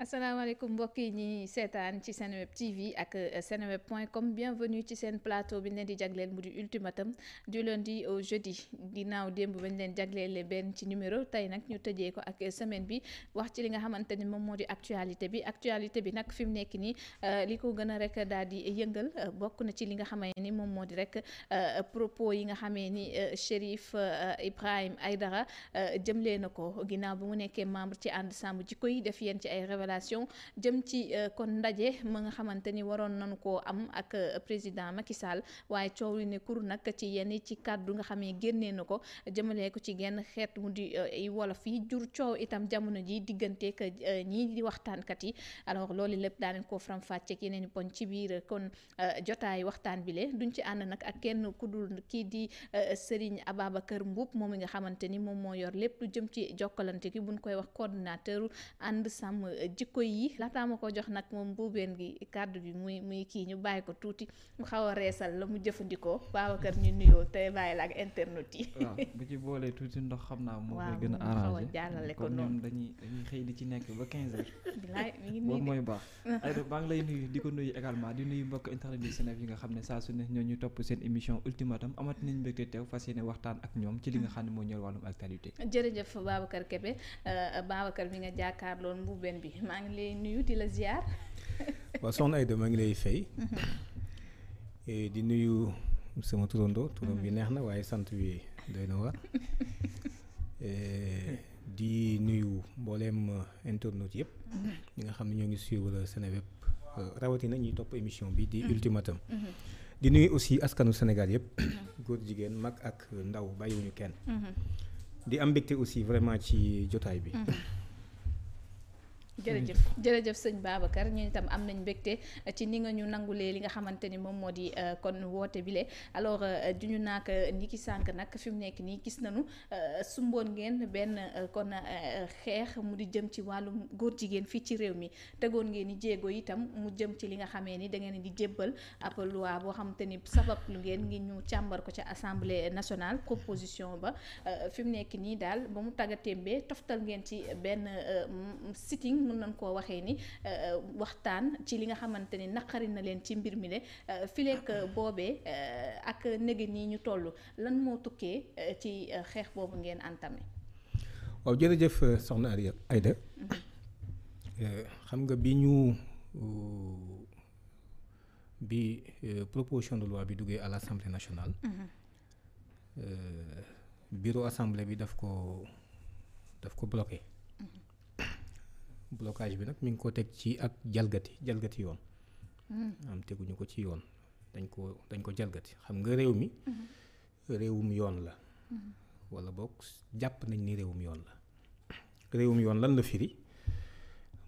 asalaamaaleykum mbokk yi ñi seetaan ci Senweb TV ak senweb point comme bienvenue ci seen plateau bi ñu leen di jagleel mu di ultimatum du lundi au jeudi ginnaaw démb bañ leen jagleel benn ci numéro tey nag ñu tëjee ko ak semaine bi wax ci li nga xamante ni moom moo di actualité bi actualité bi nag fi mu nekk nii euh, li ko gën a rek daal di yëngal bokk na ci li nga xamee ni moom moo di rek euh, propos yi nga xamee ni euh, Chérif Ibrahim Aïdara jëmlee na ko ginnaaw bu mu nekkee membre ci ànd sàmm jikko yi def yéen ci ay révélation relation jëm ci euh, kon ndaje ma nga xamante ni waroon nañu koo am ak euh, président Macky Sall waaye coow li ne kur nag ci yenn ci kàddu nga xam ne génnee na ko jëmalee ko ci genn xeet mu di euh, wolof yi jur coow itam jamono ji digganteeg ñi di waxtaankat yi alors loolu lépp daaneen ko faram-fàcceeg yeneen i poñ ci biir kon jotaay waxtaan bi le duñ ci ànd nag ak kenn ku dul kii di Serigne Ababacar Mboup moom mi nga xamante ni moom moo yor lépp lu jëm ci jokkalante gi buñ jikko yi laataa ma ko jox nag moom buubeen gi kàddu bi muy muy kii ñu bàyyi ko tuuti mu xaw a reesal la mu jëfandikoo Babacar ñu nuyoo te bàyyi la ak internet yi. bu ci boolee tuuti ndox xam naa moo koy gën a arrangé jàllale ko noonu dañuy dañuy xëy di ci nekk ba 15 heures. bilaay mi ngi mooy baax. aywa maa ngi di ko nuyu également di nuyu mbokk internet yi Sénégal nga xam ne saa su ne ñoo ñu topp seen émission ultimatum amat nañ mbégte teew fas ak ñoom ci li xam ne moo ñëw wàllum actualité jërëjëf Babacar Kébé euh, Babacar mi nga jàkkaarloon mbubbeen bi maa ngi lay nuyu di la ziar. waaw soxna Aida maa ngi lay fay. Mm-hmm. Eh, di nuyu sama turando turam bi mm-hmm. neex na waaye sant bi doy na waar. Eh, di nuyu mbooleem eh, internautes yëpp. Mm-hmm. ñi nga xam ne ñoo ngi suivre Seneweb rawatina ñuy topp émission bi di ultimatum. di nuyu aussi askanu senegal yëpp. góor jigéen mag ak ndaw bàyyiwuñu kenn. di am mbégte aussi vraiment ci jotaay bi. jërëjëf jërëjëf sëñ Babacar ñun itam am nañ mbégte ci ni nga ñu nangulee li nga xamante ni moom moo di euh, kon woote bile alors euh, du ñu naak euh, ni ki sànq nag fi mu nekk nii gis nañu sumboon ngeen benn kon xeex mu di jëm ci wàllu góor jigéen fii ci réew mi tegoon ngeen di jéego itam mu jëm ci li nga xamee ni da ngeen di jébbal ab loi boo xamante ni sabab lu ngeen ngi ñu càmbar ko ci assemblée nationale proposition ba fi mu nekk nii daal ba mu tàggatémbee toftal ngeen ci benn sitting mën nañ koo waxee ni euh, euh, waxtaan ci li nga xamante ni naqari na leen ci mbir mi de euh, fileek boobee ak néegi nii ñu toll lan moo tukkee ci xeex boobu ngeen entamé. waaw jërëjëf soxna Aida mm-hmm. xam nga bi ñu bi proposion de loi bi duggee à l' assemblée nationale. Mm-hmm. bureau assemblée bi daf ko daf ko bloqué. blocage bi nag mi ngi ko teg ci ak jalgati jalgati yoon. Hmm. am teguñu ko ci yoon dañ ko dañ ko jalgati xam nga réew mi. Hmm. réewum yoon la. Hmm. wala bokk jàpp nañ ni réewum yoon la. réewum yoon lan la firi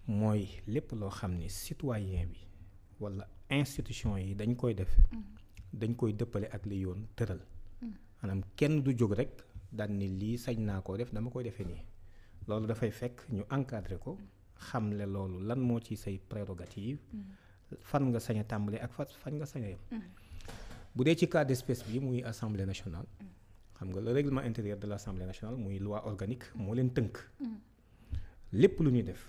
mooy lépp loo xam ni citoyen bi wala institution yi dañ koy def. dañ koy dëppale ak li yoon tëral. maanaam kenn du jóg rek daan ni lii sañ naa ko def dama koy defee nii loolu dafay fekk ñu encadré ko xamle loolu lan moo ci say prérogative mm-hmm. fan nga sañ tàmbalee ak fa fan nga sañ a mm-hmm. bu dee ci cas d'espèce bi muy assemblée nationale mm-hmm. xam nga le règlement intérieur de l'assemblée nationale muy loi organique moo leen tënk lépp lu ñuy def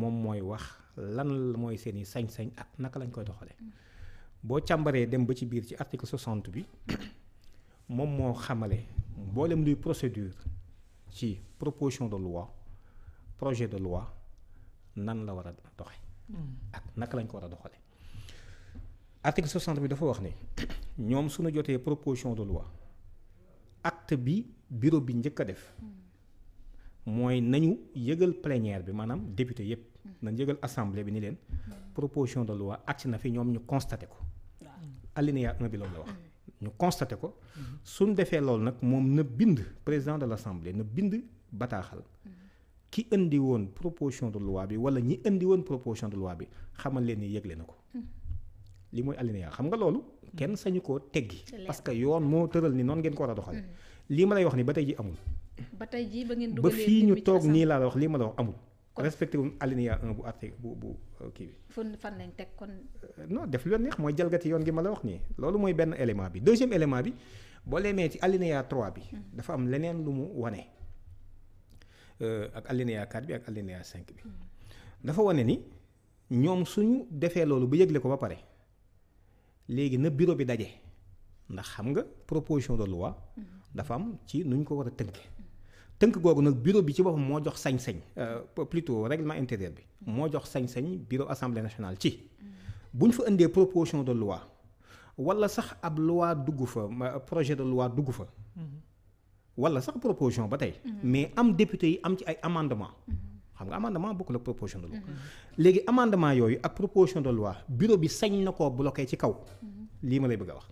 moom mooy wax lan mooy seen i sañ-sañ ak naka lañ koy doxale boo càmbaree dem ba ci biir ci article 60 bi moom moo xamale mboolem luy procédure ci proposition de loi projet de loi nan la war a doxe hmm. ak naka lañ ko war a doxale article 60 bi dafa wax ne ñoom suñu jotee proposition de loi acte bi bureau bi njëkk a def hmm. mooy nañu yëgal plénière bi maanaam député yépp hmm. nañ yëgal assemblée bi ni leen proposition de loi agsi na fi ñoom ñu constaté ko alinéa 1 bi loolu la wax ñu constaté ko suñ defee loolu nag moom na bind président de l'assemblée na bind bataaxal ki indi woon proposition de loi bi wala ñi indi woon proposition de loi bi xamal leen ni yëgle na ko. Hmm. li mooy alinéa xam nga loolu. Hmm. kenn sañu koo teggi. parce que yoon moo tëral ni noon ngeen ko war a doxale hmm. lii ma wax ni ba tey ji amul. ba tey ji ba ngeen nii la wax lii ma la wax amul. respecté wuñ alinéa 1 bu article bu bu euh, kii bi. fan fan lañ teg kon. Euh, non def lu leen neex mooy jalgati yoon gi ma la wax nii loolu mooy benn élément bi deuxième élément bi boo lemee ci alinéa 3 bi. dafa am leneen lu mu wane. Euh, ak alinéa 4 bi ak alinéa 5 bi. dafa wane ni ñoom suñu defee loolu ba yëgle ko ba pare léegi na bureau bi daje ndax xam nga proposion de loi dafa am ci nuñ ko war a tënk tënk googu nag bureau bi ci boppam moo jox sañ-sañ euh, plutôt règlement intérieur bi moo jox sañ-sañ bureau assemblée nationale ci buñ fa indee proposition de loi walla sax ab loi dugg fa projet de loi dugg fa mhm. wala sax proposition ba tey. Mhm. mais am député yi am ci ay amandement mhm. xam nga amandement bokkul la proposition de loi. Mhm. léegi amandement yooyu ak proposition de loi bureau bi sañ na koo bloqué ci kaw. lii ma lay bëgg a wax.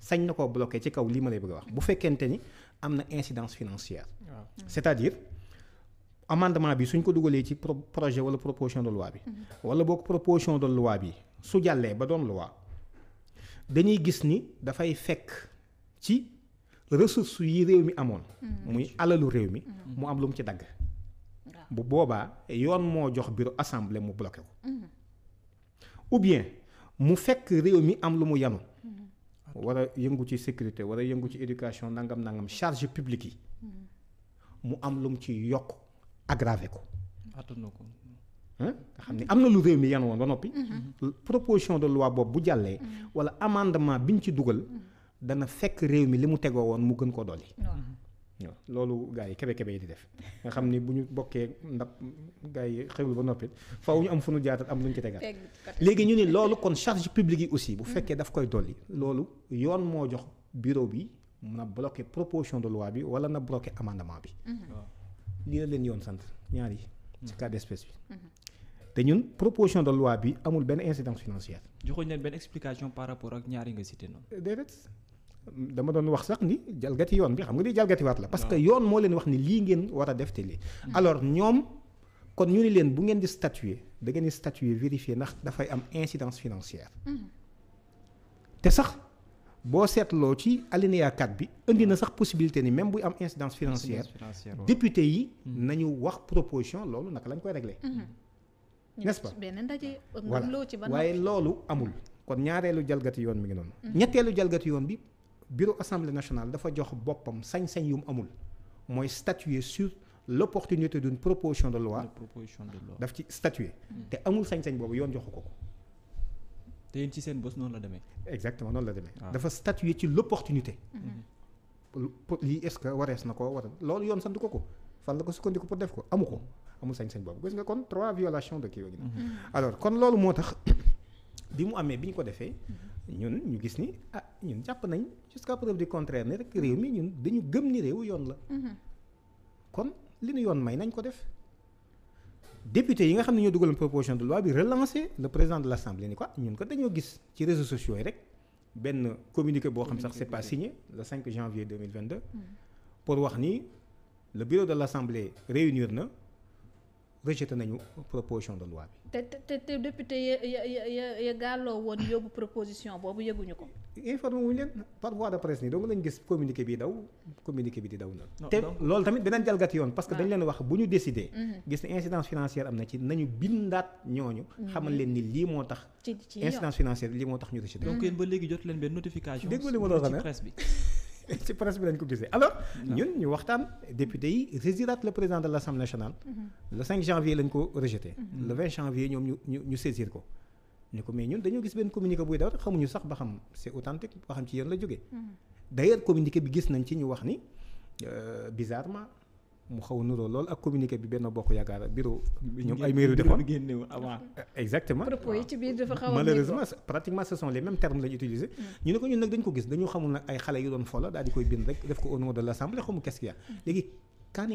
sañ na koo bloqué ci kaw lii ma lay bëgg a wax bu fekkente ni am na insidence financière. c'est-à-dire amendement bi suñ ko dugalee ci projet wala proposition de loi bi. wala boog proposition de loi bi su jàllee ba doon loi dañuy gis ni dafay fekk ci. ressource yi réew mi amoon. Mm. muy alalu réew mi. Mm. mu am lu mu ci dagg. bu boobaa yoon moo jox bureau assemblée mu bloqué ko. Mm. ou bien mu fekk réew mi am lu mu yanu. war a yëngu ci sécurité war a yëngu ci éducation nangam nangam charge publique yi. mu am lu mu ci yokk aggravé ko. nga xam ne am na lu réew mi yan woon ba noppi. Mm-hmm. proposion de loi boobu bu jàllee. wala amendement biñ ci dugal. dana fekk réew mi li mu tegoo woon mu gën ko dolli. Mm-hmm. waaw loolu gars yi kebe kebe yi di def nga xam ni bu ñu bokkee ndab gars yi xewlu ba noppi faaw ñu am fu nu jaatat am lu ci tegaat léegi ñu ni loolu kon charge publique yi aussi bu fekkee daf koy dolli loolu yoon moo jox bureau bi na bloqué proposition de loi bi wala na bloqué amendement bi mm-hmm. lii la leen yoon sant ñaar yi ci cas d'espèce bi mm-hmm. te ñun proposition de loi bi amul benn incidence financière ñaar yi dama doon wax sax ni jalgati yoon bi xam nga ni jalgatiwaat la. parce que yoon moo leen wax ni lii ngeen war a def te lii. Hmm. alors ñoom kon ñu ni leen bu ngeen di statuer da ngeen di statuer vérifier ndax dafay am insidence financière. Hmm. te sax boo seetloo ci alinéa bi indi na sax possibilité ni même buy am incidence financière. député yi hmm. nañu wax proposition loolu naka lañ koy régler. n'est-ce pas voilà waaye loolu amul kon ñaareelu jalgati yoon mi ngi noonu. ñetteelu jalgati yoon bi bureau assemblée nationale dafa jox boppam sañ-sañ yu mu amul mooy statuer sur l'opportunité d'une proposition de loi daf ci statuer hmm. te amul sañ-sañ boobu yoon joxu ko ko te yéen ci seen bos noonu la demee exactement noonu la demee ah. dafa statuer ci l'opportunité hmm. lii est-ce que warees na ko war loolu yoon sant ko ko fan la ko sukkandiku pour def ko amu ko hmm. amul sañ-sañ boobu nga kon trois violations de kii yooyu alors kon loolu moo tax bi mu amee bi ñu ko defee ñun ñu gis ni ah ñun jàpp nañ jusqu'à preuve du contraire ne rek réew mi ñun dañu gëm ni réewu yoon la. Mhm. kon li nu yoon may nañ ko def. député yi nga xam ne ñoo dugaloon proposition de loi bi relancer le président de l' assemblée ni quoi ah, ñun ko dañoo gis ci réseaux sociaux yi rek benn communiqué boo xam sax c' est pas signé le 5 janvier 2022. Mhm. pour wax ni le bureau de l' assemblée réunir na rejeté nañu proposition de loi bi. te te te député ya ya ya ya gàlloo woon yóbbu proposition boobu yëguñu ko. informé wuñu leen par voie de presse nii dong lañ gis communiqué bi daw communiqué bi di daw na. te loolu tamit beneen jalgati yoon. parce que dañ ah. leen wax bu ñu décidé. Mhm. gis ne incidence financière am na ci nañu bindaat ñooñu. Mhm. xamal leen ni lii moo tax. ci incidence financière lii moo tax ñu décidé. donc yéen ba léegi jot leen benn notification. déglu li ma doon ci presse bi. ci presse bi lañ ko gisee alors ah. ñun ñu waxtaan député yi saisiraat le président de l' nationale mhm. le 5 janvier lañ ko rejeté mhm. le janvier ñoom ñu ñu ñu ko ni ko mais ñun dañoo gis benn communiqué buy daw xamuñu sax ba xam c' authentique ba xam ci yéen la jógee mhm. d' ailleurs bi gis nañ ci ñu wax ni euh, bizarrement mu xaw a nuroo lool ak communiqué bi benn bokk yaakaar bureau. ñoom ay mairie defoon exactement propos a malheureusement pratiquement ce sont les mêmes lañu utilisé. ñu ne ko ñun nag dañ ko gis dañu xamul nag ay xale yu doon fola daal koy bind rek def ko au nom de l' xamu quest léegi qu'en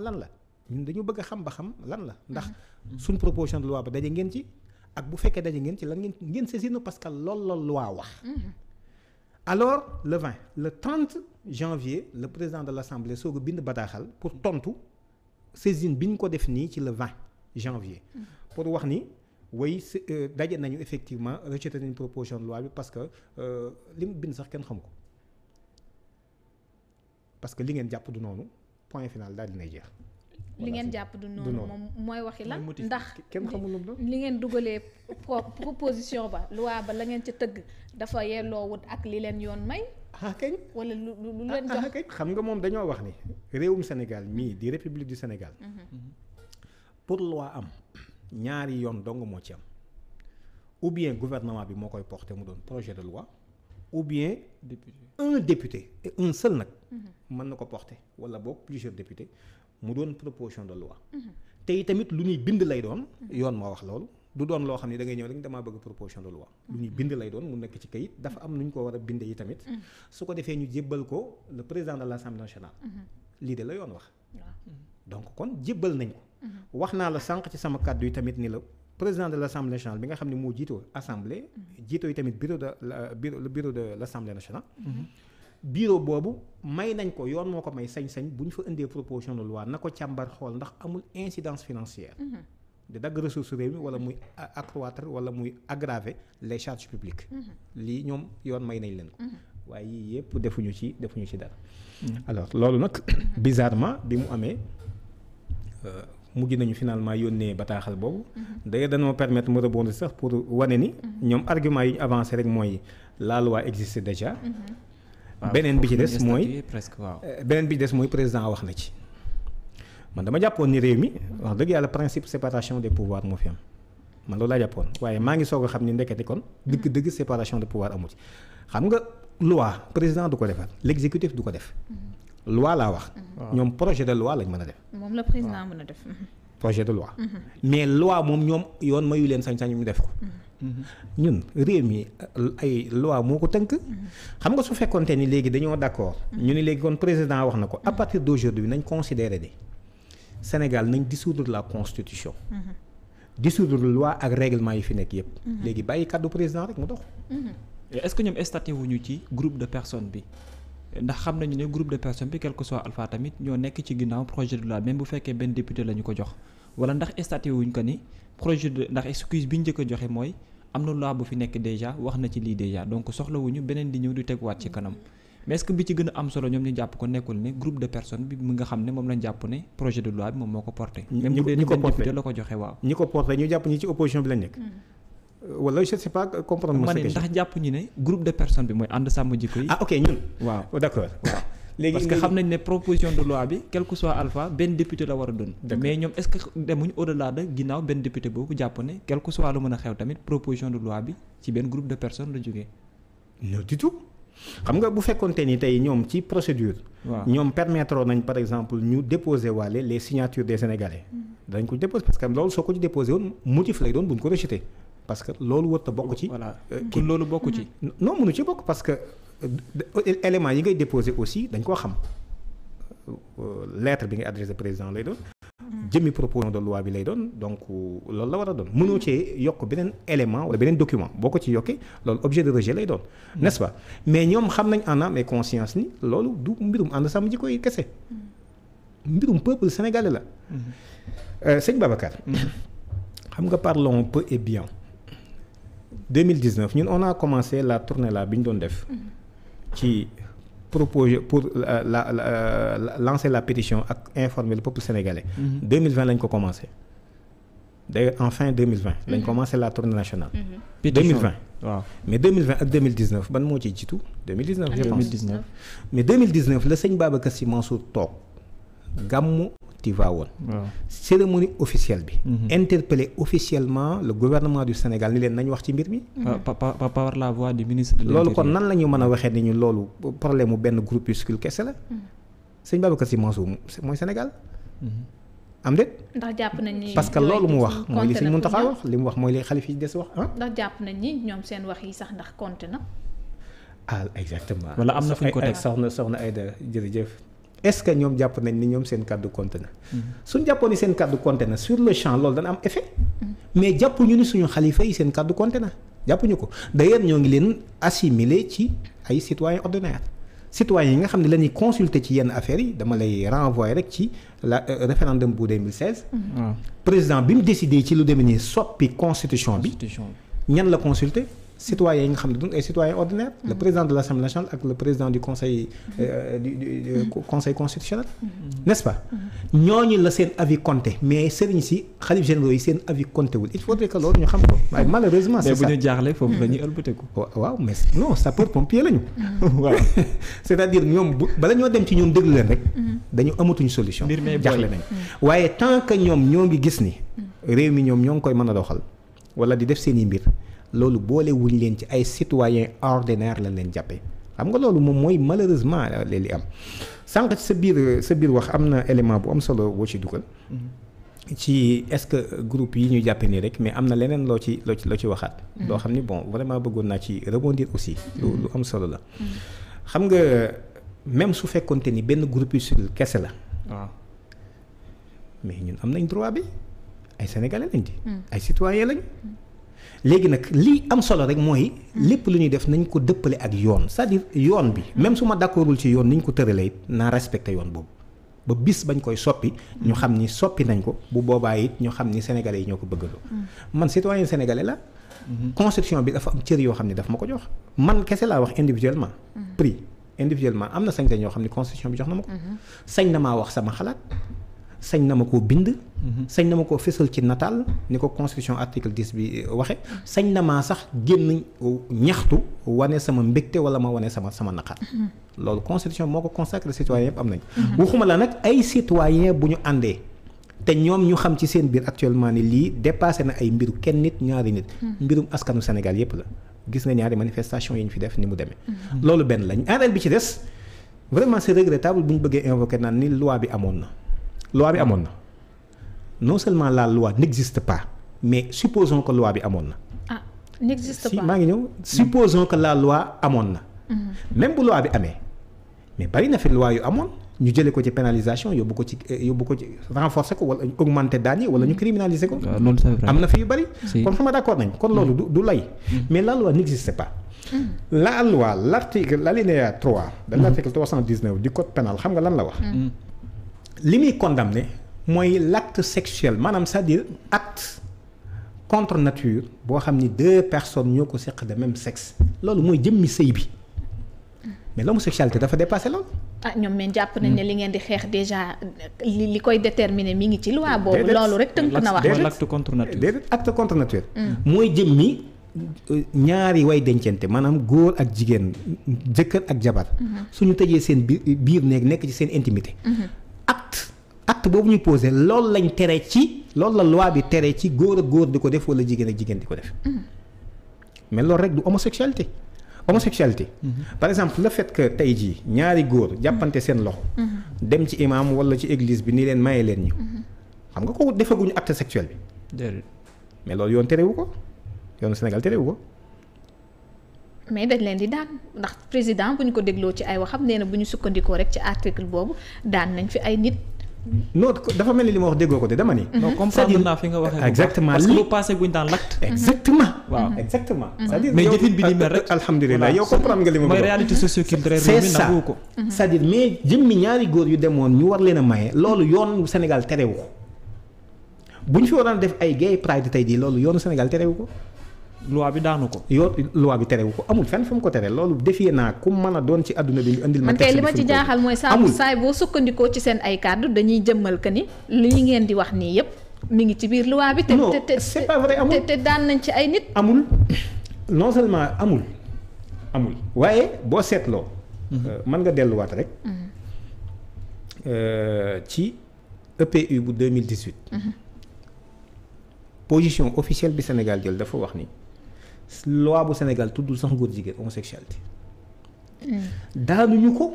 lan la ñun dañu bëgg xam ba xam lan la ndax mm. suñ proposition de loi ba daje ngeen ci ak bu fekkee daje ngeen ci lan ngeen ngeen saisir alors le 20 le 30 janvier le président de l'assemblée soog a bind bataaxal pour tontu saisine bi ñu ko def nii ci le 20 janvier. pour wax ni way euh, daje nañu effectivement rejeté nañu proposition de loi bi parce que euh, li mu bind sax kenn xam ko parce que li ngeen jàpp du noonu point final daal dinay jeex. li ngeen jàpp du noonu moom mooy waxi la ndax kenn xamul li ngeen dugalee proposition ba loi ba la ngeen ca tëgg dafa yelloowut ak li leen yoon may ah kañ wala lu lu leen ah, ah, jox kañ xam nga moom dañoo wax ni réewum Sénégal mii di république du Sénégal mhm. pour loi am ñaari yoon dong moo ci am ou bien gouvernement bi moo koy porté mu doon projet de loi ou bien député un député un seul nag mhm. mën na ko porté wala boog plusieurs députés mu doon proposition de loi. Mhm. te itamit lu ñuy bind lay doon. yoon moo wax loolu. du doon loo xam ne da ngay ñëw rek damaa bëgg proposition de loi lu ñuy bind lay doon mu nekk ci kayit dafa am nu ñu ko war a bindee yi tamit mhm. su ko defee ñu jébbal ko le président de l'Assemblée nationale mhm. lii de la yoon wax donc kon jébbal nañ ko wax naa la sànq ci sama kàddu yi tamit ni la président de l'Assemblée nationale bi nga xam ne moo jiitoo assemblée jiitoo yi tamit bureau de bureau le bureau bureau boobu may nañ ko yoon moo ko may sañ-sañ bu ñu fa indee proposition de loi na ko càmbar xool ndax amul incidence financière. Mhm. di dagg ressource réew mi wala muy accroître wala muy aggraver les charges mhm. lii ñoom yoon may nañ leen ko. Mhm. waaye yii yëpp defuñu ci defuñu ci dara. alors loolu nag bizarrement bi mu amee euh, mujj nañu finalement yónnee bataaxal boobu. d'ailleurs dañoo permettre mu rebondir sax pour wane ni. ñoom argument yi ñu avancé rek mooy la loi existe déjà. beneen bi ci des mooy eh, beneen bi ci des mooy président wax na ci man dama jàppoon ni réew mi wax dëgg yàlla principe séparation des pouvoirs moo fi am man loolu laa jàppoon waaye maa ngi soog a xam ni ndekete kon dëgg-dëgg séparation des pouvoirs amu ci xam nga loi président du ko defal l'exécutif du ko def mhm. loi laa wax mhm. ñoom projet de loi lañ man a def moom la président mën a def projet de loi mhm. mais loi moom ñoom yoon mayu leen sañ-sañ ñu def ko ñun réew mi ay loi moo ko tënk. xam nga su fekkoonte ni léegi dañoo d'accord. Mm-hmm. ñu ni léegi kon président wax na ko à partir d'aujourd'hui nañ considérer de Sénégal nañ dissoudre la constitution. Mm-hmm. dissoudre loi ak règlement yi fi nekk yépp mm-hmm. léegi bàyyi kàddu président rek mu dox. est-ce que ñoom staté wuñu ci groupe de personnes bi. ndax xam nañu ne groupe de personnes bi quel soit alpha tamit ñoo nekk ci ginnaaw projet de loi même bu fekkee benn député la ñu ko jox wala ndax staté wuñ ko ni projet de ndax excuse bi ñu joxe mooy. am na loi bu fi nekk déjà wax na ci lii déjà donc soxlawuñu beneen di ñëw di teguwaat ci kanam mais est-ce que bi ci gën a am solo ñoom ñu jàpp ko nekkul ne groupe de personnes bi mu nga xam ne moom lañ jàpp ne projet de loi bi moom moo ko porté. ñu jàpp ñi ci opposition bi lañ nekk. Mm. Euh, wala je sais pas comprendre. ma ne ndax jàpp ñu ne groupe de personnes bi mooy ànd sàmm jikko yi. ah ok ñun. waaw d'accord waaw. léegi parce que xam nañ ne proposition de loi bi quel que alpha benn député la war a doon. mais ñoom est-ce que demuñ au-delà de ginnaaw benn député boobu jàpp ne quel que lu mën a xew tamit proposition de loi bi ci benn groupe de personnes la jógee. non du tout xam nga bu fekkonte ni tey ñoom ci procédure. waaw ñoom permettre nañ par exemple ñu déposer waale les signatures des sénégalais. Mm-hmm. dañ ko déposer parce que loolu soo ko ci déposé woon motif lay doon buñ ko rejeté parce que loolu warut a bokk ci. voilà euh, loolu bokk ci. non mënu ci bokk parce éléments yi ngay déposé aussi dañ koo xam lettre bi ngay adressé président lay doon. Mm-hmm. jëmmi proposition de loi bi lay doon donc loolu la war a doon mënoo cee yokk beneen élément wala beneen document boo ko ci yokkee loolu objet de rejet lay doon mm-hmm. n'est-ce pas mais ñoom xam nañ en âme et conscience ni loolu du mbirum ànd sàmm ji koy kese mm-hmm. mbirum peuple sénégalais la euh, sëñ Babacar xam nga parlons peu et bien 2019 ñun on a commencé la tournée la bi ñu doon def ci proposer pour la la, la, la lancer la pétition ak informer le peuple sénégalais. 2020 mhm. lañ ko commencé. d'ailleurs en fin 2020. lañ mhm. commencé la tournée nationale. Mhm. pétition 2020 waaw mais 2020 ak 2019 ban moo ciy jiitu. 2019 je pense 2019. la sëñ Babacar Sy toog gàmmu Tivaouane cérémonie officielle bi mhm. interpellé officiellement le gouvernement du Sénégal ni leen nañ wax ci mbir mi par la voix du ministre de l'Intérieur loolu kon nan la ñu mën a waxee ni ñu loolu problème mu benn groupuscule kese la mhm. sëñ Babacar Sy Mansour mooy Sénégal mhm. am déet parce que loolu mu wax mooy li sëñ Mountakha wax li mu wax mooy li xalif yi des wax ah ndax jàpp nañ ni ñoom seen wax yi sax ndax compte ah, na est-ce que ñoom jàpp nañ ni ñoom seen kàddu compte na mm-hmm. suñ jàppoon ni seen kàddu compte na sur le champ loolu dana am effet mm-hmm. mais jàppuñu ni suñu xalifa yi seen kàddu compte na jàppuñu ko d'ailleurs ñoo ngi leen assimilé ci ay citoyens ordinaires citoyens yi nga xam ne lañuy ñuy ci yenn affaires yi dama lay renvoyer rek ci la euh, référendum bu 2016 mm-hmm. président bi mu décidé ci lu demee ni soppi constitution bi ñan la consulter citoyens yi nga xam ne duñ ay citoyens ordinaires. le mm-hmm. président de l'Assemblée nationale ak le président du conseil mm-hmm. euh, du, mm-hmm. pas. ñooñu la seen avis compté mais sëriñ si xalif généraux yi seen avis compté wul il faudrait que loolu ñu xam ko waaye malheureusement. c'est ça mais bu ñu jaaxlee foofu la ñuy ëlbateeku. waaw mais non sapeur pompier lañu. waaw c'est-à-dire ñoom bu bala ñoo dem ci ñoom déglu leen rek. dañu amatuñu solution. mbir mi waaye tant ñoom ñoo ngi gis ni. réew mi ñoom ñoo ngi koy mën a doxal wala di def seen i mbir. loolu boole wuñ leen ci ay citoyens ordinaires lañ leen jàppee xam nga loolu moom mooy malheureusement li am sànq sa biir sa biir wax am na élément bu am solo boo ci dugal. Mm-hmm. ci est-ce que groupe yi ñu jàppe nii rek mais am na leneen loo ci loo ci loo ci waxaat. Mm-hmm. loo xam ni bon vraiment bëggoon naa ci rebondir aussi. Mm-hmm. lu am solo la. xam nga même su fekkonte ni benn groupe yu groupuscule kese la. waaw mais ñun am nañ droit bi ay sénégalais lañ di. Mm. ay citoyens lañ. Mm. léegi nag li am solo rek mooy lépp lu ñuy def nañ ko dëppale ak yoon cest à yoon bi mm. même suma ma ci yoon ni ñu ko tëralee it naa respecté yoon boobu ba bis bañ koy soppi ñu mm. xam ni soppi nañ ko bu boobaa yi ñu xam ni sénégalais yi ñoo ko bëggaloo mm. man citoyen sénégalais la mm-hmm. constitution bi dafa am cër yoo xam ne daf ma ko jox man kese laa wax individuellement mm-hmm. prix individuellement am na sañ-sañ xam ne constitution bi jox na ma ko mm-hmm. sañ na maa wax sama xalaat sañ na ma ko bind. sañ na ma koo mhm. fësal ci nataal ni ko constitution article dix bi euh, waxe sañ na maa sax génn euh, ñaxtu wane sama mbégte wala ma wane sama sama naqar. Mhm. loolu constitution moo ko consacré citoyen yëpp am nañ mhm. waxuma la nag ay citoyen bu ñu àndee. te ñoom ñu xam ci seen biir actuellement ni lii dépassé na ay mbiru kenn nit ñaari nit. mbirum askanu senegal yëpp la gis nga ñaari manifestation yi ñu fi def ni mu demee. loolu benn lañ ñaareel bi ci des vraiment c'est regrettable bu ñu bëggee invoquer naan ni loi bi amoon na. loi bi amoon na non seulement la loi n'existe pas mais supposons que loi bi amoon na. ah n'existe pas maa ngi ñëw supposons que la loi amoon na. Mhm. même bu loi bi amee mais bari na fi loi yu amoon ñu jëlee ko ci pénalisation yóbbu ko ci euh, yóbbu ko ci renforcer ko wala augmenter daan yi wala ñu mhm. criminaliser ko. Ah, am na fi yu bari. kon xam nga d'accord nañ kon loolu du du lay. Mhm. mais la loi n'existe pas. la loi l'article l'alinéa 3 de l'article 319 di code pénal xam nga lan la wax. li muy condamné mooy l' acte sexuel maanaam c'est-à-dire acte contre nature boo xam ni deux personnes ñoo ko seq de sex sexe loolu mooy jëmmi sëy bi mais l'homosexualité dafa dépassé loolu. ah ñoom men jàpp nañ ne hmm. li ngeen di xeex déjà li li koy déterminer mi ngi ci loi boobu. rek tënk na wax déedéet acte contre nature. déedéet acte contre nature. Hmm. mooy jëmmi euh, ñaari way dencente maanaam góor ak jigéen jëkkër ak jabar. Hmm. suñu tëjee seen biir biir nekk ci seen intimité. acte boobu ñu posé lool lañ tere ci loolu la loi bi tere ci góor ak góor di ko def wala jigéen ak jigéen di ko def mm-hmm. mais loolu rek du homosexualité homosexualité mm-hmm. par exemple la fait que tey jii ñaari góor jàppante seen loxo mm-hmm. dem ci imam wala ci église bi ni leen maye leen ñu xam nga ko defaguñu acte sexuel bi mais loolu yoon terewu ko yoonu Sénégal terewu ko mais dañ leen di daan ndax président bu ñu ko dégloo ci ay waxam nee na bu ñu sukkandikoo rek ci article boobu daan nañ fi ay nit non dafa mel ni li ma wax déggoo ko de dama ni. Mhm. non comprendre naa fi nga waxee exactement parce que lu passé guñ dans l'acte. Mhm. exactement. waaw mhm. exactement. cest mais yow comprendre nga li ma. mooy réalité socioculturelle c'est ça cest jëmmi ñaari góor yu demoon ñu war leen a maye loolu yoonu Sénégal terewu ko bu ñu fi waroon def ay gay pride tey jii loolu yoonu Sénégal terewu ko. loi bi daanu ko. yow loi bi terewu ko amul fenn fu mu ko tere loolu defee naa ku mën a doon ci àdduna bi indil ma. tey li ma ci jaaxal mooy saa saay boo sukkandikoo ci seen ay kàddu dañuy jëmmal que ni lii ngeen di wax nii yëpp mi ngi ci biir loi bi. te te te te daan nañ ci ay nit. amul non seulement amul amul waaye boo seetloo. Mhm. Euh, mën nga delluwaat rek. Mhm. Euh, ci EPU bu 2018. Mhm. position officielle bi Sénégal jël dafa wax ni. loi bu Sénégal tuddul sax góor jigéen homosexualité. Mm. daanuñu ko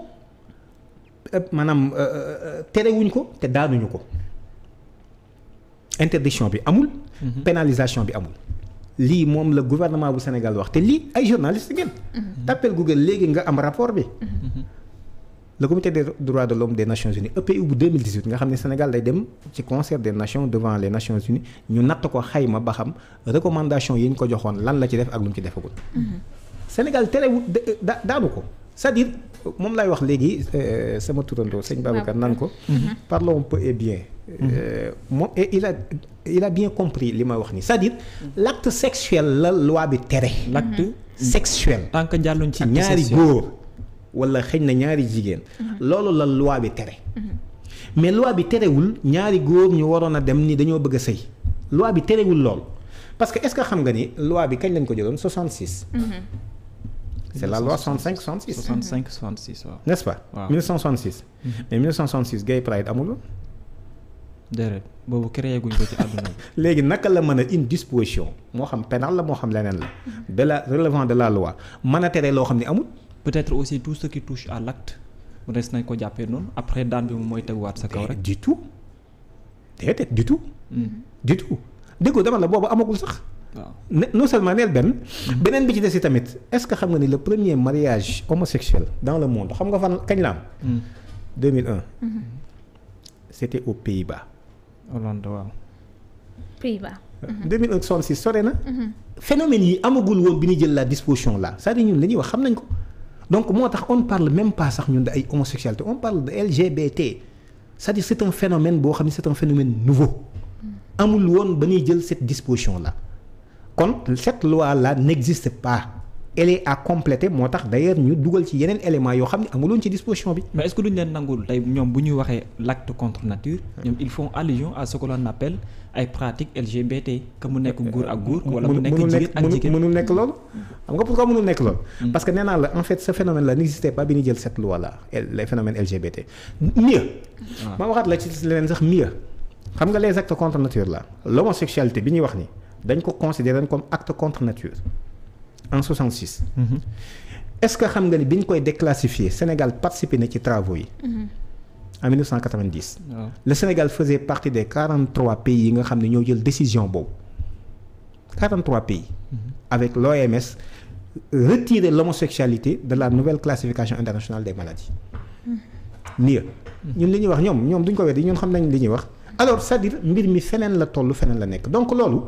maanaam euh, euh, euh, terewuñ ko te daanuñu ko interdiction bi amul. Mhm. pénalisation bi amul. lii moom la gouvernement bu Sénégal wax te lii ay journaliste ngeen. Mhm. tàppeel Google léegi nga am rapport bi. Mhm. le comité des droits de l'homme des nations unies EPU bu nga xam ne Sénégal day dem ci concert des nations devant les nations unies ñu natt ko xayma ba xam recommandation yi ñu ko joxoon lan la ci def ak lu mu ci defagul. Mm-hmm. Sénégal terewul da ko sa dire moom laay wax léegi euh, sama turandoo sëñ Babacar nan ko. Mm-hmm. parlons peu et bien. Mm-hmm. Euh, moom et il a bien compris li may wax nii c'est-à-dire l'acte sexuel la loi bi tere. l'acte sexuel. tant que jàlluñ ci ñaari góor. wala xëñ na ñaari jigéen. loolu la loi bi tere. mais loi bi terewul ñaari góor ñu waroon a dem ni dañoo bëgg a sëy loi bi terewul lool parce que est-ce que xam nga ni loi bi kañ lañ ko jëloon 66. Mm-hmm. c'est la loi 65 66. 65 66 waaw. n'est-ce pas. waaw 1966. Mm-hmm. mais 1966 gay pride amul. déedéet boobu créé guñ ko ci léegi naka la mën a une disposition moo xam pénal la moo xam leneen la. Mm-hmm. de la relevant de la loi mën a tere loo xam ne amul. peut-être aussi tout ce qui touche à l'acte res nañ ko jàppee noonu après daan bi moom mooy teguwaat sa kaw rek. du tout déedéet du tout. Hmm. du tout déggoo dama la boobu amagul sax. waaw non seulement neel benn. Hmm. beneen bi ci des tamit est-ce que xam nga ni le premier mariage homosexuel dans le monde xam nga fan kañ la am. 2001. Hmm. c'était aux Pays-Bas. Hollande waaw. Pays-Bas. 2001 euh, 66 sore na. phénomène yi amagul woon bi ñu jël la disposition là c'est-à-dire ñun li ñuy wax xam nañ ko. donc moo tax on parle même pas sax ñun de ay homosexualité on parle de LGBT c'est-à-dire c'est un phénomène boo xam ne c'est un phénomène nouveau amul woon ba ñuy jël cette disposition la kon cette loi là n'existe pas elle à compléter moo tax d'ailleurs ñu dugal ci yeneen éléments yoo xam ne amuloon ci disposition bi. mais est-ce que duñ leen nangul tey ñoom bu ñuy waxee l'acte contre nature. ñoom ils font allusion à ce que l'on appelle ay pratiques LGBT. que mu nekk góor ak guur wala mu nekk jigéen ak jigéen mënul nekk loolu. xam nga pourquoi mënul nekk loolu. Hmm. parce que nee naa la en fait ce phénomène là n'existait pas bi ñu jël cette loi là les phénomènes LGBT. mieux. Ah. ma waxaat la ci leneen sax mieux. xam nga les actes contre nature là l'homosexualité bi ñuy wax ni dañ ko considérer comme acte contre nature. en 66. Mm -hmm. est-ce que xam nga ni bi ñu koy déclassifier Sénégal participé na ci travaux yi. Mm-hmm. en 1990. waaw oh. le Sénégal faisait partie des 43 pays yi nga xam ne ñoo jël décision boobu 43 pays. Mm -hmm. avec l'OMS retirer l'homosexualité de la nouvelle classification internationale des maladies. mieux mm. ñun li ñuy wax ñoom ñoom duñ ko weddi ñun xam nañ li ñuy wax. alors cest mbir mi feneen la toll feneen la nekk donc loolu.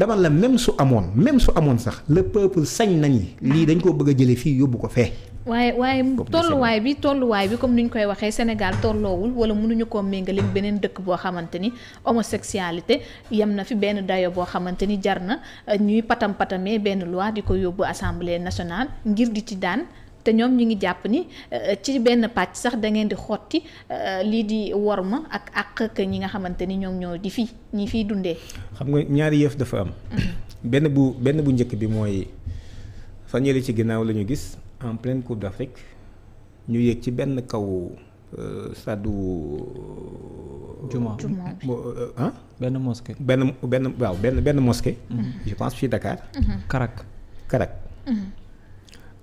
dama la même su amoon même su amoon sax le peuple sañ nañ lii dañ ko bëgg a jëlee fii yóbbu ko fee. waaye waaye tolluwaay bi tolluwaay bi comme ni ñu koy waxee Sénégal tolloowul wala mënuñu ko méngaleeg beneen dëkk boo xamante ni homosexualité yem na fi benn dayo boo xamante ni jar na ñuy patam patamee benn loi di ko yóbbu assemblée national ngir di ci daan. te ñoom ñu ngi jàpp ni euh, ci benn pàcc sax dangeen di xotti euh, lii di ma ak ak ñi nga xamante ni ñoom ñoo di fi ñi fi dundee. xam nga ñaari yëf dafa am. Mm-hmm. benn bu benn bu njëkk bi mooy fan ci ginnaaw lañu gis en pleine Coupe d'Afrique ñu yéeg ci benn kaw euh, stade juma ah. benn mosquée. benn benn waaw benn benn mosquée. Mm-hmm. je pense fii Dakar. Mm-hmm. Karak Karak.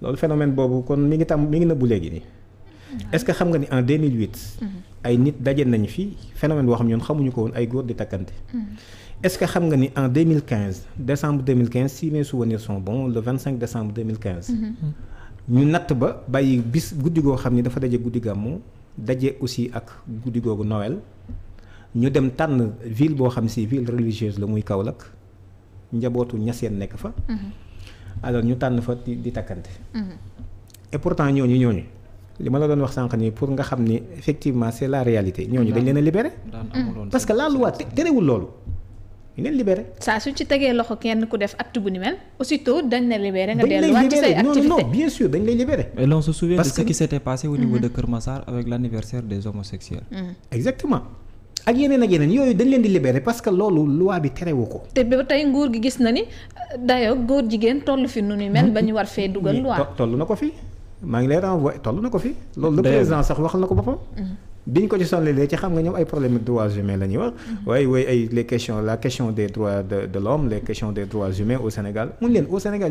loolu phénomène boobu kon mi ngi tam mi ngi nëbbu léegi nii. Mm-hmm. est-ce que xam nga ni en 2008. Mm-hmm. ay nit daje nañ fi phénomène boo xam ñun xamuñu ko woon ay góor di takkante. Mm-hmm. est-ce que xam nga ni en mille quinze 2015 décembre 2015 si mes souvenirs sont bons le 25 décembre 2015. ñu natt ba bàyyi bis guddi goo xam ni dafa daje guddi gàmmu daje aussi ak guddi googu Noël ñu dem tànn ville boo xam si ville religieuse la muy Kaolack njabootu ñaseen nekk fa. alors ah, ñu tànn fa di takkante. Mhm. et pourtant ñooñu ñooñu li ma la doon wax sànq nii pour nga xam ni effectivement c'est la réalité ñooñu dañ leen a parce que la loi terewul loolu. ñu leen libéré. saa suñ ci tegee loxo kenn ku def acte bu ni mel aussitôt dañ la libéré. nga delluwaat ci say activité non non bien sûr dañ lay libéré. mais l'on se souvient mhm. avec l'anniversaire des homosexuels. Mhm. exactement. ak yeneen ak yeneen yooyu dañ leen di libéré parce que loolu loi bi terewu ko. te ba tey nguur gi gis na ni dayoo góor jigéen toll fi nu ni mel ba ñu war fee dugal. loi toll na ko fi maa ngi lay renvoyé toll na ko fi. loolu le président sax waxal na ko boppam. Mm-hmm. biñ ko ci sonlelee ci xam nga ñoom ay problème de droits humains la ñuy wax. Mm-hmm. waaye waaye ay les questions la question des droits de de l'homme les questions des droits humains au Sénégal a mm-hmm.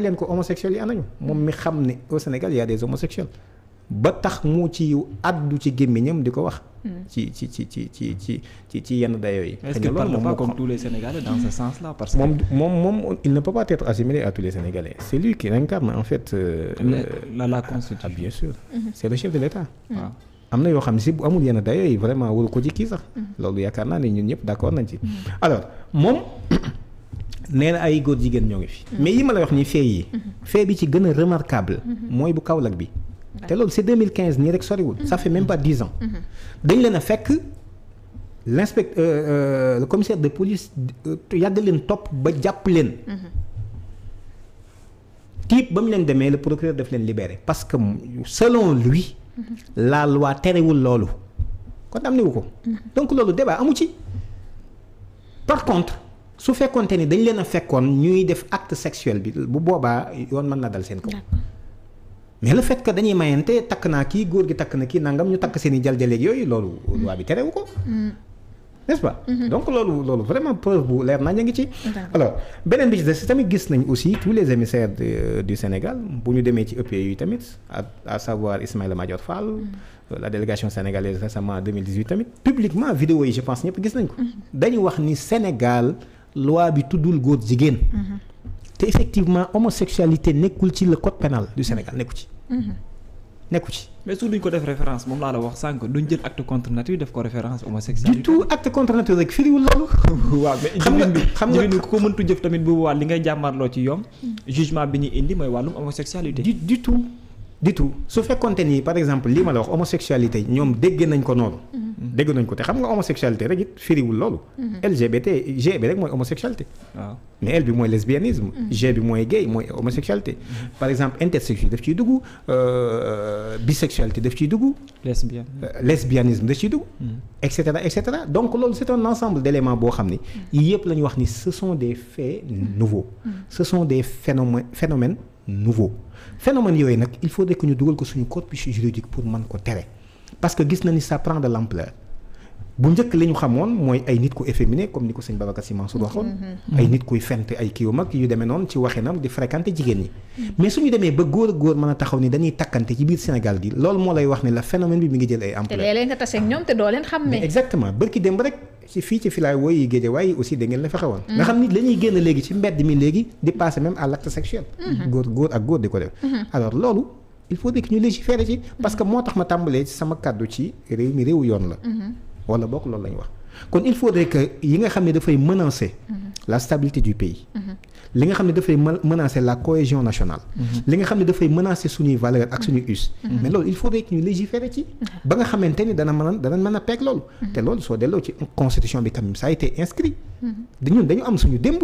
leen ko homosexuels yi anañu moom mi xam ne au Sénégal ba tax mu ci addu ci gémmiñam di ko wax. Hmm. ci ci ci ci ci ci ci ci yenn dayoo yi. est-ce que parle pas comme tous les Sénégalais que. moom moom moom il ne peut pas être assimilé à tous les Sénégalais c'est lui qui en fait. Euh, ah, hmm. hmm. am na yoo xam ne si bu amul yenn dayoo yi vraiment waru ko ci kii sax. loolu yaakaar naa ne ñun ñëpp d'accord nañ ci. alors moom nee na ay góor jigéen ñoo ngi fi. mais yi ma la wax nii fee yi. fee bi ci gën a remarquable. mooy bu kaw Kaolack bi. te loolu c'est 2015 nii rek soriwul. ça fait même pas 10 ans. Mhm. dañ leen a fekk l'inspect euh, euh, le commissaire de police euh, yàgg leen topp ba jàpp leen. Mhm. tiib ba mu leen demee la procureur def leen libéré parce que selon lui. Mhm. la terewul loolu. condamné wu ko. donc loolu débat amu ci. par contre su fekkoonte ni dañ leen a fekkoon ñuy def acte sexuel bi bu boobaa yoon man na dal seen kaw. mais le fait que dañuy mayante takk naa kii góor gi takk na kii nangam ñu takk seeni i jaljaleeg yooyu loolu. loi bi terewu ko. Mm. nest pas. Mm-hmm. donc loolu loolu vraiment preuve bu leer naa ñu ngi ci. alors beneen bi ci des tamit gis nañ aussi tous les émissaires du Sénégal bu ñu demee ci EPE e yi tamit à savoir Ismaïla Madior Fall. Mm. Euh, la délégation sénégalaise récemment 2018 tamit publiquement vidéo yi je pense ñëpp gis nañ ko. Mm-hmm. dañu wax ni Sénégal loi bi tuddul góor jigéen. Mm-hmm. te effectivement homosexualité nekkul ci le code pénal du Sénégal mm-hmm. nekku ci. Mm-hmm. nekku ci. mais su duñ ko def référence moom laa la wax sànq duñ jël acte contre nature def ko référence homosexualité. du tout acte contre nature rek firiwul loolu. waaw mais xam nga xam nga ku ko mëntu jëf tamit bu boobaa li ngay jàmmarloo ci yoon. Mm-hmm. jugement bi ñuy indi mooy wàllum homosexualité. du du tout. du tout su fekkonte ni par exemple lii ma la wax homosexualité ñoom dégg nañ ko noonu. Mhm. dégg nañ ko te xam nga homosexualité rek it firiwul loolu. Mhm. LGBT G bi rek mooy homosexualité. waaw mais L bi mooy lesbianisme. Mhm. G bi mooy gay mooy homosexualité. par exemple intersexualité daf ciy dugg euh, bisexualité daf ciy duggu lesbian euh, lesbianisme daf ciy dugg. et cetera et cetera donc loolu c' est un ensemble d' boo xam ni. yëpp la ñu wax ni ce sont des faits nouveaux. ce sont des phénomènes phénomènes. nouveau phénomène yooyu nag il faudrait que ñu dugal ko suñu corpus juridique pour mën ko tere parce gis na ni ça prend de l'ampleur bu njëkk li xamoon mooy ay nit ku efféminé comme ni ko sëñ Babacar Sy waxoon mm-hmm. ay nit kuy fent ay kii yu yu demee noonu ci waxinam di fréquenter jigéen ñi mm-hmm. mais suñu demee ba góor góor mën a taxaw ni dañuy takkante ci biir Sénégal gi loolu moo lay wax ne la phénomène bi mi ngi jël ay ampleur te léeg-léeg nga tase ak ci fii ci filaay wooy yi géeje waaye aussi da la fexe nga xam ni dañuy génn léegi ci mbedd mi léegi di passer même à l'acte sexuel mhm. góor góor ak góor di ko def mhm. alors loolu il faut que ñu légiférer ci parce que moo tax ma tàmbalee ci sama kàddu ci réew mi réewu yoon la mhm. wala bokk loolu lañu wax kon il faudrait que yi nga xam ne dafay menacer la stabilité du pays li nga xam ne dafay menacer la cohésion nationale. Mhm. li nga xam ne dafay menacer suñuy valeur ak mhm. suñuy us. Mhm. mais loolu il faudrait que ñu légiférer ci. ba nga xamante ni dana mën a dana mën a peeg loolu. te loolu soo delloo ci constitution bi quand même ça a été inscrit. ñun dañu am suñu démb.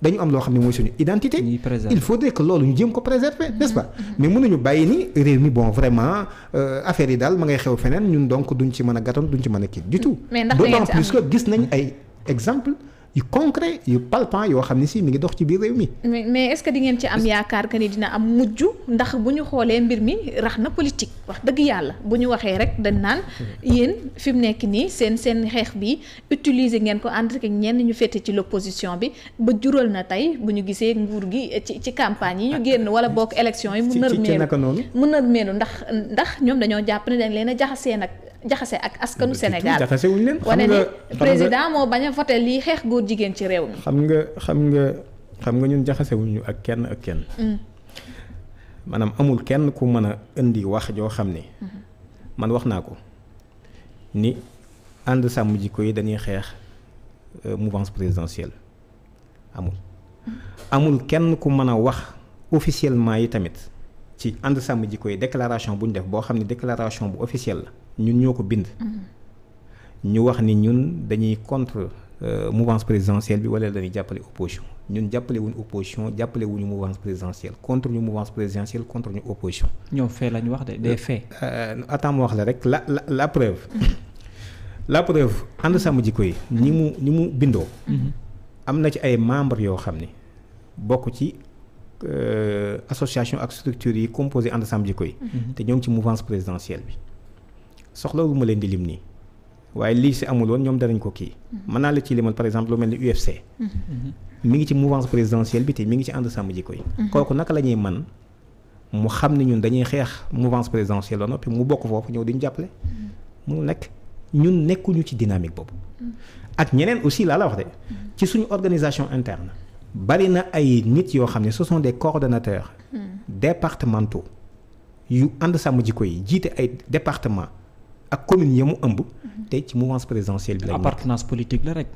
dañu am loo xam ne mooy suñu identité il faudrait que loolu ñu jéem ko préserver n'est-ce pas mais mënuñu bàyyi ni réew mi bon vraiment euh, affaire yi daal ma ngay xew feneen ñun donc duñ ci mën a gàttan duñ ci mën a kii du tout d'autant plus que nañ ay exemple yu concret yu palpant yoo xam ne sii mi ngi dox ci biir réew mi. mais mais est-ce que di ngeen ci am yaakaar que ni dina am mujj ndax bu ñu xoolee mbir mi rax na politique wax dëgg yàlla bu ñu waxee rek dañ naan hmm. yéen fi mu nekk nii seen seen xeex bi utiliser ngeen ko ànd ak ñenn ñu féete ci l'opposition bi ba jural na tey bu ñu gisee nguur gi ci ci campagne yi ñu génn wala bokk élection yi. mu nër meelu mu nër meelu ndax ndax ñoom dañoo jàpp ne dañ leen a jaxasee nag jaxase ak askanu Sénégal jaxase wuñ leen wane ne président moo bañ a voté lii xeex góor jigéen ci réew mi xam nga xam nga xam nga ñun jaxase wuñu ak kenn ak kenn mm. maanaam amul kenn ku mën a indi wax joo xam ni mm-hmm. man wax naa ko ni ànd sàmm jikko yi dañuy xeex euh, mouvance présidentielle amul mm-hmm. amul kenn ku mën a wax officiellement yi tamit ci ànd sàmm jikko yi déclaration bu ñu def boo xam ne déclaration bu officielle la ñun ñoo ko bind. ñu wax ni ñun dañuy contre euh, mouvance présidentielle bi wala dañuy jàppale opposition ñun jàppale wuñ opposition jàppale wuñu mouvance présidentielle contre ñu mouvance présidentielle contre ñu opposition. ñoom fee lañu wax de des euh, fee euh, atamu ma wax la rek la la la preuve la preuve ànd sàmm jikko yi mu ni mu bindoo. Mhm. am na ci ay membres yoo xam ne bokk ci. association ak structure yi composé ànd sàmm jikko yi. Mhm. te ñoo ci mouvance présidentielle bi. soxlawul ma leen di lim nii waaye lii si amul woon ñoom danañ ko kii. mën naa la ci limal par exemple lu mel ni UFC. Mhm. mi ngi ci mouvance présidentielle bi te mi ngi ci ànd sàmm jikko yi. Mhm. kooku naka la ñuy man mu xam ne ñun dañuy xeex mouvance présidentielle ba noppi mu bokk foofu ñëw di ñu jàppale. Mhm. mu nekk ñun nekkuñu ci dynamique boobu. ak ñeneen aussi laa la wax de. ci suñu organisation interne. bari na ay nit yoo xam ne ce sont des coordonnateurs. départementaux yu ànd sàmm jikko ay département ak commune yi mu ëmb. tey ci mouvance présidentielle bi la appartenance politique la rek.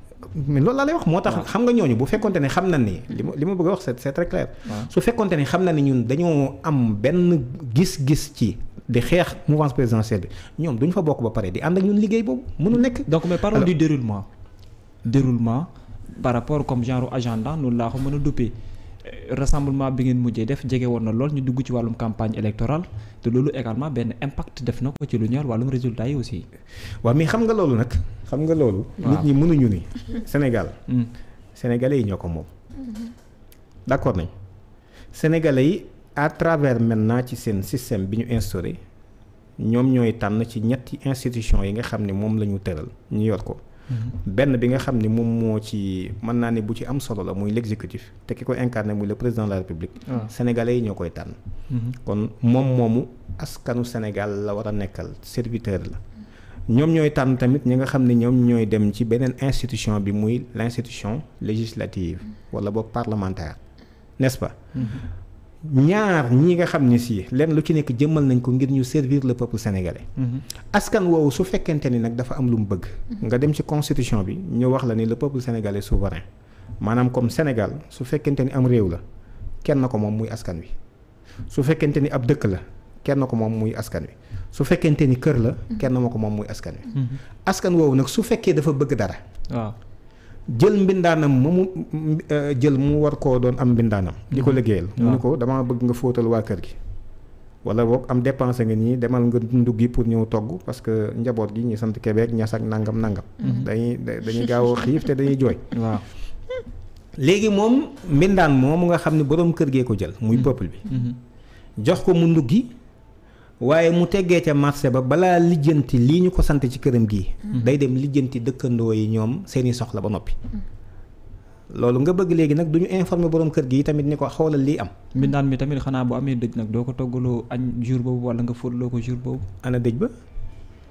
mais loolu laa lay wax moo tax xam nga ñooñu bu fekkonte ne xam na ni li ma li ma bëgg a wax c'est c'est très clair. su fekkonte ne xam na ni ñun dañoo am benn gis-gis ci. di xeex mouvance présidentielle bi ñoom duñ fa bokk ba pare di ànd ak ñun liggéey boobu mënul nekk. donc mais parlons du déroulement. déroulement par rapport comme genre agenda noonu laa ko mën a duppee. rassemblement bi ngeen mujjee def jege woon na lool ñu dugg ci wàllum campagne électorale te loolu également benn impact def na ko ci lu ñor wàllum résultat yi aussi. waa mii xam nga loolu nag. xam nga loolu. nit ñi mënuñu ni Sénégal. Hmm. Sénégalais yi ñoo ko moom. Mm-hmm. d'accord nañ Sénégalais yi à travers maintenant ci seen système bi ñu instauré ñoom ñooy tànn ci ñetti institution yi nga xam ne moom la ñu tëral ñu yor ko. Mhm. benn bi nga xam ni moom moo ci mën naa ne bu ci am solo la muy l' exécutif te ki ko incarné muy le président de la république. Ah. sénégalais yi ñoo koy tànn. Mhm. kon moom moomu askanu Sénégal la war a nekkal serviteur la. ñoom ñooy tànn tamit ñi nga xam ne ñoom ñooy dem ci beneen institution bi muy l' institution législative mhm. wala boog parlementaire n'est-ce pas. ñaar ñi nga xam ne si lenn lu ci nekk jëmmal nañ ko ngir ñu servir le peuple sénégalais. Mhm. askan woowu su fekkente ni nag dafa am lu mu bëgg. Mhm. nga dem ci constitution bi ñu wax la ni le peuple sénégalais souverain maanaam comme Sénégal su fekkente ni am réew la kenn ko moom muy askan wi su fekkente ni ab dëkk la kenn ko moom muy askan wi su fekkente ni kër la mhm. kenn ma ko moom muy askan wi. askan woowu nag su fekkee dafa bëgg dara. waaw jël mbindaanam ma mu euh, jël mu war koo doon am mbindaanam di ko mm-hmm. liggéeyal mu ne ah. ko damaa bëgg nga fóotal waa kër gi wala boog am dépense nga nii demal nga nduggi pour ñëw togg parce que njaboot gi ñi sant Québec ñas ak nangam nangam mm-hmm. dañuy dañuy gaaw a xiif te dañuy jooy waaw léegi moom mbindaan moomu nga xam ne boroom kër gee ko jël muy mm-hmm. peuple bi jox ko mu nduggi waaye mu teggee ca marché ba balaa lijjanti lii ñu ko sant ci këram gii. Mm-hmm. day dem lijjanti dëkkandoo yi ñoom seeni soxla ba noppi. Mm-hmm. loolu nga bëgg léegi nag du ñu informer borom kër gi tamit ni ko xoolal lii am. Mm-hmm. mbindaan mi tamit xanaa bu amee dëj nag doo ko toggaloo añ jour boobu wala nga fóotloo ko jour boobu. ana dëj ba.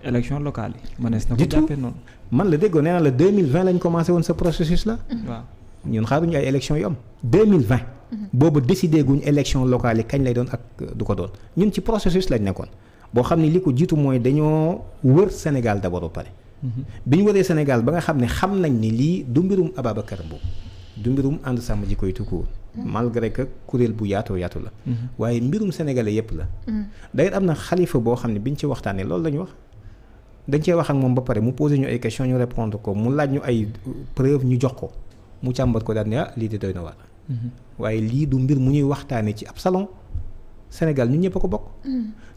élection locale yi. mënees na ko jàppee noonu man la déggoo nee naa la 2020 lañ commencé woon sa processus la. waaw ñun xaaruñu ay élection yu am 2020. boobu décidé guñ élection locale yi kañ lay doon ak euh, du ko doon ñun ci processus lañ nekkoon boo xam ne li ko jiitu mooy dañoo wër Sénégal d'abord ba pare. Mhm. bi ñu waree Sénégal ba nga xam ne xam nañ ni lii du mbirum Ababacar Mbow du mbirum ànd sàmm ji koy tukkuwoon. Mhm. malgré que kuréel bu yaatoo yaatu la. Mhm. waaye mbirum sénégalais yépp la. d'ailleurs am na xalifa boo xam ne biñ ci waxtaanee loolu lool ñu wax. dañ cee wax ak moom ba pare mu posé ñu ay questions ñu répondre ko mu laaj ñu euh, ñu jox ko mu càmbar ko waaye lii du mbir mu ñuy waxtaanee ci ab salon Sénégal ñun ñëpp a ko bokk.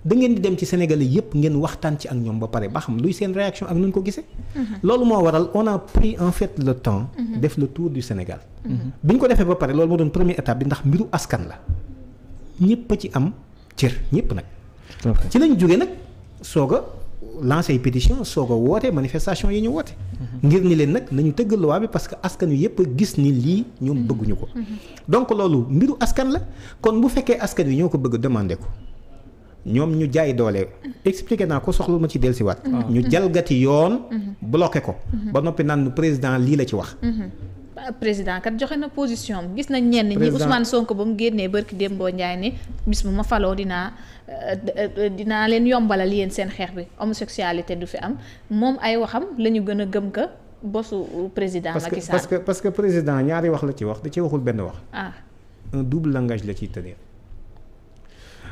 da ngeen di dem ci Sénégalais yëpp ngeen waxtaan ci ak ñoom ba pare ba xam luy seen réaction ak nuñ ko gisee. loolu moo waral on a en fait le temps. def le tour du Sénégal. bi ko defee ba pare loolu moo doon première étape bi ndax mbiru askan la ñëpp a ci am cër ñëpp nag. ci lañ jóge nag soog a lancé pétition soo ko wootee manifestation yi ñu woote. ngir ni leen nag nañu tëgg loi bi parce que askan wi yëpp gis ni lii ñoom bëgguñu ko. donc loolu mbiru askan la kon bu fekkee askan wi ñoo ko bëgg demandé ko ñoom ñu jaayi doole expliqué naa ko soxlu ma ci dellusiwaat. Ah. ñu jalgati yoon. Mm-hmm. bloqué ko. Mm-hmm. ba noppi naan président lii la ci wax. Mm-hmm. président kat joxe na position am gis nañ ñenn ñi Ousmane Sonko ba mu génnee barki Dembo Ndiaye ne bis bu ma faloo dinaa euh, dinaa leen yombalal yéen seen xeex bi homosexualité du fi am moom ay waxam la ñu gën a gëm ka bosu président Macky Sall parce que président ñaari wax la ci wax da ci waxul benn wax ah un double langage la ciy tenir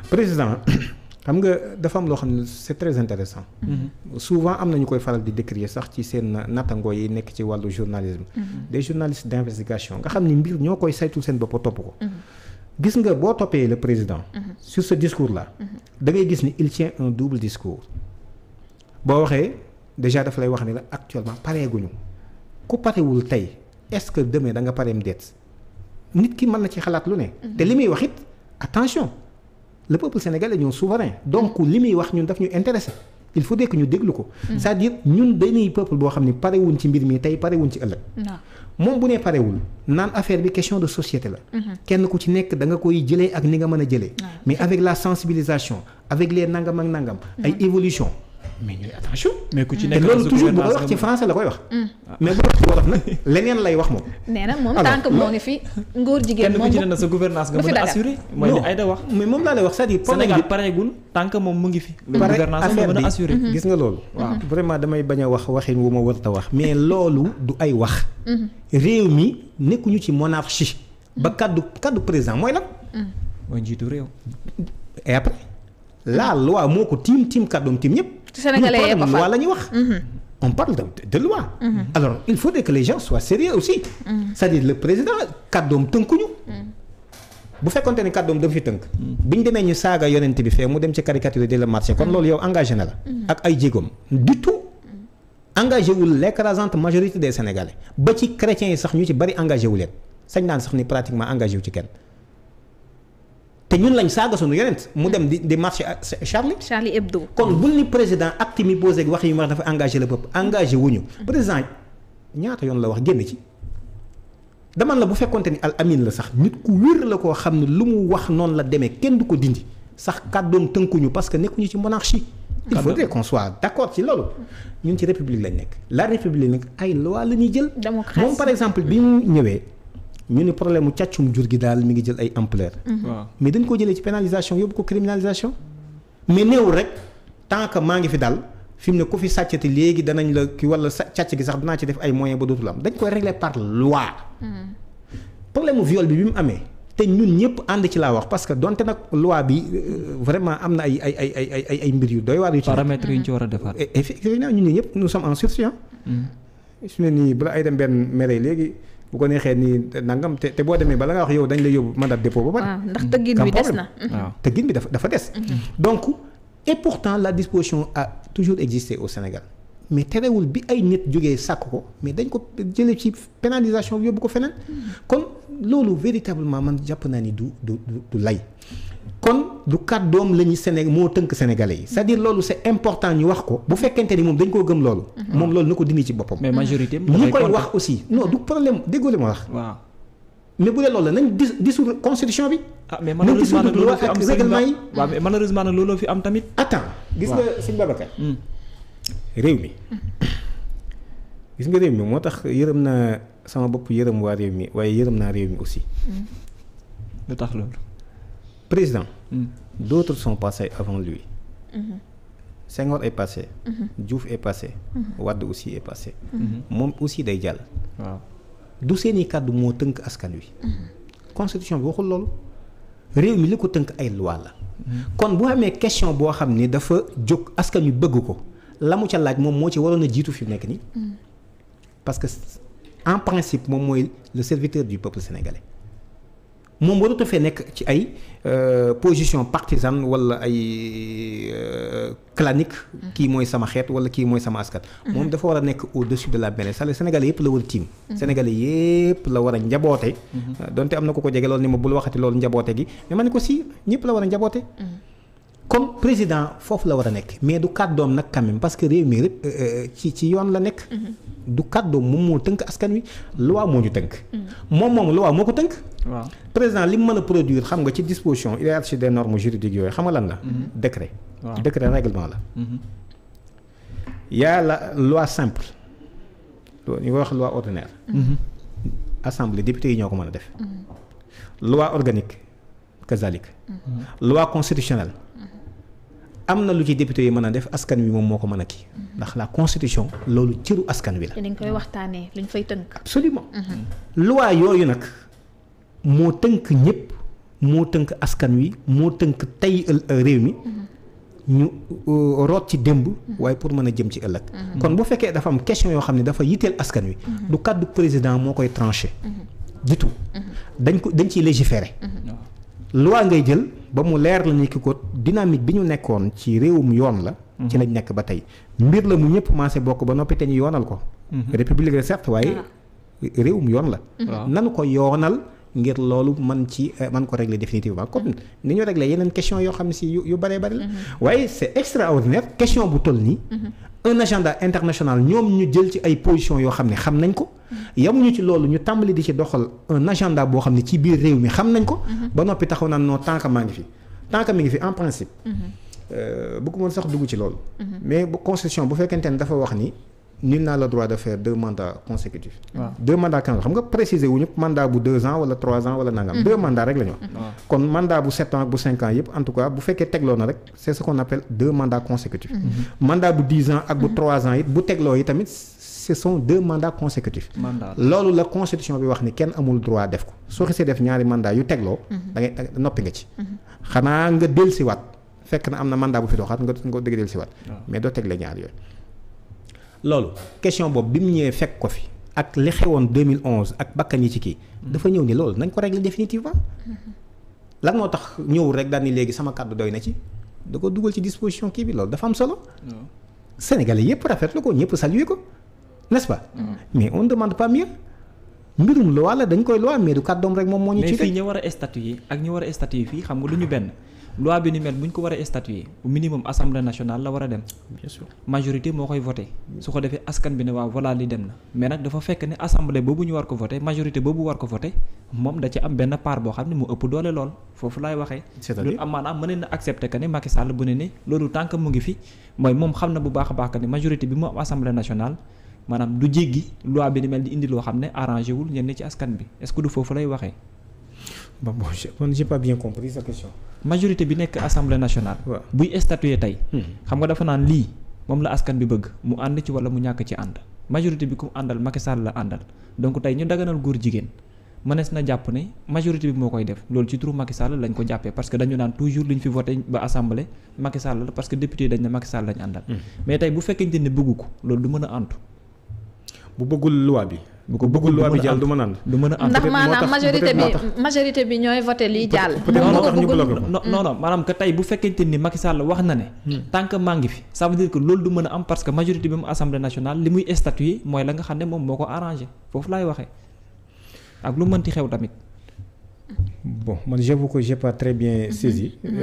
président xam nga dafa am loo xam ne c'est très intéressant mm-hmm. souvent am na ñu koy faral di décrier sax ci seen nattangoo yi nekk ci wàllu journalisme mm-hmm. des journalistes d'investigation nga xam ni mbir ñoo koy saytul seen bopp topp ko mm-hmm. gis nga boo toppee le président sur ce discours la da ngay gis ni il tient un double discours boo waxee déjà dafa lay wax ni la actuellement pareeguñu ku parewul tey est-ce que demain da nga pareem déet nit ki mën na ci xalaat lu ne te li muy wax it le peuple sénégalais ñun souverain donc li muy wax ñun daf ñu intéressé il faut que ñu déglu ko. Hmm. c'est-à-dire ñun dañuy peuple boo xam ne parewuñ ci mbir mi tey parewuñ ci ëllëg. moom bu nee parewul naan affaire bi question de société la. Hmm. kenn ku ci nekk da nga koy jëlee ak ni nga mën a jëlee. Ah. mais avec la sensibilisation avec les nangam ak nangam. Hmm. ay évolution mais ñooy attention. mais ku ci mm. nekk loolu toujours bu koy wax ci français la koy wax. Mm. Ah. mais bu doon wolof nag leneen lay wax moom. nee na moom tant que moo ngi fi ngóor jigéen moom kenn ci ne sa gouvernance nga mën a wax mais moom laa lay wax sa à dire Sénégal pareegul tant moom mu ngi fi. pare affaire bi mhm. gis nga loolu. Mhm. waaw vraiment damay bañ a wax waxin wu ma warut a wax mais loolu du ay wax. Mhm. réew mi nekkuñu ci monarchie. ba kaddu kaddu président mooy lan. mooy njiitu réew. et après la loi moo ko tiim tiim kàddoom tiim ñëpp. sénégalais yee ko fa loi la ñuy wax. Mm-hmm. on parle de, de loi. Mm-hmm. alors il faut que les gens sérieux aussi. Mm mm-hmm. dire le président kàddoom tënkuñu. bu fekkonte ne kàddoom dama fi tënk. bi ñu demee ñu saaga yonent bi fee mu dem ci caricature de le marché kon loolu yow engagé na la. ak ay jéegoom du tout. engagé wul l'écrasante majorité de sénégalais ba ci chrétiens yi sax ñu ci bari engagé wu leen sañ naan sax ni pratiquement engagé wu ci kenn. te ñun lañ saaga suñu yonent mu mm. dem di di marché Charlie. Charlie Hebdo kon bul ni président acte mi posé wax yu ma dafa engagé le peuple engagé wuñu mm. président ñaata yoon la wax génn ci. dama la bu fekkonte ni al amin la sax nit ku wér la koo xam ne lu mu wax noonu la demee kenn du ko dindi sax kàddoom tënkuñu parce que nekkuñu ci monarchie. il faudrait qu'on soit d'accord ci loolu. ñun ci république lañ nekk. la république nag ay loi la ñuy jël. moom par exemple bi mu ñëwee. ñu ni problème mu càccum jur gi daal mi ngi jël ay ampleur mhm. mais dañ ko jëlee ci pénalisation yóbbu ko criminalisation mais néew rek tant que maa ngi fi daal fi mu ne ko fi sàccati léegi danañ la ki wala càcc gi sax danaa ci def ay moyens ba dootul am dañ koy régler par loi mhm. problème mu bi bi mu amee te ñun ñëpp ànd ci laa wax parce que donte nag loi bi euh, vraiment am na ay ay ay ay ay ay mbir yu doy waar yu ci paramètres yu ñu ci war a mhm. defaat e-, effectivement ñun ñëpp nous sommes en sursis mm. su dem benn mere léegi bu ko neexee nii nangam te te boo demee bala nga wax yow dañ lay yóbbu mandat dépôt ba pare. waaw ah, ndax tëggin bi des na. Ah. waaw tëggin bi dafa dafa des. Mhm. donc et pourtant la disposition a toujours existé au Sénégal mais terewul bi ay nit jógee sàkk ko mais dañ ko jëlee ci pénalisation yóbbu ko feneen. Mhm. kon loolu véritablement man jàpp naa ni du du du lay. kon du kàddoom la ñuy Séné moo tënk sénégalais yi cest à loolu c'est important ñu wax ko bu fekkente ni moom dañ koo gëm loolu. moom loolu na ko dindi ci boppam. mais majorité ñi koy wax aussi non du problème déggoo li ma wax. waaw nañ dis dissoudre constitution bi. Ah, mais malheureusement nag looloo fi am ak règlement yi. waaw am tamit. attends gis nga suñu Babacar. Hmm. réew mi gis nga moo tax yërëm naa sama bopp yërëm waa réew mi waaye yërëm naa réew mi aussi. Hmm. lu tax loolu. président mm. d'autres son passés avant lui mm-hmm. Senghor est passé mm-hmm. Diouf est passé mm-hmm. Wade aussi est passé moom aussi day jàll waaw du seeni kàddu moo tënk askan wi constitution bi waxul loolu réew mi li ko tënk ay loi la kon boo amee question boo xam ni dafa jóg askan wi bëgg ko la mu ca laaj moom moo ci waroon a jiitu fi nekk nii parce que en principe moom mooy le serviteur du peuple sénégalais moom warut a fee nekk ci ay euh, position partisane wala ay euh, clanique. Mm-hmm. kii mooy sama xeet wala kii mooy sama askan. Mm-hmm. moom dafa war a nekk au-dessus de la menace c'est-à-dire sénégalais yëpp la war a tiim. Mm-hmm. sénégalais yëpp la war a njaboote. Euh, donte am na ko ko jege loolu ni ma bul waxati loolu njaboote gi ma man ko si ñëpp la war a njaboote. comme président foofu la war a nekk mais du kàddoom nag quand même parce que réew mi rek euh, euh, ci ci yoon la nekk. Mm-hmm. du kàddoom moom moo tënk askan wi loi moo ñu tënk. Mm-hmm. moom moom loi moo ko tënk. président li mu mën a produire xam nga ci disposition hiérarchie des normes juridiques yooyu xam nga lan la. Mm-hmm. décret. waaw décret règlement la. yaa la loi simple. loolu wax loi ordinaire. assemblée député yi ñoo ko mën a def. loi organique kazalik. loi constitutionnelle. am na lu ci député yi mën a def askan wi moom moo ko mën a kii ndax la constitution loolu cëru askan wi la. te dañ koy waxtaanee luñ fay tënk. absolument. Mhm. loi yooyu nag moo tënk ñëpp moo tënk askan wi moo tënk tey euh, réew mi. Mhm. ñu euh, root ci démb. Mhm. waaye pour mën a jëm ci ëllëg. kon bu fekkee dafa am question yoo xam ne dafa yitteel askan wi. du kàddu président moo koy tranché. du dañ ko dañ ciy légiférer. loi ngay jël. ba mu leer la ni ki ko dynamique bi ñu nekkoon ci réewum yoon la. ci lañ nekk ba tey mbir la mu ñëpp commencé bokk ba noppi te ñu yoonal ko. Mhm. république la certes waaye ah. réewum yoon la. nanu ko yoonal. ngir loolu man ci eh, man ko régler définitivement comme mhm. ni ñu régler yeneen question yoo xam ne si yu yu bëree bëri la mhm. waaye c'est extraordinaire question bu toll nii un agenda international ñoom ñu jël ci ay positions yoo xam ne xam nañ ko. yamuñu ci loolu ñu tàmbali di ci doxal un agenda boo xam ne ci biir réew mi xam nañ ko. Mhm. ba noppi taxaw na noo tant que maa ngi fi tant mi ngi fi en principe. Mhm. Euh, bu ko mën sax dugg ci loolu. Mhm. mais bu constitution bu fekkente ne dafa wax ni. nul n'a la droit de faire deux mandats consécutifs. xam nga préciser wu ñëpp mandat bu deux ans wala trois ans wala nangam. Mm-hmm. deux mandats rek la ñu wax. Mm-hmm. kon mandat bu sept ans ak bu cinq ans yëpp en tout cas bu fekkee tegloo na rek c' est ce qu'on appelle deux mandats consécutifs. Mm-hmm. mandat bu dix ans ak bu trois ans it bu tegloo yi tamit ce sont deux mandats consécutifs. loolu la constitution bi wax ni kenn amul droit def ko soo xasee def ñaari mandat yu tegloo. da ngay noppi ci. xanaa nga dellusiwaat fekk na am na mandat bu fi doxaat nga nga dégg dellusiwaat. mais ñaar yooyu. loolu question boobu bi mu ñëwee fekk ko fi ak li xewoon 2011 ak bakkan yi ci kii dafa ñëw ni loolu nañ ko régler définitivement lan moo tax ñëwul rek daan ni léegi sama kàddu doy na ci da ko dugal ci disposition kii bi loolu dafa am solo sénégalais yëpp rafetlu ko ñëpp saluer ko n'est-ce pas mm. mais on demande pas mieux mbirum loi la dañ koy loi mais du kàddoom rek moom moo ñu ci mais fii ñu war a statuer ak ñu war a yi fii xam nga du ñu benn loi bi ni mel bu ñu ko war a statuer au minimum assemblée nationale la war a dem. bien sûr majorité moo koy voté. su ko defee askan bi ne waaw voilà li dem na. mais nag dafa fekk ne assemblée boobu ñu war ko voté boobu war ko voté moom da ci am benn part boo xam ne mu ëpp doole lool foofu laay waxee. c'est-à-dire loolu am maanaam mën na accepté que ne Macky Sall bu ne ne loolu tant mu ngi fi mooy moom xam na bu baax a baax que ne majorité bi mu am assemblée nationale. maanaam du jéggi loi bi ni mel di loo xam ne arrangé wul ñenn ci askan bi est-ce lay waxee. bon bon j'ai pas majorité bi nekk assemblée nationale. buy statuer tey. Hmm. xam nga dafa naan lii moom la askan bi bëgg mu ànd ci walla mu ñàkk ci ànd. majorité bi ku àndal Macky Sall la àndal donc tey ñu daganal góor jigéen mënees na jàpp ne majorité bi moo koy def loolu ci turu Macky Sall lañ ko jàppee parce que dañu naan toujours li ñu fi voté ba assemblée Macky la parce que député dañ ne hmm. mais tey bu fekkente ne bëggu ko loolu du mën a àntu. bu bëggul loi bi. bu ko bëggul loi bi jàll du mën a ànd. du mën a ànd ndax maanaam majorité bi majorité bi ñooy voté lii jàll. non non maanaam que tey bu fekkente ni Macky Sall wax na ne. Hmm. tant que maa ngi fi ça veut dire que loolu du mën a am parce que majorité bi mu assemblée nationale li muy statuer mooy la nga xam ne moom moo ko arrangé foofu laay waxee ak lu mënti xew tamit. bon man j'avoue ko j'ai pas très bien mhm. saisi. la mhm.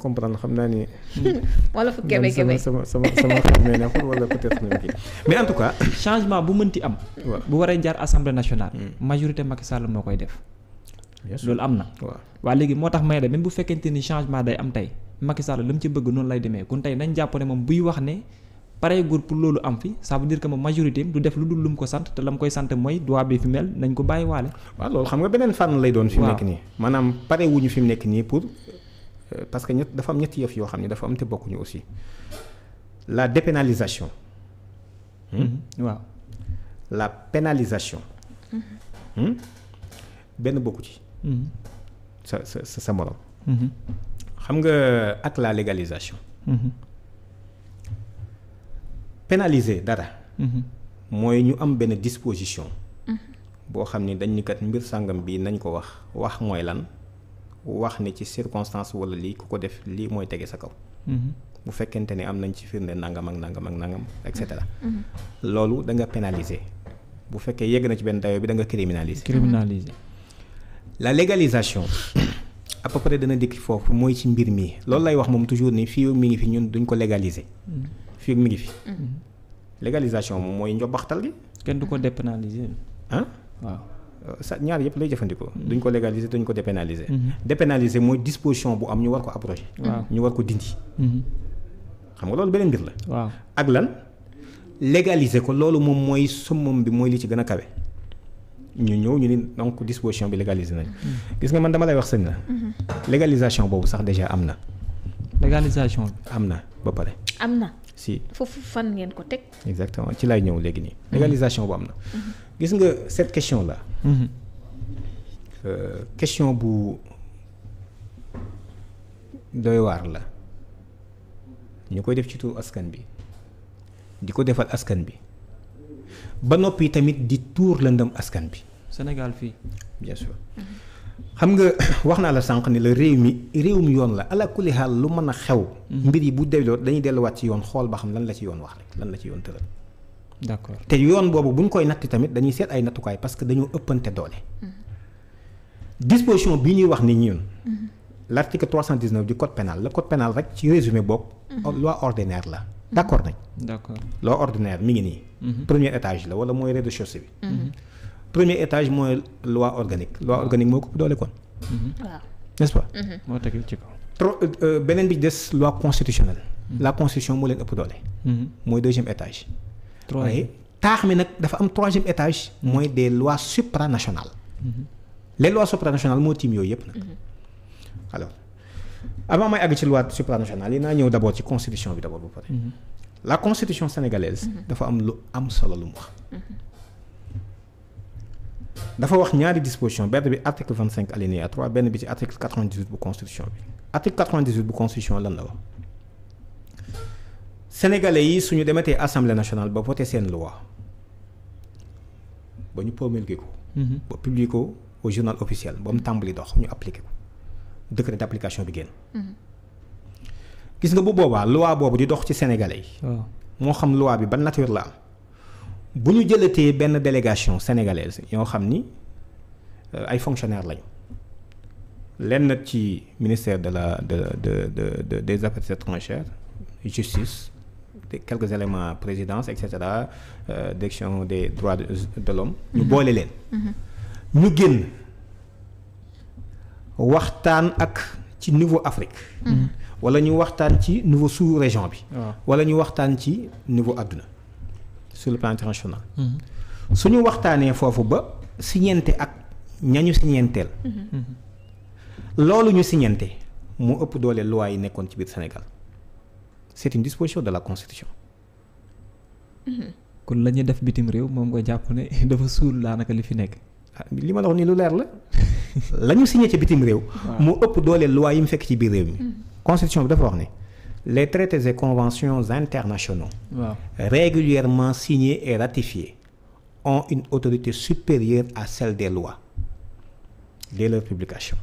euh, xam naa ne. wala fu kebe kebe sama sama sama xamee neexul wala peut-être mais en tout cas. changement bu mënti am. bu waree jaar assemblée nationale. Mm. majorité Macky Sall moo koy def. loolu am na. waa léegi moo tax may de même bu fekkente ni changement day am tey Macky Sall li mu ci bëgg noonu lay demee kon tey nañ jàpp ne moom buy wax ne. pareegul pour loolu am fi saabu veut dire que ma majorité du def lu dul lu mu ko sant te la mu koy sant mooy droit bi fi mel nañ ko bàyyi waale. waaw loolu xam nga beneen fànn lay doon. fi mu nekk nii maanaam pare ñu fi mu nekk nii pour euh, parce que ñett dafa am ñetti yëf yoo xam ne dafa am te bokkuñu aussi la dépénalisation. Hmm? Mhm. waaw pénalisation. Mhm. Hmm? benn bokku ci. Mhm. sa sa sa morom. xam nga ak la légalisation. pénaliser dara. Mhm. mooy ñu am benn disposition. Mhm. boo xam ni dañ ni kat mbir sàngam bi nañ ko wax wax mooy lan wax ni ci circonstance wala lii ku ko def lii mooy tege sa kaw. Mhm. bu fekkente ni am nañ ci firnde nangam ak nangam ak nangam et cetera. loolu da nga pénaliser bu fekkee yegg na ci benn dayo bi da nga criminaliser. criminaliser la légalisation. à peu dana dikk foofu mooy ci mbir mi loolu lay wax moom toujours ni fii mi ngi fi ñun duñ ko légaliser. fii ak mi ngi fi. Mm-hmm. légalisation moom mooy njobaxtal gi. kenn du ko dépénaliser. ah waaw. sa ñaar yëpp lay jëfandikoo. Mm-hmm. duñ ko légaliser duñ ko dépénaliser. Mm-hmm. dépénaliser mooy disposition bu am ñu war ko approché. ñu war ko dindi. xam nga loolu beneen mbir la. waaw ak lan légaliser ko loolu moom mooy summam bi mooy li ci gën a kawe. ñu ñëw ñu ni donc disposition bi légaliser nañ gis nga man dama lay wax sëñ la. légalisation boobu sax déjà am na. légalisation bi am na ba pare. si foofu fan ngeen ko teg. exactement ci lay ñëw léegi nii. Mhm. légalisation bu am na. Mhm. gis nga cette question là. Mhm. Euh, question bu doy la ñu koy def ci tur askan bi di ko defal askan bi ba noppi tamit di tuur lëndëm askan bi. Sénégal fii. xam nga wax naa la sànq ni la réew mi réew mi yoon la ala kulli xaal lu mën a xew. Mhm. mbir yi bu delloo dañuy delluwaat ci yoon xool ba xam lan la ci yoon wax rek lan la ci yoon tëral. d'accord te yoon boobu bu ñu koy natt tamit dañuy seet ay nattukaay parce que dañoo ëppante doole. Mhm. disposition bi ñuy wax ni ñun. l' article 319 du code pénal le code pénal rek ci résumé boobu. Mhm. loi ordinaire la. d' nañ. d' accord loi ordinaire mi ngi nii. premier étage la wala mooy rez bi. premier étage mooy loi organique loi organique moo ko doole kon. Mhm. n'est-ce mhm. trop euh, euh, beneen bi ci des loi constitutionnelle. Mhm. la constitution moo leen ëpp doole. mooy deuxième étage. waaye taax mi nag dafa am troisième étage. mooy des lois supranationales. les lois supranationales moo tiim yooyu yëpp nag. alors avant may àgg ci loi supranationale yi naa ñëw d' ci constitution bi d' abord bu pare. la constitution sénégalaise. dafa am lu am solo wax. dafa wax ñaari disposition benn bi article vingt cinq alinéa trois benn bi ci article quatre vingt dix huit bu constitution bi article quatre vingt dix huit bu constitution lan la wax yi suñu demetee assemblée nationale ba voté seen loi ba ñu promulgué ko. Mhm. ba publié ko au journal officiel ba mu tàmbali dox ñu appliqué ko décret bi génn. Mhm. gis nga bu boobaa loi boobu di dox ci sénégalais yi. moo xam loi bi ban nature la am. bu ñu jëlatee benn délégation sénégalaise yoo xam ni euh, ay fonctionnaire lañu lenn ci ministère de la de de de, de des affaires étrangères justice des quelques éléments présidence et cetera euh, direction des droits de, de l'homme ñu mm-hmm. boole leen. Mm-hmm. ñu génn waxtaan ak ci niveau Afrique. Mm-hmm. wala ñu waxtaan ci niveau sous-région bi. wala ñu waxtaan ci niveau àdduna. sur le plan international. Mm-hmm. su ñu waxtaanee foofu ba siñente ak ñañu siñenteel. Mm-hmm. loolu ñu siñente mu ëpp doole loi yi nekkoon ci biir Sénégal c'est une disposition de la constitution. Mm-hmm. kon la ñuy def bitim réew moom nga jàpp ne dafa suul daanaka li fi nekk. Ah, li ma la wax nii lu leer la la ñu ci bitim réew. moo ëpp doole loi yi mu fekk ci biir réew mi. constitution bi dafa wax ne. les traités et conventions internationaux wow. régulièrement signés et ratifiés on une autorité supérieure à celle des lois dès leur publication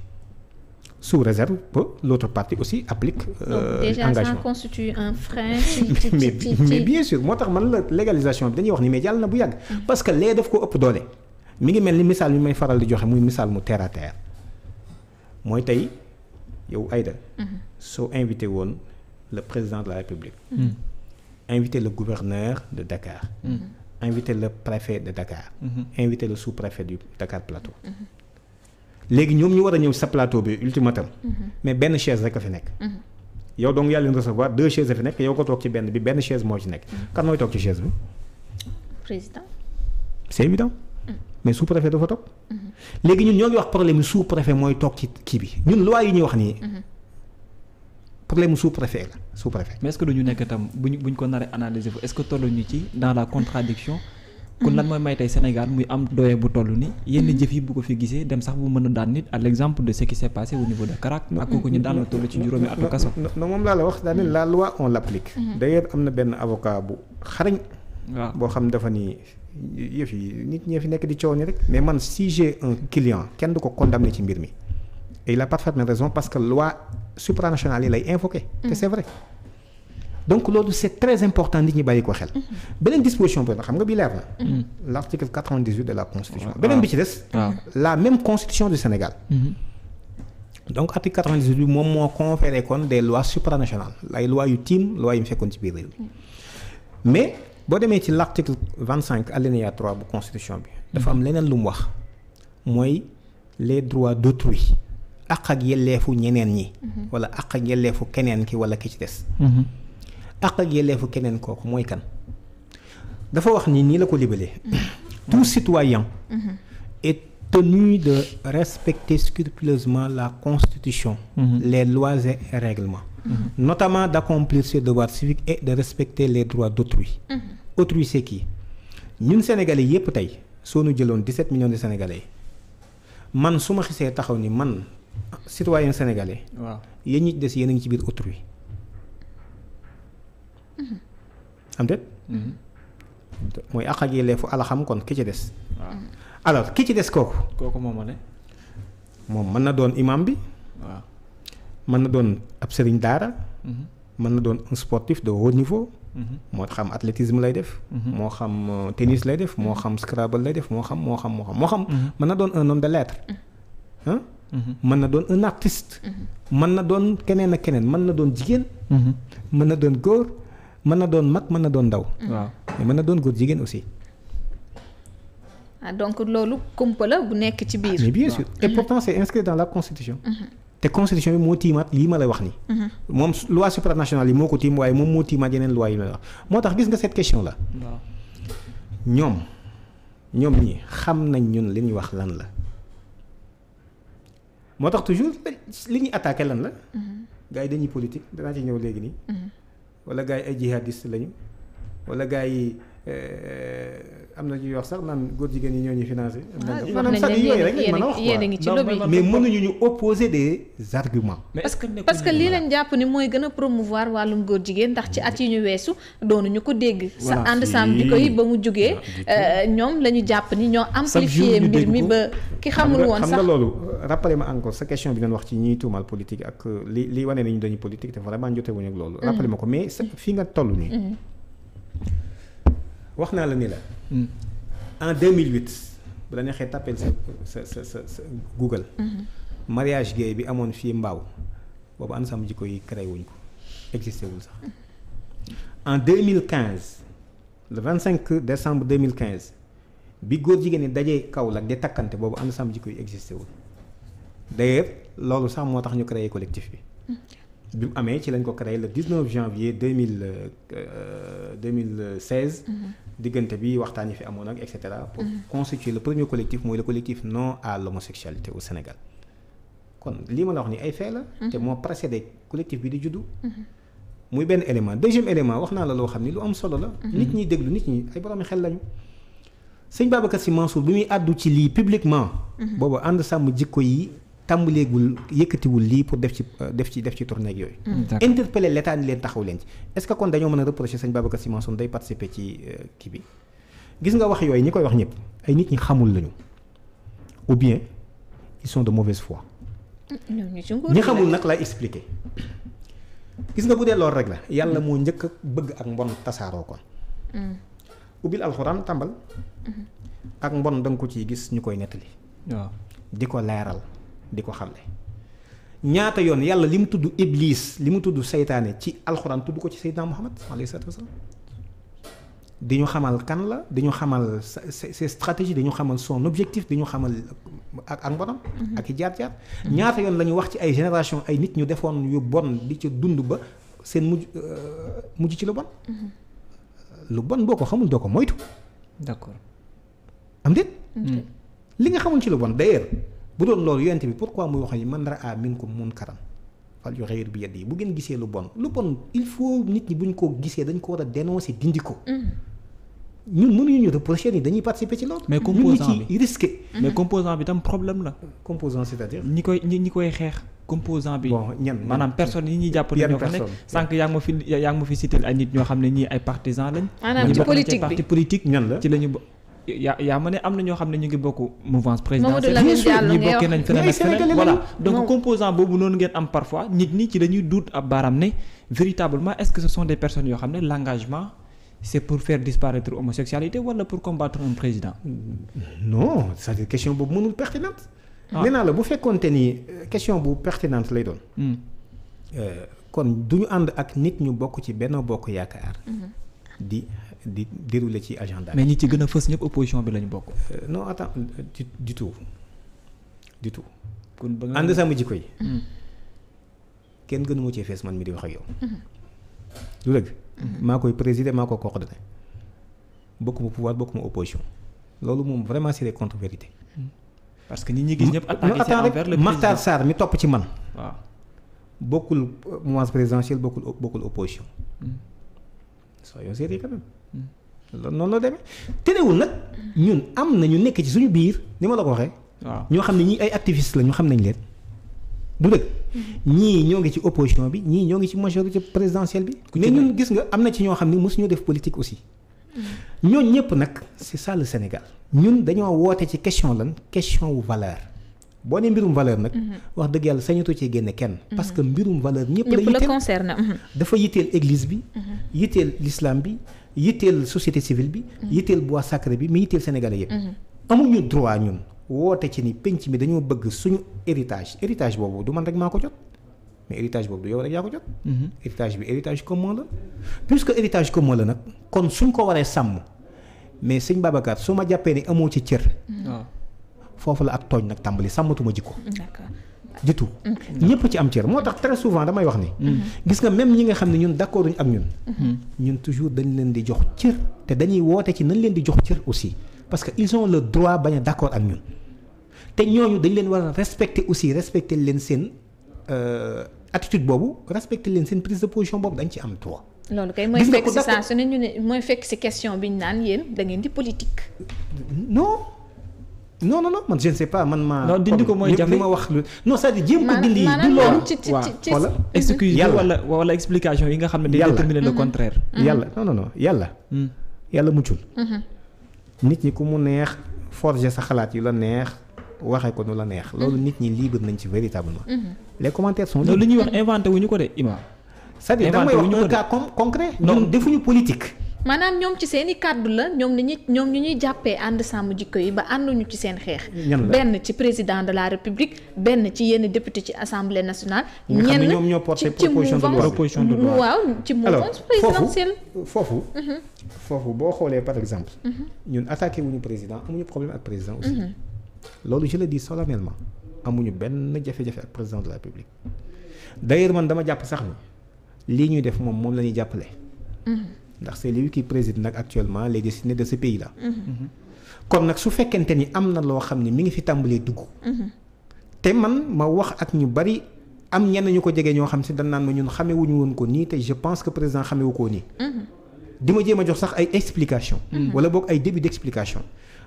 sous réserve que l'autre partie aussi applique euh, Donc, déjà engagement. ça constitue un frein mais, bien sûr moo tax man la légalisation bi dañuy wax ni mais jàll na bu yàgg mm-hmm. parce que lee daf ko ëpp doole mi ngi mel ni misaal mi may faral di joxe muy misaal mu terre à terre mooy tey yow Aïda mm-hmm. soo invité woon le président de la République. Mmh. Inviter le gouverneur de Dakar. Mmh. Inviter le de Dakar. Mm-hmm. Inviter le sous-préfet du Dakar Plateau. Mm-hmm. léegi ñoom ñu war a ñëw sa plateau bi ultimatum. Mm-hmm. mais benn chaise rek a fi nekk. yow donc yàlla leen recevoir deux chaises a fi nekk yow ko toog ci benn bi benn chaise moo ci nekk. kan mooy toog ci chaise bi. président. c' est évident. mais sous préfet dafa toog. léegi ñun ñoo ngi wax problème bi sous préfet mooy toog ci kii bi ñun loi problème sous préfet la sous mais est du ñu nekk tam bu ñu bu ñu ko naree analyser fu est ce que tolluñu ci dans la contradiction kon lan mooy may tey Sénégal muy am doole bu toll ni yenn jëf yi bu ko fi gisee dem sax bu mën a daan nit à l' exemple de ce qui s' est passé niveau de Karak. ak kooku ñu daan la toll ci juróomi atu kaso. non moom laa la wax daaneel la loi on l' applique. Mm-hmm. d' ailleurs am na benn avocat bu xarañ. waaw boo xam dafa ni yëf yi nit ñee fi nekk di coow ni rek. mais man si j'ai kenn du ko condamné ci mbir mi. et il a raison parce que loi supranationale yi lay invoqué. te mm-hmm. c'est vrai donc loolu c'est très important nit ñi bàyyi ko xel. Mm-hmm. beneen disposition boobu xam nga bi leer na. Mm-hmm. l'article quatre vingt de la constitution. Ah. beneen bi ci des. Ah. Ah. la même constitution du Sénégal. donc article 98 bi moom moo conféré kon des lois supranationales ay lois yu tiim lois yu mu fekkoon ci biir réew mi mais boo demee ci l'article 25 alinéa 3 bu constitution bi. dafa am leneen lu mu wax mooy les droits d'autrui àq ak yelleefu ñeneen ñi mhm. wala àq ak yelleefu keneen ki wala ki ci des mhm. àq ak yelleefu keneen kooku mooy kan dafa wax ni nii la ko libalee mhm. tout citoyen est tenu de respecter scrupuleusement la constitution les lois et règlements d'accomplir ses et de respecter les droits d'autrui autrui c'est qui ñun sénégalais yépp tey soo nu jëloon 17 millions de sénégalais man su ma xisee taxaw ni man citoyen sénégalais. waaw yéen ñi des yéen a ngi ci biir autrui. Mm-hmm. am déet. Mm-hmm. mooy àq ak yelleefu ala xam kon ki ci des. Mm-hmm. alors ki ci des kooku. kooku moom moom mën na doon imam bi. waaw mën na doon ab sëriñ daara. mën na doon un sportif de haut niveau. moo xam athlétisme lay def. moo xam euh, tennis lay def moo xam scrabble lay def moo xam moo xam moo xam moo xam. mën na doon un homme de lettres. Mm-hmm. mën na doon un artiste. Mm-hmm. mën na doon keneen ak keneen mën na doon jigéen. Mm-hmm. mën na doon góor mën na doon mag mën na doon ndaw. waaw mën na doon góor jigéen aussi. ah donc loolu kumpa bu nekk ci biir. mais bien sûr et pourtant c'est inscrit la constitution. te constitution bi moo tiimaat lii ma lay wax nii. moom loi supranationale yi moo ko tiim waaye moom moo tiimaat yeneen loi yi ma lay wax moo tax gis nga cette question la. ñoom ñoom ñi xam nañ ñun li ñu wax lan la. moo tax toujours mm-hmm. li ñuy attaqué lan la. Mm-hmm. gars yi dañuy politique danaa ci ñëw léegi nii. Mm-hmm. wala gars yi ay jihadiste lañu wala gars yi. Euh, am na ñuy wax sax man góor jigéen yi ñoo ñuy financé. Ah, maanaam sax yooyu rek lañ mën a wax quoi mais mënuñu ñu opposer des arguments. parce que parce que lii lañ jàpp ni mooy gën a promouvoir wàllum góor jigéen ndax ci at yi ñu weesu ñu ko dégg. sa ànd saam bi koy ba mu jugee euh, ñoom la ñu jàpp ni ñoo amplifié mbir mi ba ki xamul woon sax xam nga loolu rappelé ma encore sa question bi ngeen wax ci ñiy tuumal politique ak euh, li li wane ni ñu dañuy politique te vraiment jotewuñu loolu. Mm-hmm. rappelé ma ko mais fi nga toll nii mm-hmm. wax naa la ni la. Mm. en 2008 bu la neexee tàppeel sa sa sa sa Google. Mm-hmm. mariage gay bi amoon fii Mbaaw boobu ànd sama jikko yi créé wuñ ko existé wul sax mm-hmm. en 2015 le 25 mille quinze bi góor jigéen ni dajee Kaolack di takkante boobu ànd sama jikko yi existé wul d'ailleurs loolu sax moo tax ñu créé collectif bi. Mm-hmm. bi mu amee ci lañ ko créé le 19 janvier 2000 2016. Euh, euh, mhm. diggante bi waxtaan yi fi amoon ak et cetera. pour mhm. constituer le premier collectif mooy le collectif non à l'homosexualité au Sénégal. kon lii ma la wax ni ay fee la. Mhm. te moo précédé collectif bi di juddu. muy benn élément deuxième élément wax naa la loo xam ni lu am solo la. nit ñi déglu nit ñi ay borom xel lañu. sëñ Babacar Sy Mansour bi muy àddu ci lii publiquement. boobu ànd sàmm jikko yi. tàmbaleegul yëkkatiwul lii pour def ci euh, def ci def ci tournée ak yooyu. Hmm. interpeller l'état ni leen taxaw leen ci est-ce que kon dañoo mën a reprocher sëñ Babacar Sy Mansour day participer ci euh, kii bi gis nga wax yooyu ñi koy wax ñëpp ay nit ñi xamul lañu ou bien ils sont de mauvaise foi. Hmm. ñi xamul nag lay expliquer gis nga bu dee loolu rek la yàlla moo njëkk a bëgg ak mbon tasaaroo kon. Hmm. ubbil alxuraan tàmbal. ak mbon da ko ci gis ñu koy nettali. di ko leeral. di ko xam xamle ñaata yoon yàlla li mu tudd iblis li mu tudd seytaane ci alxuraan tudd ko ci seydina muhammad alayhi salaatu wasalaam di ñu xamal kan la di ñu xamal sa ses stratégies di ñu xamal son objectif di ñu xamal ak ak mbonam mm-hmm. ak i jaar-jaar mm-hmm. ñaata yoon la ñu wax ci ay génération ay nit ñu defoon yu bon di ca dund ba seen mujj euh, mujj ci lu bon mm-hmm. lu bon boo ko xamul doo ko moytu am déet mm. li nga xamul ci lu bon d'ailleurs bu doon loolu yonent bi pourquoi muy wax ni man raa minkum munkaran fal yughayyir bi yadihi bu ngeen gisee lu bon lu bon il faut nit ñi buñ ko gisee dañ ko war a dénoncer dindi ko. Mm. ñun mënuñu ñu reprocher ni dañuy participer ci loolu. mais composant bi risqué. Mm-hmm. mais composant bi tam problème la. composant c'est-à-dire. ñi koy ñi ñi koy xeex. composant bi ñan maanaam personne yi ñuy jàpp ne ñoo ko nekk sànq yaa ngi ma fi yaa ngi ma fi cité ay nit ñoo xam ne ñii ay partisans lañ. maanaam ci politique ñan la ci la yaa yaa ma ne am na ñoo xam ne ñu ngi bokk mouvance présidentielle ñi bokkee voilà donc composant boobu noonu ngeen am parfois nit ñi ci dañuy duut ab baaraam ne véritablement est-ce que ce sont des personnes yoo xam ne l'engagement c'est pour faire disparaître homosexualité wala pour combattre un président non c'est-à-dire question boobu mënul pertinente ah. nee naa la bu fekkoonte ni euh, question bu pertinente lay doon hmm. euh, kon du ñu ànd ak nit ñu bokk ci benn bokk yaakaar mhm. di di dérouler ci agenda mais ñi ci gën a fës ñëpp opposition bi lañu bokk. Euh, non attends du du tout du tout. kon ba nga ànd hmm. kenn gënu ma cee fees man mi di wax hmm. hmm. maa koy présider maa ko coordonné bokkuma pouvoir bokkuma opposition moom vraiment c'est des contre nit ñi gis ñëpp attaqué envers le topp ci man. waaw bokkul mouvance présidentielle bokkul bokkul opposition. soyons sérieux quand même hmm. loolu noonu la demee terewul nag ñun am na ñu nekk ci suñu biir ni ma la ko waxee. waaw ñoo xam ne ñii ay activistes la ñu xam nañ leen. du dëgg hmm. ñii ñoo ngi ci opposition bi ñii ñoo ngi ci majorité présidentielle bi. ku mais ñun gis nga am na ci ñoo xam ne mosuñu def politique aussi. Hmm. ñooñu ñëpp nag c'est ça le Sénégal. ñun dañoo woote ci question lan question wu valeur. boo ne mbirum valeur nag. Mhm. wax dëgg yàlla sañatu cee génne kenn. Mhm. parce que mbirum valeur ñëpp la yitteel concerne mhm. dafa yitteel église bi. yitteel l'islam bi yitteel société civile bi. yitteel bois bi mais yitteel sénégalais yëpp. amuñu droit ñun woote ci ni penc mi dañoo bëgg suñu héritage héritage boobu du man rek maa ko jot. mais héritage boobu du yow rek yaa ko jot. héritage bi héritage commun la. puisque héritage commun la nag kon suñ ko waree sàmm mais suñ Babacar su ma jàppee amoo ci cër. Ah. foofu la ak tooñ nag tàmbali sàmmatuma jikko du tout ñëpp ci am cër moo tax très souvent damay wax ni mm-hmm. gis nga même ñi nga xam ne ñun d'accorduñ ak ñun mm-hmm. ñun toujours dañu leen di jox cër te dañuy woote ci nañ leen di jox cër aussi parce que ils ont le droit bañ a d'accord ak ñun te ñooñu dañ leen war a respecter aussi respecter leen seen euh, attitude boobu respecter leen seen prise de position boobu dañ ci am droit loolu kay mooy fekk si saa su ne ñu ne mooy fekk si question bi ñu naan yéen da ngeen di politique non non non non man je ne sais pas man maa. dindi ko mooy jafe ma wax lu non c'est-à-dire jéem ko dindi. du loolu ci ci ci wala excuse wala explication yi nga xam ne day déterminer le mm-hmm. contraire. Mm-hmm. yàlla non non non yàlla. Mm. yàlla muccul. Mm-hmm. nit ñi ku mu neex forger sa xalaat yu la neex waxe ko nu la neex. loolu nit ñi libre nañ ci véritablement. les commentaires sont libres. loolu li ñuy wax inventé wu ñu ko de Imaam. inventé wu ñu ko de cest wax un cas concret. non defuñu politique. maanaam ñoom ci seen i kàddu la ñoom ni ñuy ñoom ñu ñuy jàppee ànd sàmm jikko yi ba ñu ci seen xeex benn ci président de la république benn ci yenn député ci assemblée nationale ñenn ci ci mouvance waaw ci mouvance présidentielle foofu mhm. foofu boo xoolee par exemple mhm. ñun wu ñu président amuñu problème ak président aussi mhm. loolu je le dis solennellement amuñu benn jafe-jafe ak président de la république d'ailleurs man dama jàpp sax ni lii ñuy def moom moom la ñuy jàppale ndax c'est lui qui préside nag actuellement les destinées de ce pays là. Mm-hmm. Mm-hmm. kon nag su fekkente ni am na loo xam ne mi ngi fi tàmbalee dugg. Mm-hmm. te man ma wax ak ñu bari am ñenn ñu ko jege ñoo xam si dañ naan ma ñun xamewuñu woon ko nii te je pense que président xamewu ko nii. di ma jéem a jox sax ay explication wala boog ay début d'explication.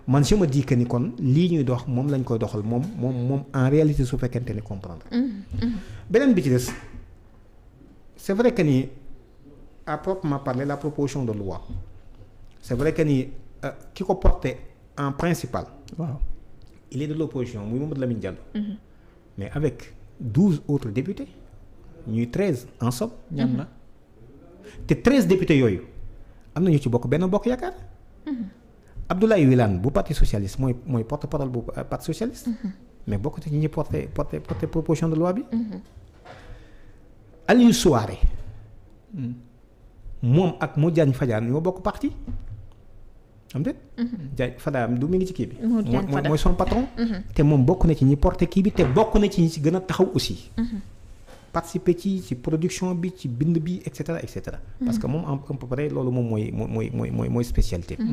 man si ma dis que ni kon lii ñuy dox moom lañ koy doxal moom moom moom en réalité su fekkente ni comprendre. beneen bi ci à proprement parler la proposition de loi c'est vrai que ni euh, ki ko porté en principal. waaw il est de l'opposition muy Mamadou Lamine Diallo. Mhm. mais avec douze autres députés ñuy treize en somme. ñan na mhm. te treize députés yooyu am na ñu ci bokk benn bokk yaakaar. Mhm. Abdoulaye Wilane bu parti socialiste mooy mooy porte parole bu euh, parti socialiste. mais bokk ci ñi porté porté porté proposition de loi bi. Aliou Souaré. Hmm. moom ak mu jaañ fajaan ñoo bokk parti am déet. Mhm. jaañ fadaam du mi ngi ci kii bi. mooy mooy son patron. Mhm. te moom bokk na ci ñi porte kii bi te bokk na ci ñi ci gën a taxaw aussi. Mhm. participer ci ci production bi ci bind bi et cetera et cetera. parce que moom à peu loolu moom mooy mooy mooy mooy mooy spécialité bi.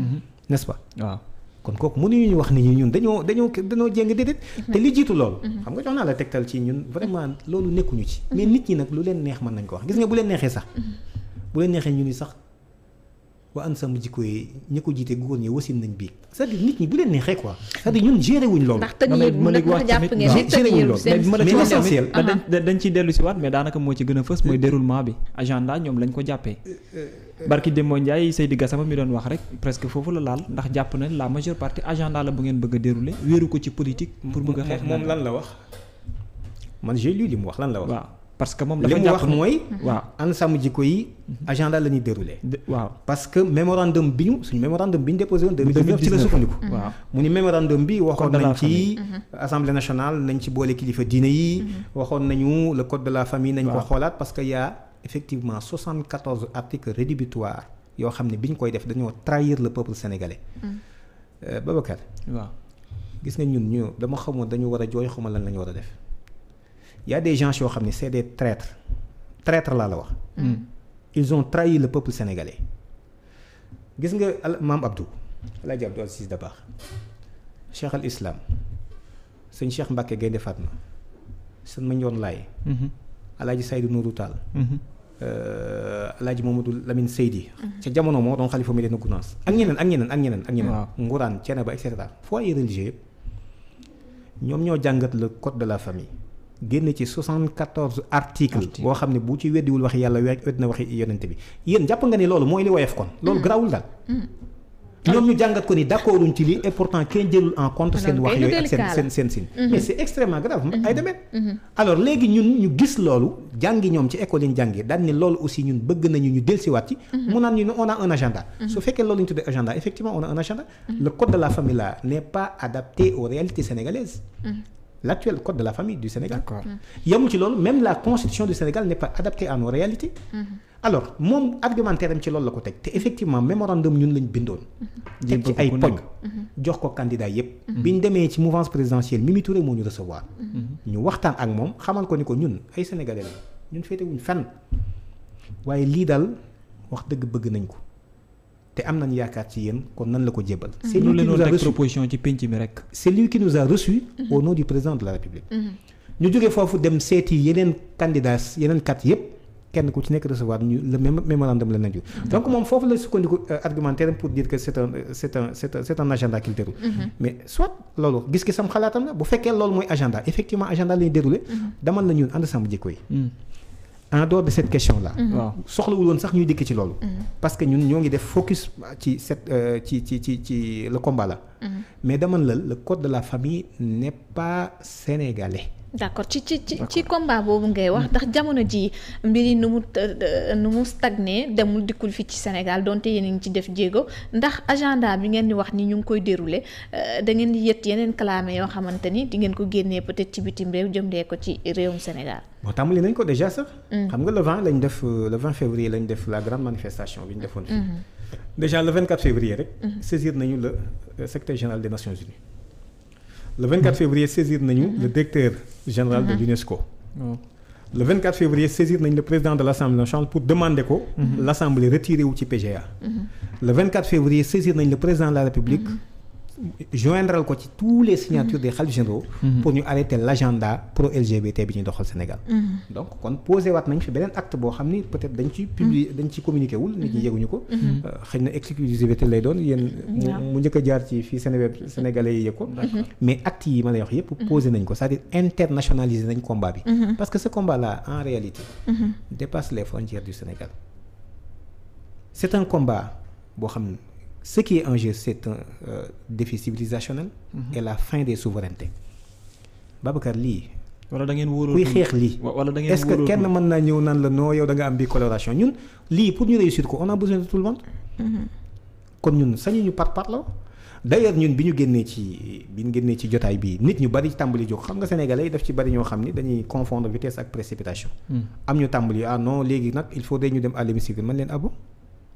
n'est-ce pas waaw. kon kooku mënuñu ñu wax nit ni ñun dañoo dañoo dañoo jéng déedéet. te li jiitu loolu. xam nga jox naa la tegtal ci ñun vraiment loolu nekkuñu ci. mais nit ñi nag lu leen neex mën nañ ko wax gis nga bu leen neexee sax. bu leen neexee ñu ni sax waa an sama jikko yi ñi ko jiite góor ñi wasin nañ biig c'est-à-dire nit ñi bu leen neexee quoi c'est-à-dire ñun géré wuñ loolu. ndax tënyeef bu nag ndax jàpp ngeen géré wuñ dañ ciy dellu waat mais daanaka moo ci gën a fës mooy euh, déroulement bi agenda ñoom lañ ko jàppee. Euh, euh, barki Demba Ndiaye Seydi sama mi doon wax rek presque foofu la laal ndax jàpp nañ la majeure partie agenda la bu ngeen bëgg a déroulé wéeru ko ci politique. pour bëgg a xeex moom lan la wax. man j'ai li mu wax lan la wax. parce que moom dafa jàpp li mu wax mooy. waaw ànd sàmm jikko yi mhm. agenda la ñuy déroulé. waaw parce que mémorandum bi ñu suñu mémorandum bi ñu déposé woon. 2019 ci la sukkandiku. waaw mu ni mémorandum bi waxoon nañ ci. Mhm. assemblée nationale nañ ci boole kilifa diine yi. Mhm. waxoon nañu le code de la famille. nañ ko xoolaat parce que y' a effectivement 74 articles rédhibitoires yoo xam ne bi ñu koy def dañoo trahir le peuple sénégalais. Euh, Babacar. waaw gis nga ñun ñu dama xamoon dañu war a jooy xamal lan la ñu war a def. y a des yoo xam ne c'est des traîtres laa la wax. Mm. ils ont trahi le peuple sénégalais. gis nga maam Abdou El Hadj Abdou Aziz Dabakh Cheikh al Islam sëñ Cheikh Mbacke Gaynde Fatma sëñ Mandione Laye. El mm-hmm. Hadj Seydou Nourou Tall. Mm-hmm. El euh, Hadj Mamadou Lamine Seydi. Mm-hmm. ca jamono moo doon xalifa mi leen Gounass ak ak ñeneen ak ñeneen ak ñeneen. waaw Ngourane Thiénaba et yëpp ñoom ñoo jàngat le code de la famille. génne ci 74 articles boo xam ne bu ci weddiwul wax yàlla wet na waxi yonent bi yéen jàpp nga ni loolu mooy li woyof kon loolu mm. garaawul daal mm. ñoom ñu jàngat ko ni d'accorduñ ci lii et pourtant kenn jëlul en compte ah seen wax yooyu ak seen seen mm-hmm. mais c'est extrêmement grave mm-hmm. ay demet mm-hmm. alors léegi ñun ñu gis loolu jàngi ñoom ci école yi ñu jàngi daal ni loolu aussi ñun bëgg nañu ñu delsiwaat ci mu naan ñu ne on a un agenda su fekkee loolu ñu tuddee agenda a un agenda le code de la l'actuel code de la famille du Sénégal. d'accord mm. yemul ci loolu même la constitution du Sénégal n'est pas adaptée à nos réalités. Mm-hmm. moom argumentaire am ci loolu la ko teg te effectivement mémorandum ñun lañ bindoon. Mm-hmm. teg ci ay poñ mm-hmm. jox ko candidat yépp bi ñu demee ci mouvance présidentielle Mimi Touré moo ñu recevoir. ñu waxtaan ak moom xamal ko ni ko ñun ay sénégalais la ñun féetewuñ fenn waaye lii daal wax dëgg bëgg nañ ko. te am nañ yaakaar ci yéen kon nan la ko jébbal. Mhm. c'est lui qui nous a reçu proposition ci penc mi rek. c'est lui qui nous a reçu mhm. au nom du président de la république. Mhm. ñu jógee foofu dem seeti yeneen candidats yeneen quatre yëpp kenn ku ci nekk recevoir ñu le même mémorandum la nañu donc moom foofu la sukkandiku euh, argumentaire pour dire que c'est un c'est un c'est un c'est un mais soit loolu gis-gisam xalaatam la bu fekkee loolu mooy agenda effectivement agenda la ñuy déroulé. en dehors de cette question là. Mm-hmm. waaw soxlawul woon sax ñuy dikk ci loolu. Mm-hmm. parce ñun ñoo ngi def focus ci cette euh, ci ci ci ci le combat mm-hmm. mais dama lël le code de la famille n'est pas sénégalais. d'accord ci ci ci ci combat boobu ngay wax mm. ndax jamono ji mbir yi nu mu euh, euh, nu mu stagné demul dikkul fii ci Sénégal donte yéen a ngi ci def jéego ndax agenda bi ngeen di wax ni ñu ngi koy déroulé euh, da ngeen di yët yeneen clamé yoo xamante ni di ngeen ko génne peut-être ci bitim réew jëmdee ko ci réewum Sénégal. bon tàmbali nañ ko déjà sax. Mm. xam nga le 20 lañ def le 20 février lañ def la grande manifestation bi ñu defoon fii. Mm-hmm. déjà le 24 février rek. Mm-hmm. saisir nañu le secrétaire général des le 24 février saisir nañu mm-hmm. le directeur général de mm-hmm. l'UNESCO oh. le 24 février saisir nañ le président de l'Assemblée nationale pour demander ko mm-hmm. l'Assemblée retiré wu ci PGA le 24 février saisir nañ le président de la République joindral ko ci tous les signatures mm-hmm. des khalifes mm-hmm. pour ñu arrêter l' agenda pro LGBT bi ñuy doxal Sénégal mm-hmm. donc kon posé waat nañ fi beneen acte boo xam ni peut être dañ ci publier dañ ci communiqué nit ñi yéguñu ko euh, xëy na exclusivité lay doon yéen mu njëkk a jaar ci fii Sénégal sénégalais yi yëg ko mais acte yi ma lay wax yëpp posé nañ ko c'est-à-dire internationaliser nañ combat bi parce que ce combat là en réalité dépasse les frontières du Sénégal c'est un boo ce qui est en jeu c'est un euh, défi civilisationnel. Mm -hmm. et la fin des souverainetés. Babacar lii. wala da ngeen wóoroo kuy xeex lii. wala da ngeen est-ce que kenn mën naa ñëw naan la non yow da nga am bi coloration ñun lii pour ñu réussir ko on a besoin de tout le monde. Mhm. kon ñun sañu ñu par par la. d'ailleurs ñun bi ñu génnee ci bi ñu génnee ci jotaay bii nit ñu bari tàmbali jóg xam nga sénégalais def ci bari ñoo xam ni dañuy confondre vitesse ak précipitation. Hmm. am ñu tàmbali ah non léegi ñu dem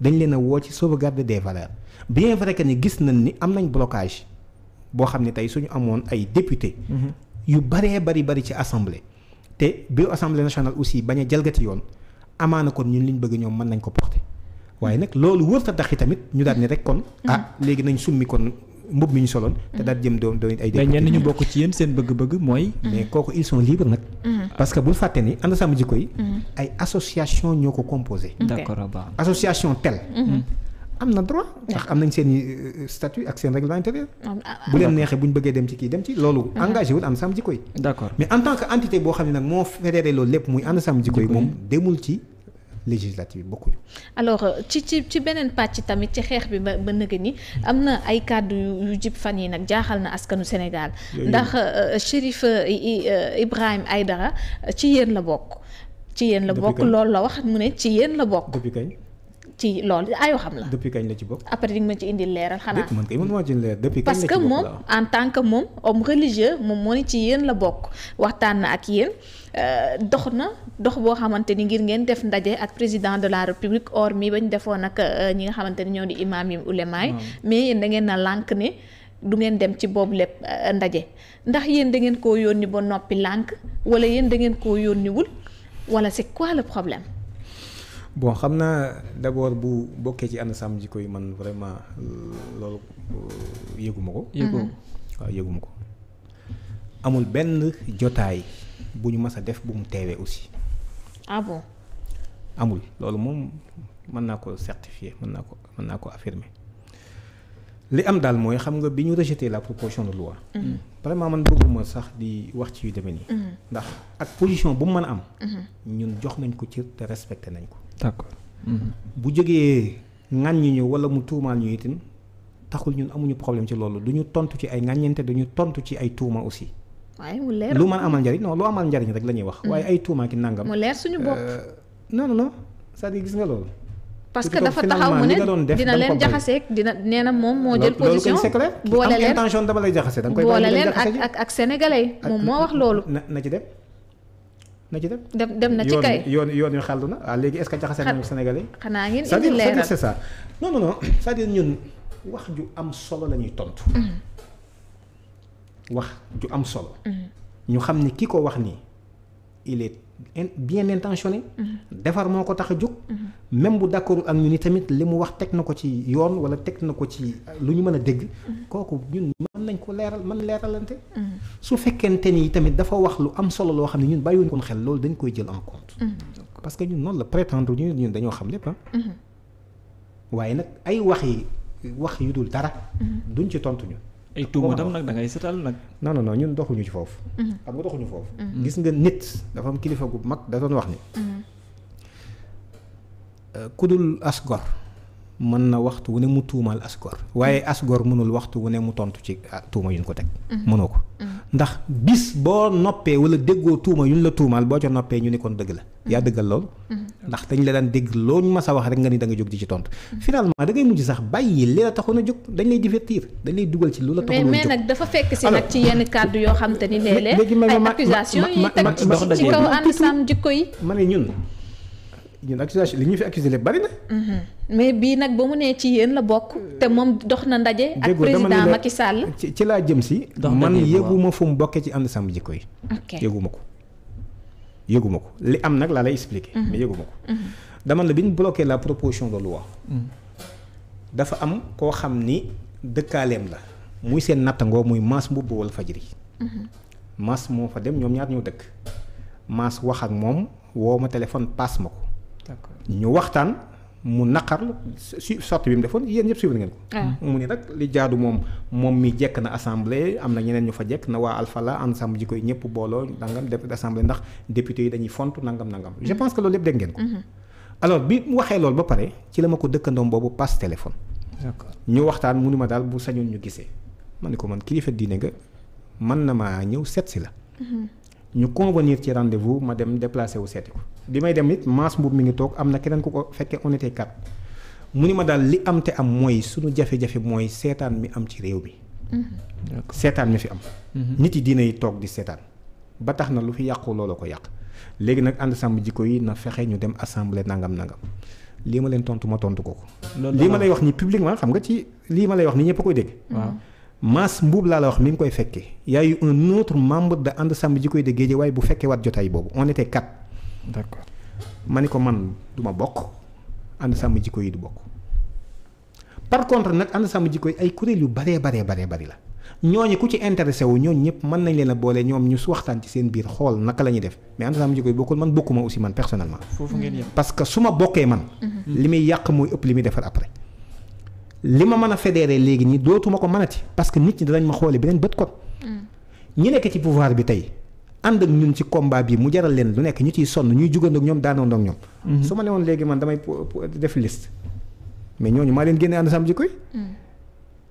dañ leen a woo ci sauvegarde des valeurs bien vrai que ni gis nañ ni am nañ blocage boo xam ne tey suñu amoon ay député mhm. yu bëree bari bari ci assemblée te bi assemblée nationale aussi bañ a jalgati yoon amaana kon ñu liñ bëgg ñoom mën nañ ko porter waaye nag loolu wërta tax i tamit ñu daal ni rek kon mhm. ah léegi nañ summi kon mbub mi ñu soloon. te daal jëm doon doon ay. député bokk ci yéen seen bëgg-bëgg mooy. Mm-hmm. mais kooku ils sont libres nag. Mm-hmm. parce que bul fàtte ni ànd sàmm jikko yi. Mm-hmm. ay association ñoo ko composé. d'accord association tel. am na droit ndax am nañ seen i euh, statut ak seen règlement intérieur ah, ah, ah. bu leen neexee bu ñu bëggee dem ci kii dem ci loolu engagé wul ànd sàmm jikko mais en tant que entité boo xam ne nag moo fédéré lépp muy ànd sàmm jikko moom demul ci législative bi bokkuñu. alors euh, ci ci ci beneen pàcc tamit ci xeex bi ba ba nëgë ni am na ay kàddu yu jib fan yi nag jaaxal na askanu Sénégal ndax euh, Chérif euh, Ibrahim Aïdara ci yéen la bokk. ci yéen la bokk loolu la wax mu ne ci yéen la bokk. depuis kañ ci loolu ay xam la. depuis la ci bopp. après di ma mën ci indi leeral xanaa. man kay mën parce que moom en tant que moom homme religieux moom moo ne ci yéen la bokk waxtaan na ak yéen euh, dox na dox boo xamante ni ngir ngeen def ndaje ak président de la république or mi bañ defoon ak euh, ñi nga xamante ni ñoo di imaam yi ulema yi mais yéen da ngeen na lànk ne. du ngeen dem ci boobu lépp euh, ndaje ndax yéen da ngeen koo yónni ba noppi lànk wala yéen da ngeen koo yónniwul wala c'est quoi le problème. bon xam naa d'abord bu bokkee ci ànd sam jikko yi man vraiment euh, loolu euh, yëguma ko. Mm-hmm. yëguma ko ko. amul benn jotaay bu ñu mës a def bu mu teewee aussi. ah amul loolu moom mën naa ko certifier mën naa ko man naa ko affirmer li am daal mooy xam nga bi ñu rejeté la proposition de loi. Mm-hmm. vraiment man bëgguma sax di wax ci yu demee nii. Mm-hmm. ndax ak position bu mu mën a am. ñun jox nañ ko ci te respecté nañ ko. d'accord mm-hmm. bu jógee ŋàññi ñu wala mu tuumaal ñu itin taxul ñun amuñu problème ci loolu du ñu tontu ci ay du ñu tontu ci ay tuuma aussi. waaye mu leer lu mën amal njariñ non lu amal njariñ rek la ñuy wax. Mm-hmm. waaye ay tuuma ki nangam. mu leer suñu bopp. Euh, non non non cest gis nga loolu. parce que dafa taxaw mu ne dina leen jaxaseeg dina nee na moom moo jël position boole leen loolu intention dama lay jaxasee da nga koy boole leen ak ak sénégalais moom moo wax loolu. na ci dem. na ci dem dem na ci kay yoon yoon yu xàll na waaw ah, léegi est-ce que jaxase nañu Sénégalais yi. xanaa ngeen indi leeral c'est ça non non ñun wax ju am solo lañuy ñuy tontu. Mm-hmm. wax ju am solo. Mm-hmm. ñu xam ni ki ko wax nii. il est bien intentionné. Mm-hmm. defar moo ko tax a jóg. Mm-hmm. même bu d'accord ak ñun tamit li mu wax teg na ko ci yoon wala teg na ko ci lu ñu mën a dégg. Mm-hmm. kooku ñun mën nañ ko leeral mën leeralante. su fekkente ni tamit dafa wax lu am solo loo xam ne ñun bàyyiwuñ ko xel loolu dañ koy jël en compte. parce que ñun noonu la prétendre ñu ñun dañoo xam lépp ah. waaye nag ay wax yi wax yu dul dara. duñ ci tontu ñun. ay tuuma tam nag da ngay setal nag. non non non ñun doxuñu ci foofu. Mhm. xam nga doxuñu foofu. Mhm. gis nga nit dafa kilifa gu mag da doon wax ni. Mhm. Euh, ku dul mën na waxtu wu ne mu tuumaal asgor waaye mm. asgor mënul waxtu wu ne mu tontu ci ah, tuuma yuñ ko teg mm-hmm. mënoo ko mm-hmm. ndax bis boo noppee wala déggoo tuuma yuñ la tuumaal boo ca noppee ñu ne kon dégg la mm-hmm. yaa dëggal loolu ndax dañ la daan dégg loo ma sa wax rek nga ni da nga jóg di ci tontu finalement da ngay mujj sax bàyyi li la taxoon a jóg dañ lay divertir dañ lay dugal ci lu la taxoon a jóg dafa fekk si ci yenn kàddu yoo xam te ni léeg-léeg ay accusation yi teg ci kaw ànd sàmm jikko yi ma ne ñun ñun accusation li ñu fi accusé lépp mais bii nag ba mu nee ci yéen la bokk te moom dox na ndaje. ak président Macky Sall ci laa jëm si. man yëguma fu mu bokkee ci ànd sàmm jikko yi. ok yëguma ko yëguma ko li am nag laa lay expliquer. Mhm. mais yëguma ko. Mhm. la bi ñu bloqué la proposition de loi. Mhm. dafa am koo xam ni dëkkaaleem la. muy seen nattangoo muy maas mbubb wal fajri. maas moo fa dem ñoom ñaar ñoo dëkk. maas wax ak moom woo ma téléphone paas ma ko. ñu waxtaan. mu naqarlu su sorti bi mu defoon yéen ñëpp suivre ngeen ko. mu ni nag li jaadu moom moom mi jekk na assemblée am na ñeneen ñu fa jekk na waa Alfala ensemble ji koy ñëpp booloo nangam def assemblée ndax député yi dañuy font nangam nangam. je mm-hmm. pense que loolu yëpp dégg ngeen ko. Mm-hmm. alors bi mu waxee loolu ba pare ci la ma ko dëkkandoom boobu passe téléphone. d'accord ñu waxtaan mu ni ma daal bu sañoon ñu gisee. ma ne ko man kilifa diine nga mën na maa ñëw seet si la. Mm-hmm. ñu convenir ci rendez-vous ma dem déplacé wu seeti ko. bi may dem it maas mbubb mi ngi toog am na keneen ku ko fekkee on était quatre mu ni ma daal li am te am mooy suñu jafe-jafe mooy seetaan mi am ci réew mi seetaan mi fi am mhm. nit yi diine yi toog di seetaan ba tax na lu fi yàqu loolu ko yàq léegi nag ànd sàmm jikko yi na fexe ñu dem assemblée nangam nangam lii ma leen tontu ma tontu ko ko lii ma lay wax ni publiquement xam nga ci lii ma lay wax ni ñëpp a koy dégg waaw mhm. maas mbuub laa la wax mi ngi koy fekkee y a eu un autre membre de ànd sàmm jikko yi de Guédiawaye boobu on était d'accord ma ni ko man du ma bokk ànd sàmm jikko yi du bokk par contre nag ànd sàmm jikko yi ay kuréel yu baree baree bare bari la ñoo ñooñu ku ci intéressé wu ñooñu ñëpp mën nañ leen a boole ñoom ñu waxtaan ci seen biir xool naka la ñuy def mais ànd sàmm jikko yi bokkul man bokkuma aussi man personnellement. foofu ngeen yem que su ma bokkee man. Mhm. li muy yàq muy ëpp li muy defar après. li ma mën a fédéré léegi nii dootuma ko mënati parce que nit ñi danañ ma xoole beneen bët kon. Mm. ñi nekk ci pouvoir bi tey ànd ak ñun ci combat bi mu jaral leen lu nekk ñu ciy sonn ñuy jugandoo ak ñoom daanandoo ak ñoom. Mhm. su ma ne woon léegi man damay def liste mais ñooñu maa leen génne ànd sam koy. Mm.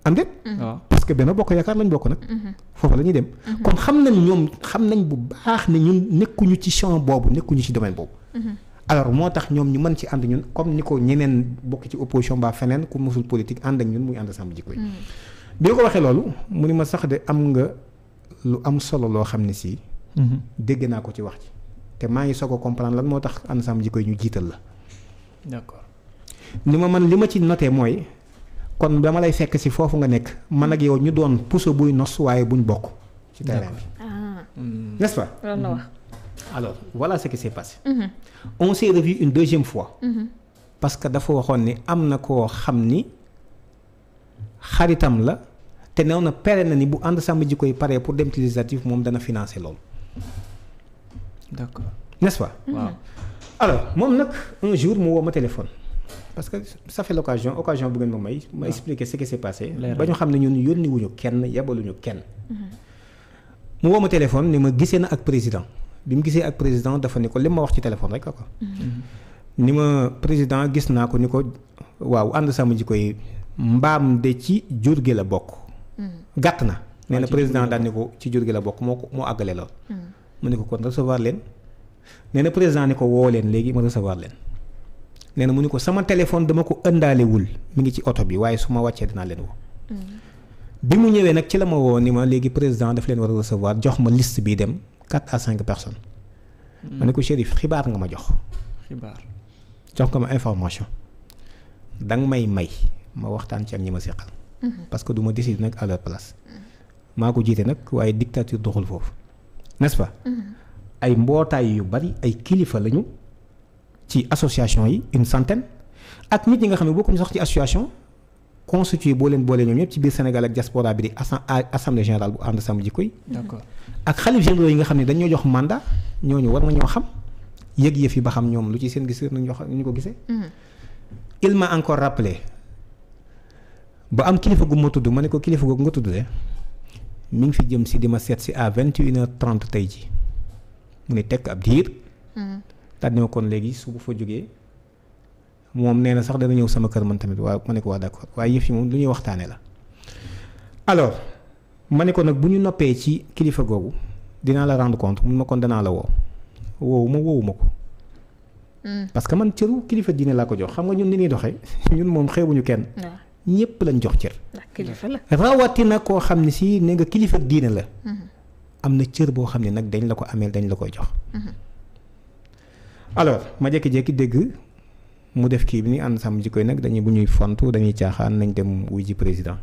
am mm. ah. parce que benn bokk yaakaar lañ bokk nag. Mm-hmm. foofu la ñuy dem. Mm-hmm. kon xam nañ ñoom xam nañ bu baax ne ñun nekkuñu ci champ boobu nekkuñu ci domaine boobu. Mm-hmm. alors moo tax ñoom ñu man ci ànd ñun comme ni ko ñeneen bokk ci opposition mbaa feneen ku mosul politique ànd ak ñun muy ànd sam mm. ko waxee loolu mu ma sax de am nga lu am solo loo xam ne si. Mm-hmm. dégg naa ko ci wax ci te maa ngi soog a comprendre lan moo tax ànd sàmm jikko yi ñu jiital la. d'accord li ma man li ma ci notee mooy kon dama lay fekk si foofu nga nekk man ak yow ñu doon puso buy nos waaye bu ñu bokk. ci terrain ah. mm. mm-hmm. alors voilà ce qui s'est passé. Mm-hmm. on s'est fois. parce que dafa waxoon ni am na koo xam ni xaritam la te neew na pere na ni bu ànd sàmm jikko yi paree pour dem ci législative moom dana financer loolu. d'accord n'est-ce pas. Mhm. waaw alors moom nag un jour mu woo ma téléphone. parce que ça fait l'occasion bu ngeen ma may. ma expliquer ce qui s'est passé. ba ñu xam ne ñun yónni kenn yebaluñu kenn. Mhm. mu woo téléphone ni ma gisee na ak président bi mu gisee ak président dafa ni ko li ma wax ci téléphone rek quoi. Mhm. ni ma président gis naa ko ni ko waaw ànd sama jikko yi mbaam de ci jur gi la bokk. gàtt na. nee na président daan ni ko ci jur gi la bokk moo ko moo àggale lool. Hmm. mu ne ko kon recevoir leen nee na président ni ko woo leen léegi ma recevoir leen. nee na mu ni ko sama téléphone dama ko ëndaalewul mu ngi ci oto bi waaye su ma wàccee danaa leen woo. Hmm. bi mu ñëwee nag ci la ma woo ni ma léegi président daf leen war a recevoir jox ma liste bii dem quatre à cinq personnes. Hmm. ma ne ko Chérif xibaar nga ma jox. jox nga ma information. danga may may ma waxtaan ci ñi ma seqal. parce que du ma décider nag à maa ko jiite nag waaye dictature doxul foofu n'est-ce pas. Mm-hmm. ay mbootaay yu bari ay kilifa lañu ci association yi une centaine ak nit ñi nga xam ne ñu sax ci association constitué boo leen boole ñoom ñëpp ci biir Sénégal ak diaspora bi di assemblée générale bu ànd Sàmm ak xalif généraux yi nga xam ne dañoo jox ñoo ñooñu war na ñoo xam yëg yëf yi ba xam ñoom lu ci seen gis nañu ñu ko gisee. Mm-hmm. il m'a encore rappelé ba am kilifa gu tudd ma ko kilifa googu nga tudd mi ngi fi jëm si di ma seet si à vingt et une heure tey ji mu ne tekk ab diir. Hmm. daal di ma kon léegi su bu fa jógee moom nee na sax dana ñëw sama kër man tamit waa ma ne ko waa d'accord waaye yëf yi moom lu ñuy waxtaanee la. alors ma ne ko nag bu ñu noppee ci kilifa googu dinaa la rendre compte mun ma kon danaa la woo woowu ma woowu ma ko. Hmm. parce que man cëru kilifa diine laa ko jox xam nga ñun ni ñuy doxee ñun moom xeebuñu kenn. ñëpp lañ jox cër. kilifa la rawatina koo xam ne si ne nga kilifa diine la. Mhm. am na cër boo xam ne nag dañ la ko amee dañ la koy jox. Mhm. alors ma jékki-jékki dégg mu def kii bi ni ànd sàmm jikko yi nag dañuy bu ñuy fontu dañuy caaxaan nañ dem wuy ji président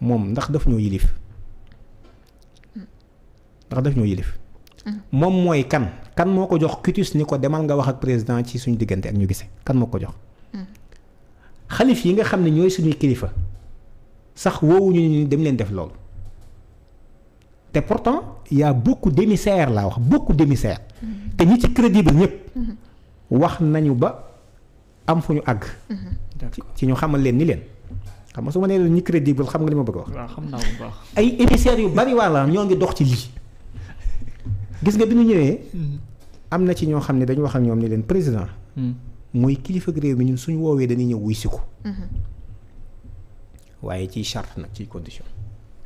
moom ndax daf ñoo yilif ndax daf ñoo yilif. Mhm. moom mooy kan kan moo ko jox cutis ni ko demal nga wax ak président ci suñu diggante ak ñu gisee kan moo ko jox. xalif yi nga xam ne ñooy suñuy kilifa sax woowuñu ñu dem leen def loolu te pourtant yaa bokk beaucoup d'émissaires laa wax beaucoup d'émissaires mm-hmm. te ñi ci crédible ñëpp mm-hmm. wax nañu ba am fu ñu àgg mm-hmm. ci ñu xamal leen ni leen xam nga su ma nee ñi crédible xam nga li ma bëgg wax xam naa bu baax ay émissaires yu bari walla ñoo ngi dox ci lii gis nga bi ñu ñëwee am na ci ñoo xam ne dañu wax ak ñoom ni leen président mooy kilifa réew mi ñun suñu woowee dañuy ñëw wuy si ko. Mhm. waaye ci charte nag ci condition.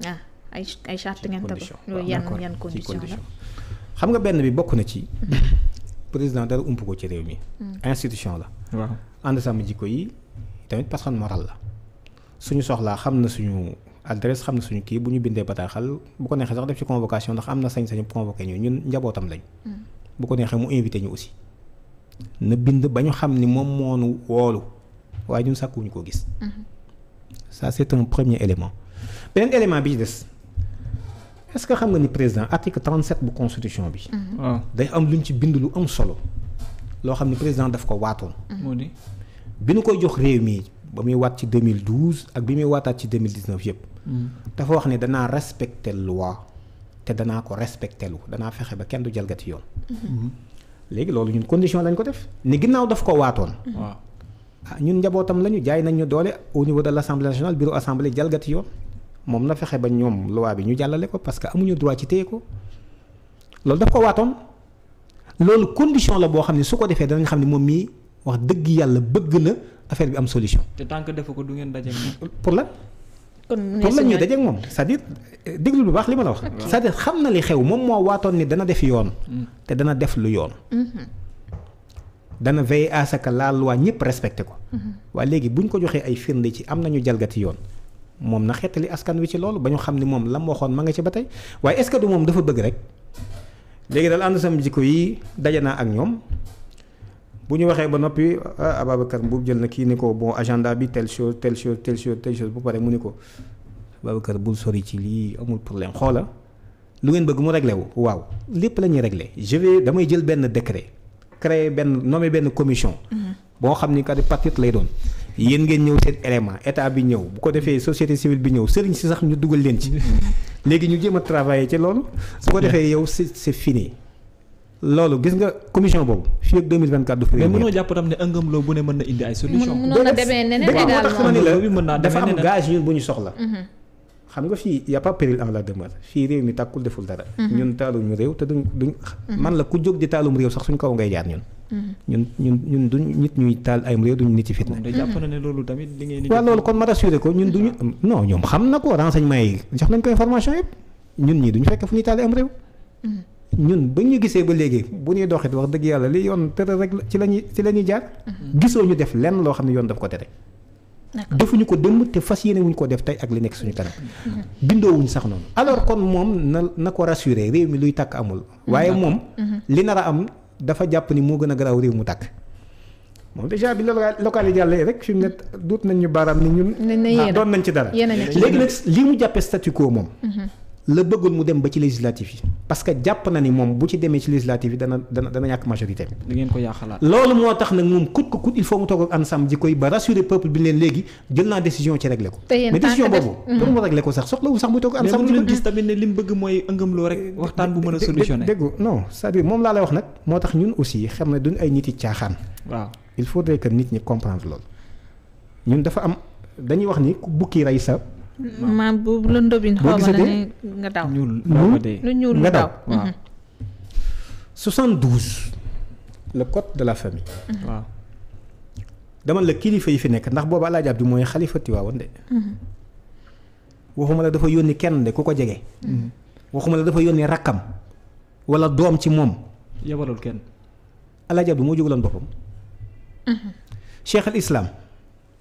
ah ay ay charte ngeen tëb yan yan condition xam nga benn bi bokk na ci. président dara ump ko ci réew mi. Mm. institution la. waaw ànd sàmm jikko yi tamit personne morale la xam na suñu. adresse xam na suñu kii bu ñu bindee bataaxal bu ko neexee sax def ci convocation ndax am na sañ-sañu convoqué ñu ñun njabootam lañ. Mm. bu ko neexee mu invité ñu aussi. na bind ba ñu xam ni moom moonu woolu waaye ñun sàkkuwuñu ko gis mhm. ça c'est premier élément beneen élément bi des est-ce que xam nga ni président article 37 bu constitution bi mhm. ah. day am lu ñu ci bind lu am solo loo xam ni président daf ko waatoon mhm. bi nu koy jox réew mi ba muy waat ci 2012 ak bi muy waataat ci 2019 yëpp dafa wax ne danaa respecter loi te danaa ko respecte lu danaa fexe ba kenn du jalgati yoon léegi loolu ñun condition lañ ko def ni ginnaaw daf ko waatoon. waaw ah ñun njabootam lañu jaay nañ ñu doole au niveau de l' assemblée nationale bureau assemblée jalgati yoon moom na fexe ba ñoom loi bi ñu jàllale ko parce que amuñu droit ci téye ko loolu daf ko waatoon loolu condition la boo xam ne su ko defee danañ xam ne moom mii wax dëgg yàlla bëgg na affaire bi am solution. te tant que ko du ngeen daje pour la kon la ñuy dajeeg moom c'est-à-dire déglu bu baax li ma la wax. cest xam na li xew moom moo waatoon ni dana def yoon. Mm. te dana def lu yoon. Mm-hmm. dana veiller à ce que la loi ñëpp respecté ko. Mm-hmm. waaye léegi bu ñu ko joxee ay firnde ci am na ñu jalgati yoon. moom na xeetali askan wi ci loolu ba ñu xam ni moom lam waxoon ma nga ci ba tey waaye est-ce que moom dafa bëgg rek léegi daal ànd sama jikko yi daje naa ak ñoom. bu ñu waxee ba noppi ah Ababacar Mbuub jël na kii ni ko bon agenda bi telle chose telle chose telle chose telle chose bu pare mu ni ko Ababacar bul sori ci lii amul problème xoola lu ngeen bëgg mu réglé wu waaw lépp la ñuy réglé je damay jël benn décret créer benn nommer benn commission. Mm-hmm. boo xam ni kat partie lay doon. yéen ngeen ñëw seen élément état bi ñëw bu ko defee société civile bi ñëw sëriñ si sax ñu dugal leen ci. Mm-hmm. léegi ñu jéem a travailler ci loolu. bu ko defee yow c'est fini. loolu gis nga commission boobu fii ak 2024 du fi. mais mënoo jàpp tam ne ëngam loo bu ne mën na indi ay solution. mënoon na demee neneen également loolu mën dafa mhm. xam nga fii y' a péril en la demeure fii réew mi tàkkul deful dara. Mhm. ñun taaluñu réew te duñ duñ. Mhm. man la ku jóg di taalum réew sax suñ kaw ngay jaar ñun. ñun ñun ñun duñ nit ñuy taal ay réew duñ nit ci fitna. da jàpp na loolu kon ma rassuré ko ñun duñu non ñoom xam na ko renseignement yi jox nañ ko information yëpp ñun ñii duñu fekk fu ñuy taal am réew ñun ba ñu gisee ba léegi bu ñuy doxit wax dëgg yàlla li yoon tere rek ci la ñuy ci la ñuy jaar. Mhm. gisoo ñu def lenn loo xam ne yoon daf ko tere. defuñu ko démb te fas yéene wuñ ko def tey ak li nekk suñu kanam. Mhm. bindoo wuñ sax noonu. alors kon moom na na ko rassuré réew mi luy tàkk amul. Mhm. waaye moom. li na a am dafa jàpp ni moo gën a garaw réew mu tàkk. moom déjà bi local yi jàllee rek fi mu ne duut nañ ñu baaraam ni ñun. doon nañ ci dara léegi nag li mu jàppee statu quo moom. la bëggoon mu dem ba ci législatif yi parce que jàpp na ni moom bu ci demee ci législatif yi dana dana dana ñàkk majorité bi. ngeen ko yàqalaat. loolu moo tax nag moom kut ko kut il faut mu toog ak ANSAM ji koy ba rassurer peuple bi leen léegi jël naa décision ci réglé ko. mais décision boobu. Mhm. pour mu réglé ko sax soxlawul sax muy toog ANSAM. mais leen gis tamit a moom laa lay wax nag moo tax ñun aussi xam ne duñ ay nit yi caaxaan. waaw il faudrait que nit ñi comprendre loolu ñun dafa am dañuy wax ni ku bukki rey sa Mm-hmm. maam bu lëndëm bi xaw nga daw lu ñuul nga daw mm-hmm. waaw 72 le code de la famille mm-hmm. waaw dama la kilifa yi fi nekk ndax boobu Alaaji Abdu mooy xalifa Tiwaawan de waxuma la dafa yónni kenn de ku ko jege waxuma la dafa yónni rakkam wala doom ci moom yabalul kenn Alaaji Abdu moo jógaloon boppam cheikh al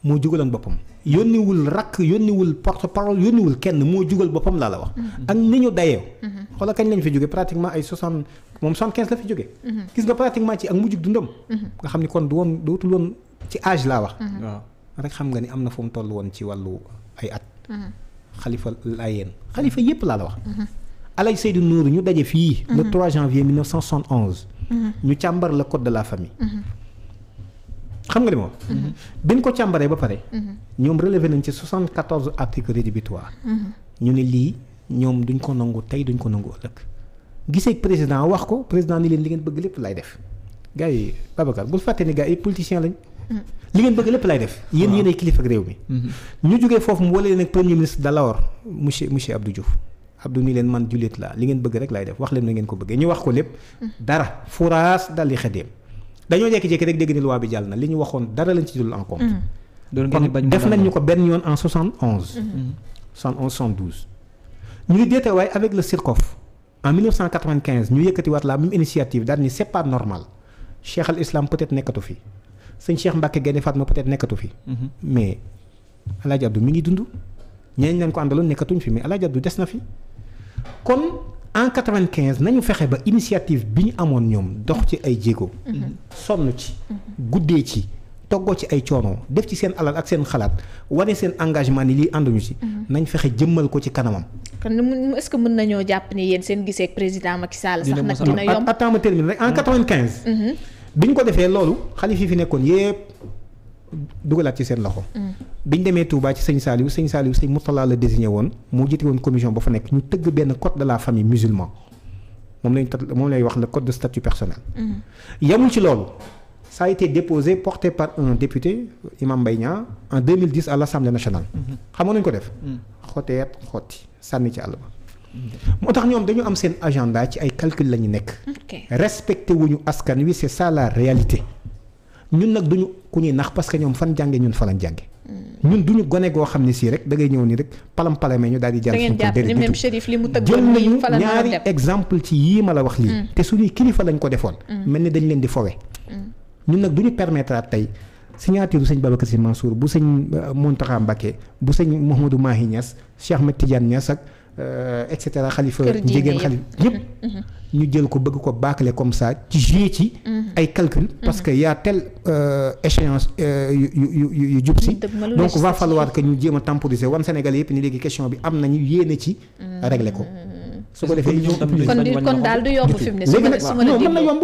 moo jugaloon boppam yónniwul rakk yónniwul porte parole yónniwul kenn moo jugal boppam laa la wax. Mm-hmm. ak ni ñu dayoo. Mm-hmm. xoola kañ lañ fi jóge pratiquement ay soixante moom soixante quinze la fi jóge mm-hmm. gis nga pratiquement ci ak mujjug dundam. nga xam ni kon du woon dootul woon ci âge laa wax. waaw rek xam nga ni am na fu mu toll woon ci wàllu ay at. xalifa Layeen xalifa yépp laa la wax. Alay Seydou Nour ñu daje fii. le 3 janvier 1971. ñu càmbar le code la famille. xam nga li moom mm-hmm. biñ ko càmbaree ba pare mm-hmm. ñoom relevé nañ ci soixante quatorze articles rédhibitoires mm-hmm. ñu ne lii ñoom duñ ko nangu tey duñ ko nangu ëllëg gisee président wax ko président ni leen li ngeen bëgg lépp lay def gars yi Babacar bul fàtte ni gars yi politiciens lañ li ngeen bëgg lépp lay def yéen yéen ay kilifa ak réew mi ñu jógee foofu mu wala leen ak premier ministre d'alors monsieur monsieur Abdou Diouf Abdou ni leen man Juliette la li ngeen bëgg rek lay def wax leen na ngeen ko bëggee ñu wax ko lépp dara fouraas dal di xadeem dañoo jékki-jékki rek dégg ni loi bi jàll na li ñu waxoon dara lañ ci dul en compte. Mm-hmm. doon ngeen bañ def nañ ñu ko benn yoon en 71. 71 72. ñu ngi déete waaye la même initiative daal ni c'est pas normal Islam peut nekkatu fi sëñ Cheikh Mbacke Gaynde Fatma peut-être nekkatu fi. Mm-hmm. mais El Hadj Abdou mi ngi dund. ñeneen leen ko àndaloon nekkatuñ fi mais El Hadj Abdou des na fi kon. en 95 nañu fexe ba initiative bi ñu amoon ñoom dox ci ay jéego. sonn ci guddee ci toggoo ci ay coono def ci seen alal ak seen xalaat wane seen engagement ni lii ànduñu si mhm. nañ fexe jëmmal ko ci kanamam. kon est-ce que mën nañoo jàpp ni yéen seen gisee ak président Macky Sall sax nag dina yomb. attends ma termine rek en mmh. Mmh. bi ñu ko defee loolu xalif yi fi nekkoon yépp dugalaat ci seen loxo. Mm. biñ demee Touba ci sëñ Saliou sëñ Saliou sëñ Mourtala la désigné woon moo jiite woon commission ba fa nekk ñu tëgg benn code de la famille musulman moom lañ tat moom lay wax le code de statut personnel. Mm. yamul ci loolu. ça a été déposé porté par un député Imam Mbaye Niang en 2010 à l'Assemblée nationale. Mm-hmm. xam nga ko def. Mm. xoteet xotti sànni ci àll ba. Mm-hmm. moo tax ñoom dañu am seen agenda ci ay calcul la ñu nekk. respecté wuñu askan wi c'est ça la ñun nag duñu ku ñuy nax parce que ñoom fan jànge ñun fa lañ jànge ñun duñu gone goo xam ne sii rek da ngay ñëw nii rek palam palame ñu daal di jàll suñu ci yii ma la wax lii mm. te suñuy kilifa lañ ko defoon mm. mel ni dañ leen di fowe mm. ñun nag duñu permettre tey signature bu sëñ Babacar Sy Mansour bu sëñ euh, Mountakha Mbacké bu sëñ Mouhamadou Mahi Niass Cheikh Ahmed Tidiane Niass ak euh, et cetera xalifa njigéen xalifa yëpp mm-hmm. Mm-hmm. ñu jël ko bëgg ko bâcler comme ça ci jouer ci mhm. ay calcul mhm. parce que y a telle euh, échéance euh, yu yu yu yu jub si donc va falloir ñu jéem a temporiser wan Sénégal yëpp ni léegi question bi am nañu yéene ci mhm. régler ko su ko defee kon daal du yomb fi mu ne léegi nag non mën na yomb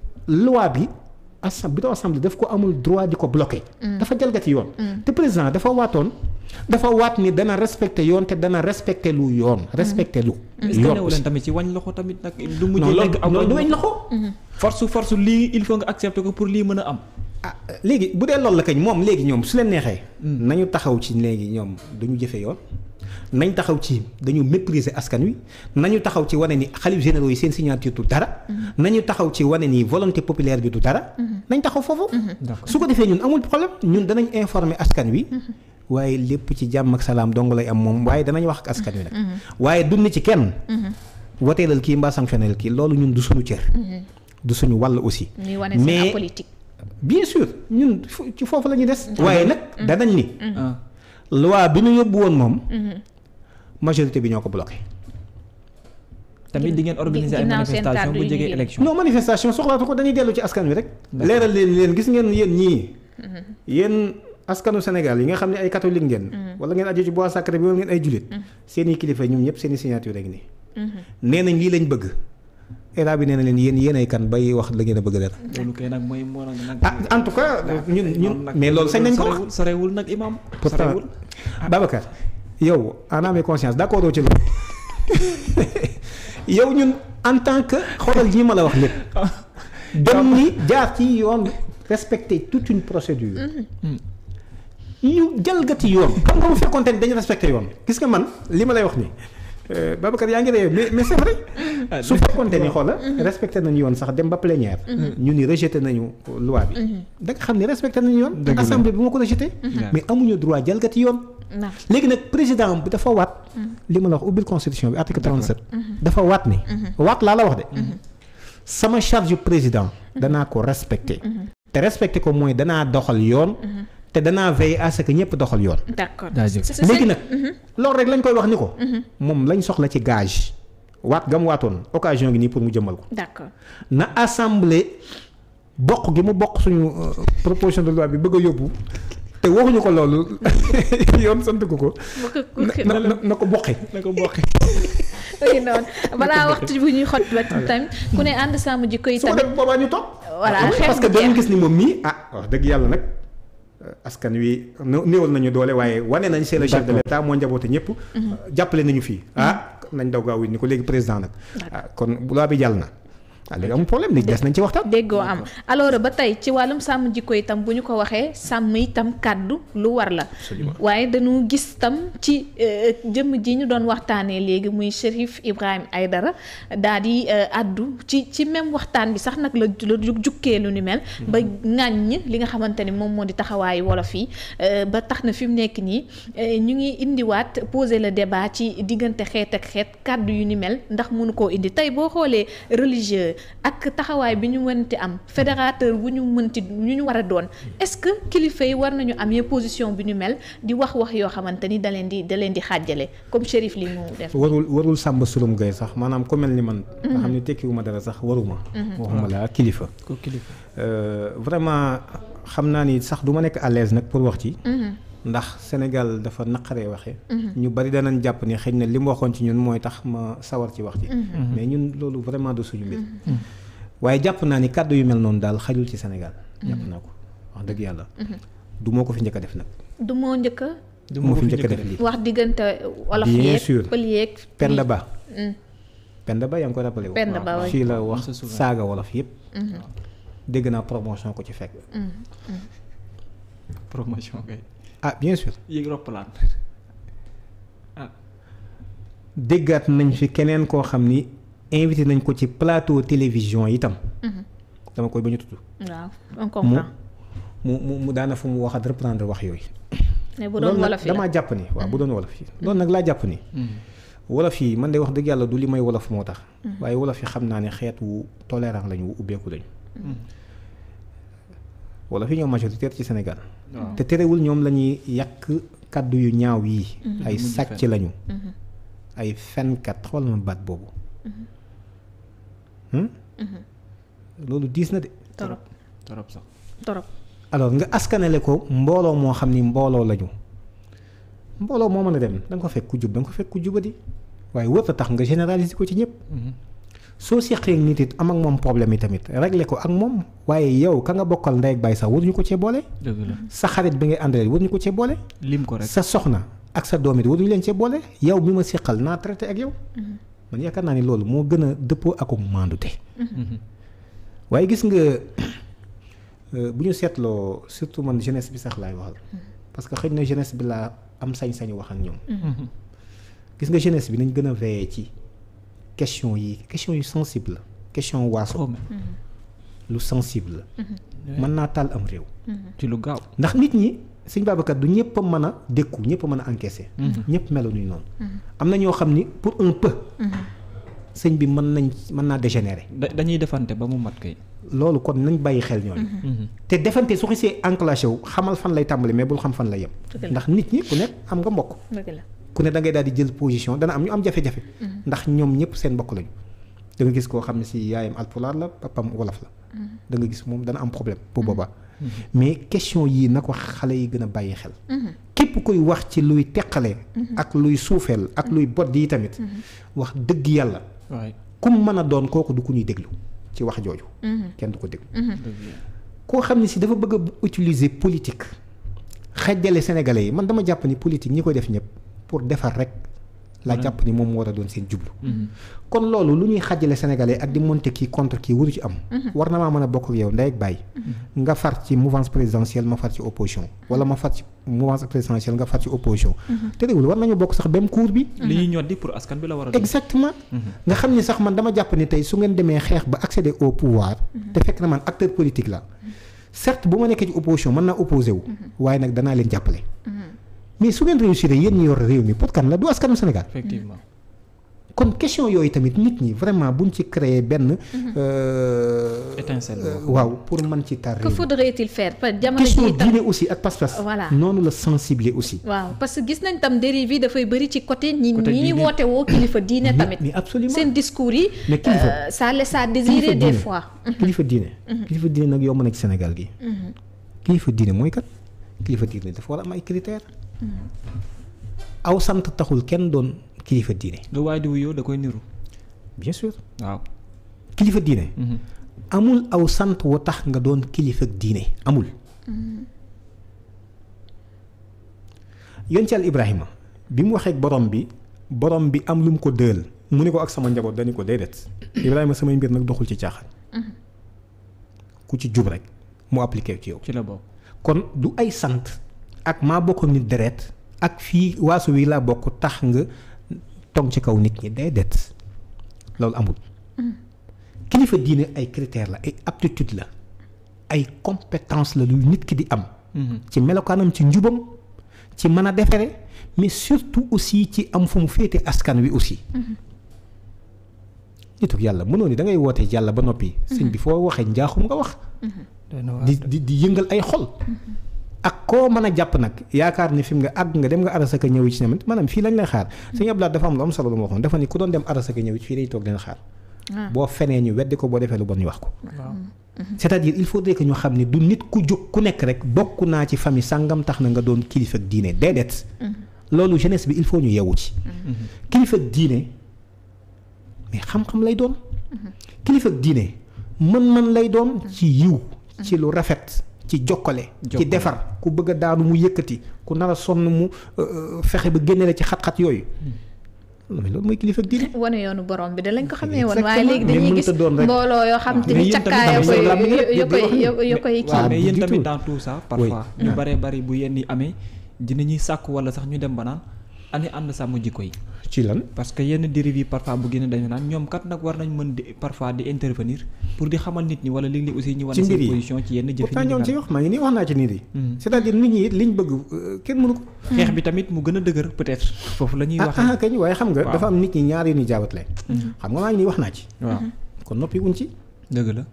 loi bi assa bureau assemblée daf ko amul droit di ko bloquer. Mm. dafa jalgati yoon. Mm. te président dafa waatoon dafa waat ni dana respecter yoon te dana respecter lu yoon. Mm. respecter lu yoon aussi tamit ci wañ loxo tamit nag. du mujjee lekk ak wañ loxo mm-hmm. force force lii il faut nga accepter ko pour lii mën a am. ah léegi bu dee loolu la kañ moom léegi ñoom su leen neexee. nañu taxaw ci léegi ñoom duñu jëfe yoon. nañ taxaw ci dañu mépriser askan wi nañu taxaw ci wane ni xalif généraux yi seen signature du dara. Mhm. nañu taxaw ci wane ni volonté populaire bi du dara. Mhm. nañ taxaw foofu. Mhm. su ko defee ñun amul problème ñun danañ informer askan wi. waaye lépp ci jàmm ak salaam dong lay am moom waaye danañ wax ak askan wi nag. waaye dund ci kenn. woteelal kii mbaa sanctionnel kii loolu ñun du suñu cër. du suñu wàll aussi. mais bien sûr ñun ci foofu la ñu des. waaye nag danañ ni. loi bi ñu yóbbu woon moom. Mhm. majorité bi ñoo ko bloqué. tamit di ngeen organiser ay manifestation bu jege élection non manifestation soxlaatu ko dañuy dellu ci askan wi rek. leeral leen leen gis ngeen yéen ñii. Mhm. yéen askanu Sénégal yi nga xam ne ay catholique ngeen. Mhm. wala ngeen aju ci bois sacré bi wala ngeen ay julit. seeni kilifa ñoom ñëpp seen i signature rek ni nee nañ lii lañ bëgg. Ela bi nee na leen yéen yéenay kan bay wax la ngeen a bëgg dara. loolu kay nag moo nag. ah en tout cas ñun ñun mais loolu sa nañ ko wax sorewul nag imam. sorewul pourtant ah, Babacar yow en âme et conscience d'accord ci loolu yow ñun en tant que xoolal ñi ma la wax lépp. dem ni jaar ci yoon respecter toute une procédure. Mm-hmm. ñu jalgati yoon. xam nga bu fekkoon te dañu respecté yoon. gis nga man li ma lay wax nii. Euh, Babacar yaa ngi rey mais mais c'est ah, su fekkoonte ni xoola mhm. respecté nañu yoon sax dem ba plénière mhm. Mhm. ñu ni rejeté nañu loi bi da nga xam ne respecté nañu yoon assemblée bi moo ko rejeté mais amuñu droit jalgati yoon léegi nag président bi dafa waat li ma la wax ubbil constitution bi article 37 dafa waat ni waat laa la wax de sama charge président danaa ko respecté te respecté ko mooy danaa doxal yoon te danaa veiller à ce que ñëpp doxal yoon. d'accord léegi nag. Mhm. loolu rek lañ koy wax ni ko. Mhm. moom lañ soxla ci gage. waat gam waatoon occasion gi nii pour mu jëmmal ko. d'accord na assemblée bokk gi mu bokk suñu euh, proposition de loi bi bëgg a yóbbu te waxuñu ko loolu yoon sant ko ko. na na ko boqe na ko boqe. oui noonu balaa waxtu bu ñuy xot ba tamit ku ne ànd sàmm ji koy tamit su ko def boobaa ñu topp. voilà parce que dañu gis ni moom mii ah wax dëgg yàlla nag. Euh, askan wi néewal nañu doole waaye wane nañ c'est le chef de l'État moo njaboote ñëpp mhm. euh, jàppale nañu fii ah mhm. nañ daw gaaw ni ko léegi président nag ah, kon bulaa bi jàll na ah léegi amul problème léegi des nañ ci waxtaan. déggoo am alors ba tey ci wàllum sàmm jikko itam bu ñu ko waxee sàmm tam kàddu lu war la. waaye dañu gis tam ci euh, jëmm ji ñu doon waxtaanee léegi muy Chérif ay dara daal di addu euh, ci ci même waxtaan bi sax nag la la jukkee lu ni mel. Mhm. ba ŋàññ li nga xamante ni moom moo di taxawaayu wolof yi euh, ba tax na fi mu nekk nii ñu ngi indiwaat poser le débat ci diggante xeet ak xeet kàddu yu ni mel ndax mënu koo ak taxawaay bi ñu mënti am fédérateur bu ñu mënti ñu ñu war a doon est-ce que kilifa yi war nañu amee position bu ñu mel di wax wax yoo xamante ni da leen di da leen di xaajale comme shérif li mu def. warul warul sàmba sulum gay sax maanaam ku mel ni man. Mhm. nga xam ne tekkiwuma dara sax waruma. Mhm. waxuma la ak kilifa. kilifa euh, vraiment xam naa ni sax du nekk à l'aise nag pour wax ci. Mhm. ndax Sénégal dafa naqaree waxee. Mhm. ñu bari danañ jàpp ni xëy na li mu waxoon ci ñun mooy tax ma sawar ci wax ci mhm. mhm. mais ñun loolu vraiment du suñu mbir. waaye jàpp naa ni kàddu yu mel noonu daal xajul ci Sénégal. jàpp naa ko wax dëgg yàlla. du moo ko fi njëkk a def nag. du moo njëkk a. du moo fi njëkk def lii wax diggante wolof yeeg bien sûr Penda Ba. Penda Ba yaa ngi ko rappelé wu. Penda Ba fii la wax saaga wolof yëpp. dégg naa promotion ko ci fekk. ah bien ah. déggaat nañ fi keneen koo xam ni invité nañ ko ci palaato télévision itam. Mhm. dama koy bañ a tudd. waaw on comprend mu mu mu daana fu mu waxaat reprendre wax yooyu. mais bu doon jàpp ni waaw bu doon wolof yi. Mhm. loolu nag laa jàpp ni. Mhm. wolof yi man de wax dëgg yàlla du li may wolof moo tax. waaye wolof yi xam naa ni xeet wu tolérant lañu wu ubbeeku lañu. wolof yi ñoo majoritaire ci Sénégal. te terewul ñoom la ñuy yàq kàddu yu ñaaw yi mm-hmm. ay sàcc lañu mm-hmm. ay fenkat xool ma baat boobu mm-hmm. Hmm? loolu diis na de torop torop sax nga askanale ko mbooloo moo xam ni mbooloo lañu mbooloo moo mën a dem da ko fekk ku jub da ko fekk ku jubadi waaye wër a tax nga généraliser ko ci ñëpp soo seqee nit it am ak moom problème yi tamit réglé ko ak moom waaye yow ka nga bokkal ndey ak baay sax waruñu ko cee boole. sa xarit bi ngay àndalee waruñu ko cee boole. lim ko rek sa soxna ak sa doom it waruñu leen cee boole yow mi ma seqal naa traité ak yow. Mhm. man yaakaar naa ni loolu moo gën a dëppoo ak maandute. Mhm. Mhm. waaye gis nga euh, bu ñu seetloo surtout man jeunesse bi sax laay waxal. parce que xëy na jeunesse bi laa am sañ-sañu wax ak ñoom. nga jeunesse bi nañ gën a veillé ci. question yi question yu sensible la question waaso lu sensible la mm-hmm. mën naa taal am réew mm-hmm. ci lu gaaw ndax nit ñi sëñ Babacar du ñëpp a mën a dékku ñëpp a mën a encaisser mm-hmm. ñëpp meluñu noonu am na ñoo xam ni pour un peu sëñ bi mën nañ mën naa dégénérer dañuy defante ba mu mat kay loolu kon nañ bàyyi xel ñooñu te defante su xisee enclenché wu xamal fan lay tàmbali mais bul xam fan lay yem ndax nit ñi ku nekk am nga mbokk ku ne da ngay daal di jël position dana am ñu am jafe-jafe. Mm-hmm. ndax ñoom ñëpp seen mbokk lañu. da nga gis koo xam ne si yaayam alpulaar la papam wolof la. Mm-hmm. da nga gis moom dana am problème bu boobaa. Mm-hmm. mais question yi na ko xale yi gën a bàyyi xel. képp kuy wax ci luy teqale. ak luy suufeel ak luy bodd yi tamit. wax dëgg yàlla. kum mën a doon kooku du ku ñuy déglu ci wax jooju. kenn du ko déglu. koo xam ne si dafa bëgg a utiliser politique xajale yi man dama jàpp ni politique ñi pour defar rek la mm-hmm. jàpp ni moom war a doon seen jublu mm-hmm. kon loolu lu ñuy xàjjale sénégalais ak di monter kii contre kii wuru ci am mm-hmm. war na maa mën a bokk ak yow ndey ak bàyyi nga far ci mouvance présidentielle ma far ci opposition wala ma far ci mouvance présidentielle nga far ci opposition terewul war nañu bokk sax même cours bi li ñuy bi la war a exactement nga xam ni sax man dama jàpp ni tey su ngeen demee xeex ba accéder au pouvoir te fekk na man acteur politique la certes bu ma nekkee ci opposition mën naa opposé wu waaye mais su ngeen réussir yéen ñi yor réew mi pour kan la du askanu Sénégal. kon question yooyu tamit nit ñi vraiment buñ ci créer benn. Mm-hmm. Euh, étincelle euh, waaw pour mën ci tar. que faudrait-il faire jamono jii tam question diine aussi ak pas-pas. noonu la sensibiliser aussi. waaw parce que gis nañ tam dérive yi dafay bëri ci côté. ñi ñi woote woo kilifa diine mm-hmm. tamit. mais absolument seen discours yi. mais kilifa euh, ça laisse à désirer des fois. Mm-hmm. kilifa diine kilifa diine nag yomb na ci Sénégal gi. kilifa diine mooy kat kilifa diine dafa war a am ay critères. Mm. aw sant taxul kenn doon kilifa diine. lu waay di wuyoo da koy niru. bien sûr waaw. kilifa diine. Mm-hmm. amul aw sant wu tax nga doon kilifa diine amul. Mm-hmm. yonent Yàlla Ibrahima bi mu waxee borom bi borom bi am lu mu ko dël mu ne ko ak sama njaboot dañu ko déedéet mm-hmm. Ibrahima samay mbir nag doxul ci caaxaan. ku ci jub rek mu appliqué ci yow. ci la kon du ay sant. ak maa bokk nit deret ak fii waasu wi laa bokk tax nga tong ci kaw nit ñi det loolu amul mm. kilifa diine ay critères la ay aptitude la ay compétence la lu nit ki di am mm-hmm. ci melokaanam ci njubam ci mën a defere mais surtout aussi ci am fu mu féete askan wi aussi mm-hmm. nitu yàlla mënoo ni da ngay woote yàlla ba noppi sëñ bi mm-hmm. foo waxee njaaxum nga wax di di di yëngal ay xol ak koo mën a jàpp nag yaakaar ni fi mu nga àgg nga dem nga arasaka ñëw ci tamit maanaam fii lañ lay xaar mm. sëñ Abdou Lahad dafa am lu am solo lu ma waxoon fii lañ toog leen xaar ah. boo fenee ñu weddi ko boo defee lu bon ñu wax ko mm-hmm. c'est-à-dire il faudrait que ñu xam ne du nit ku jóg ku nekk rek bokk naa ci famille sàngam tax na nga doon kilifa ak diine déedéet mm-hmm. loolu jeunesse bi il faut ñu yeewu ci mm-hmm. kilifa ak diine mais xam-xam lay doon kilifa ak diine mën-mën lay doon ci yiw ci lu rafet ci jokkale ci defar ku bëgg a daanu mu yëkkati ku nar a sonn mu euh, euh, fexe bi génne la ci xat-xat yooyu hmm. loolu mooy kilifa diine wane yoonu borom bi da lañ ko xamee woon waaye léegi dañuy gis mbooloo yoo xam te ni cakkaaya koy yo koy yo koy kii mais yéen tamit dans tout ça parfois ñu bëree bari bu yenn yi amee ñuy sàkku wala sax ñu dem ba naan ani ànd sàmm jikko yi ci lan parce que yenn dérive parfois bu génne dañu naan ñoom kat nag war nañ mën di parfois di intervenir pour di xamal nit ñi wala hmm. liñ bëgg euh, kenn mënu ko hmm. xeex bi tamit mu gën a dëgër peut foofu la ñuy ah, waxee ah, kañ waaye xam nga dafa am nit ñi ñaar yu ñu jaabatle hmm. xam nga maa ngi nii wax naa ci waaw kon noppi wuñ ci dëgg la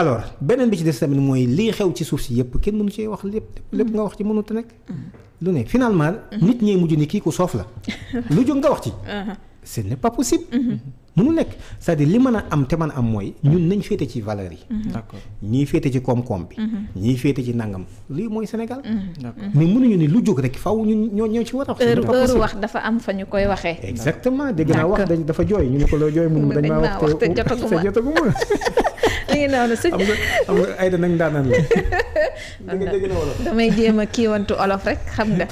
alors beneen bi ci des tamit mooy lii xew ci suuf si yëpp kenn mënu ci wax lépp lépp nga wax ci mënut a nekk lu ne finalement. Mhm. nit ñee mujj ni kii ku soof la. lu jóg nga wax ci. Uh-huh. ce n'est pas possible. mënu mhm. nekk sa à li mën a am te mën a am mooy mhm. ñun nañ féete ci valeur yi. d'accord ñii féete ci koom-koom bi. ñii féete ci nangam lii mooy Sénégal. mais mënuñu ni lu jóg rek faw ñun ñoo ñoo ci war a wax. heure wax dafa am fa ñu koy waxee. exactement dégg naa wax dañ dafa jooy ñu ne ko loo jooy. mun dañ maa wax te jotaguma li nga noonu xam nga xam nga Aïda nag ndaanan la. damay jéem a kiiwantu olof rek xam nga.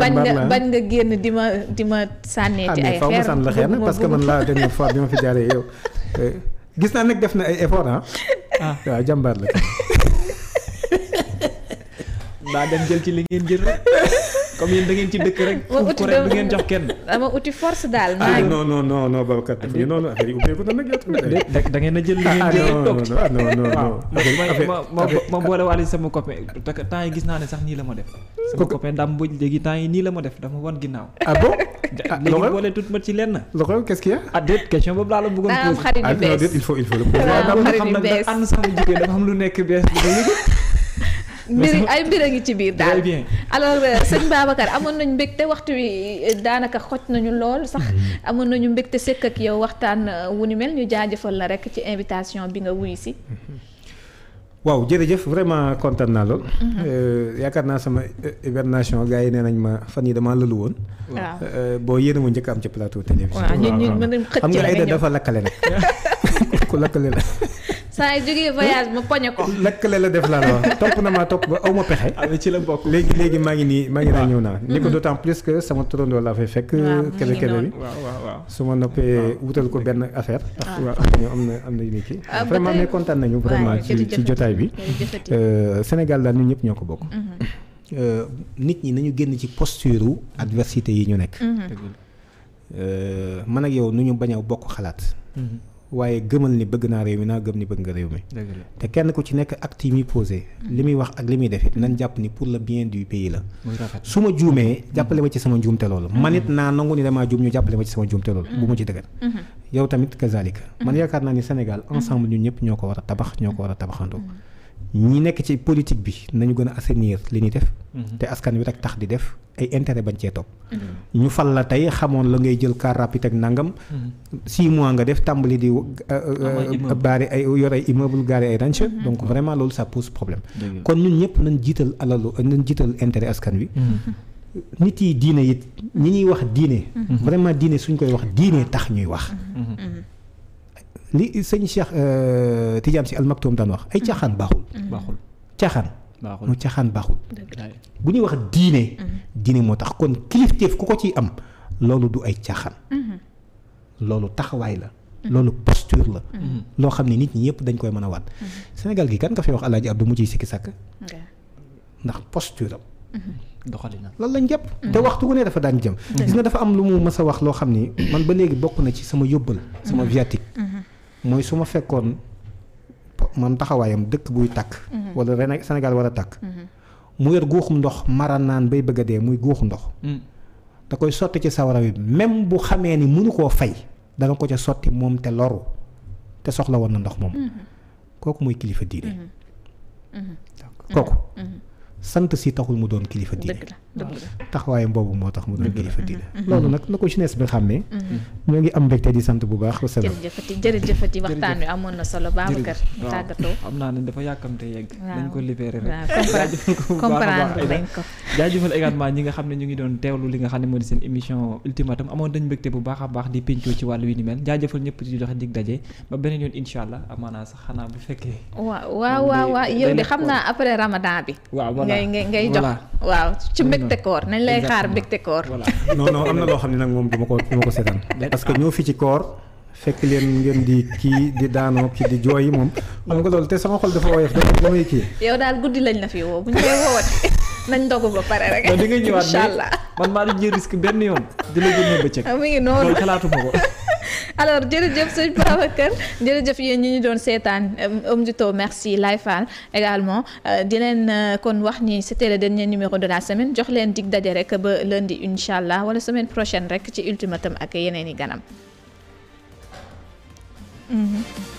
bañ ah. bañ nga génn di ma di ma sànneeti ay xeer faw ma parce que man laa dernière fois bi ma fi jaaree yow. Eh, gis naa nag def na ay effort ah. ah. jàmbaar la. mbaa dem jël ci li ngeen jël comme yéen da ngeen ci dëkk rek. ma uti da ngeen jox kenn. ma uti force daal. Ah, maa ngi non non non non Babacar dafa ñu noonu affaire yi ubbeeku da ngeen na jël li ngeen jël. ah ma ma boole sama copain temps yi gis naa ne sax nii la ma def. sama copain dam bu léegi temps yi nii la ma def dafa wan ginnaaw. ah bon. Ah, léegi boole tut ma ci lenn. loxo qu'est-ce qu'il a. ah déet question boobu laa la bëggoon poser. xarit yu ah, bees ah déet il faut il faut le poser. xarit yu bees xam nag ànd sama jigéen dafa xam mbiri ay mbir a ngi ci biir daal alors euh, sëñ Babacar amoon nañu te waxtu wi euh, daanaka xoj nañu lool sax mm-hmm. amoon nañu te sekk ak yow waxtaan euh, wu ni mel ñu jaajëfal la rek ci invitation bi nga wuyu si mm-hmm. waaw jërëjëf vraiment kontaan naa lool. Mm-hmm. yaakaar naa sama hibernation gaa yi nee nañ ma fan yi damaa lëlu woon. waaw boo yéen a mu njëkk am ci plateau télévision. waaw ñun ñun mën nañu xëcc xam nag ku lakkale la. saa yu jógee voyage ma poñe ko. lakkale la def laa la wax na maa topp ba aw ma pexe. Ah, ci la bokk léegi léegi maa ngi nii maa ngi naa ñëw naa. Mm-hmm. ni ko d' autant plus que sama turandoo laa fay fekk. kebe kebe bi su ma noppee wutal ko benn affaire. waaw ah. waaw am na am na yu nekk. Ah, vraiment mais kontaan nañu vraiment ci ci jotaay bi. Euh, Sénégal daal ñun ñëpp ñoo ko bokk. Mm-hmm. Euh, nit ñi nañu génn ci posture adversité yi ñu nekk. Mm-hmm. Euh, man ak yow nu ñu bañ a bokk xalaat. waaye gëmal ni bëgg naa réew mi naa gëm ni bëgg nga réew mi te kenn ku ci nekk acte yi muy posé li muy wax ak li muy def it jàpp ni pour le bien du pays la su ma juumee jàppale ma ci sama njuumte loolu mm-hmm. man it naa nangu ni damaa juum ñu jàppale ma ci sama njuumte loolu bu ma ci dëgër mm-hmm. yow tamit kazalika man mm-hmm. yaakaar naa ni Sénégal ensemble ñun ñëpp ñoo ko war a tabax ñoo ko war a tabaxandoo ñi nekk ci politique bi nañu gën a assainir li ñu def. Mhm. te askan wi rek tax di def ay intérêt bañ cee topp. Mhm. ñu fal la tey xamoon la ngay jël car rapide ak nangam. 6 mhm. nga def tàmbali di. Euh, baari ay yor ay immeuble gaari ay ranch donc vraiment loolu ça pose problème. kon ñun ñëpp nañ jiital alalu nañ jiital intérêt askan wi. nit yi diine it ñu ñuy wax diine. vraiment diine suñ koy wax diine tax ñuy wax. li sëñ Cheikh euh, Tidiane si almaktoum daan wax ay caaxaan mhm. baaxul. Mhm. baaxul caaxaan. baaxul mu caaxaan baaxul. bu ñuy wax diine. Mhm. diine moo tax kon kilifteef ku ko ciy am loolu du ay caaxaan. loolu taxawaay la. loolu posture la. loo xam ne nit ñi ñëpp dañ koy man a waat. Sénégal gi kan nga fi wax Alaaji Abdou mu ciy sikki sàkk. ndax posture am. doxalina lan lañ jàpp. te waxtu wu ne dafa daan jëm. gis nga dafa am lu mu mës wax loo xam ni man ba léegi bokk na ci sama yóbbal. sama viatique. mooy su ma fekkoon man taxawaayam dëkk buy takk. Mhm. wala ren Sénégal war a takk. Mhm. mu yor guuxum ndox mara naan bay bëgg a dee muy guuxu ndox. Mm. da koy sotti ci sawara wi même bu xamee ni mënu koo fay dana ko ca sotti moom te loru te soxla woon na ndox moom. Mhm. kooku mooy kilifa diine. kooku sant si taxul mu doon kilifa diine. taxawaayam boobu moo tax mu doon kilifa diine mhm. loolu nag na ko jeunesse bi xàmmee mhm. ñoo ngi am mbégte di sant bu baax wasalaam jërëjëfati jërëjëfati waxtaan wi amoon na solo Babacar tàggatoo xam naa ne dafa yàkkamte yegg dañ ko libéré rek comprendre nañ ko jaajëfal également ñi nga xam ne ñu ngi doon teewlu li nga xam ne moo di seen émission ultimatum amoon dañ mbégte bu baax a baax di pencoo ci wàllu wi ni mel jaajëfal ñëpp di joxe dig daje ba beneen yoon incha allah sax xanaa bu fekkee waaw waaw waaw yow de xam naa après ramadan bi ngay ngay jox waaw ci mbégte mbégte koor nañ lay xaar mbégte koor. voilà loo xam ne nag moom du ko du parce que ñoo fi ci koor. fekk leen ngeen di kii di daanoo kii di jooy moom. xam nga loolu te sama xol dafa woyof damay kii. yow daal guddi lañ la fi woo bu ñu koy woowatee. nañ dogu ba pare rek. di nga ñëwaat man maa ngi jël risque benn yoon. di la génne bëccëg. mi ngi noonu loolu xalaatu ma ko. alors jërëjëf sëñ Babacar jërëjëf yéen ñi ñu doon seetaan euh, Omdyto merci Laye Fall également euh, di leen euh, kon wax ni c'était le dernier numéro de la semaine jox leen dig daje rek ba lundi incha allah wala semaine prochaine rek ci ultimatum ak yeneen i ganam. Mm-hmm.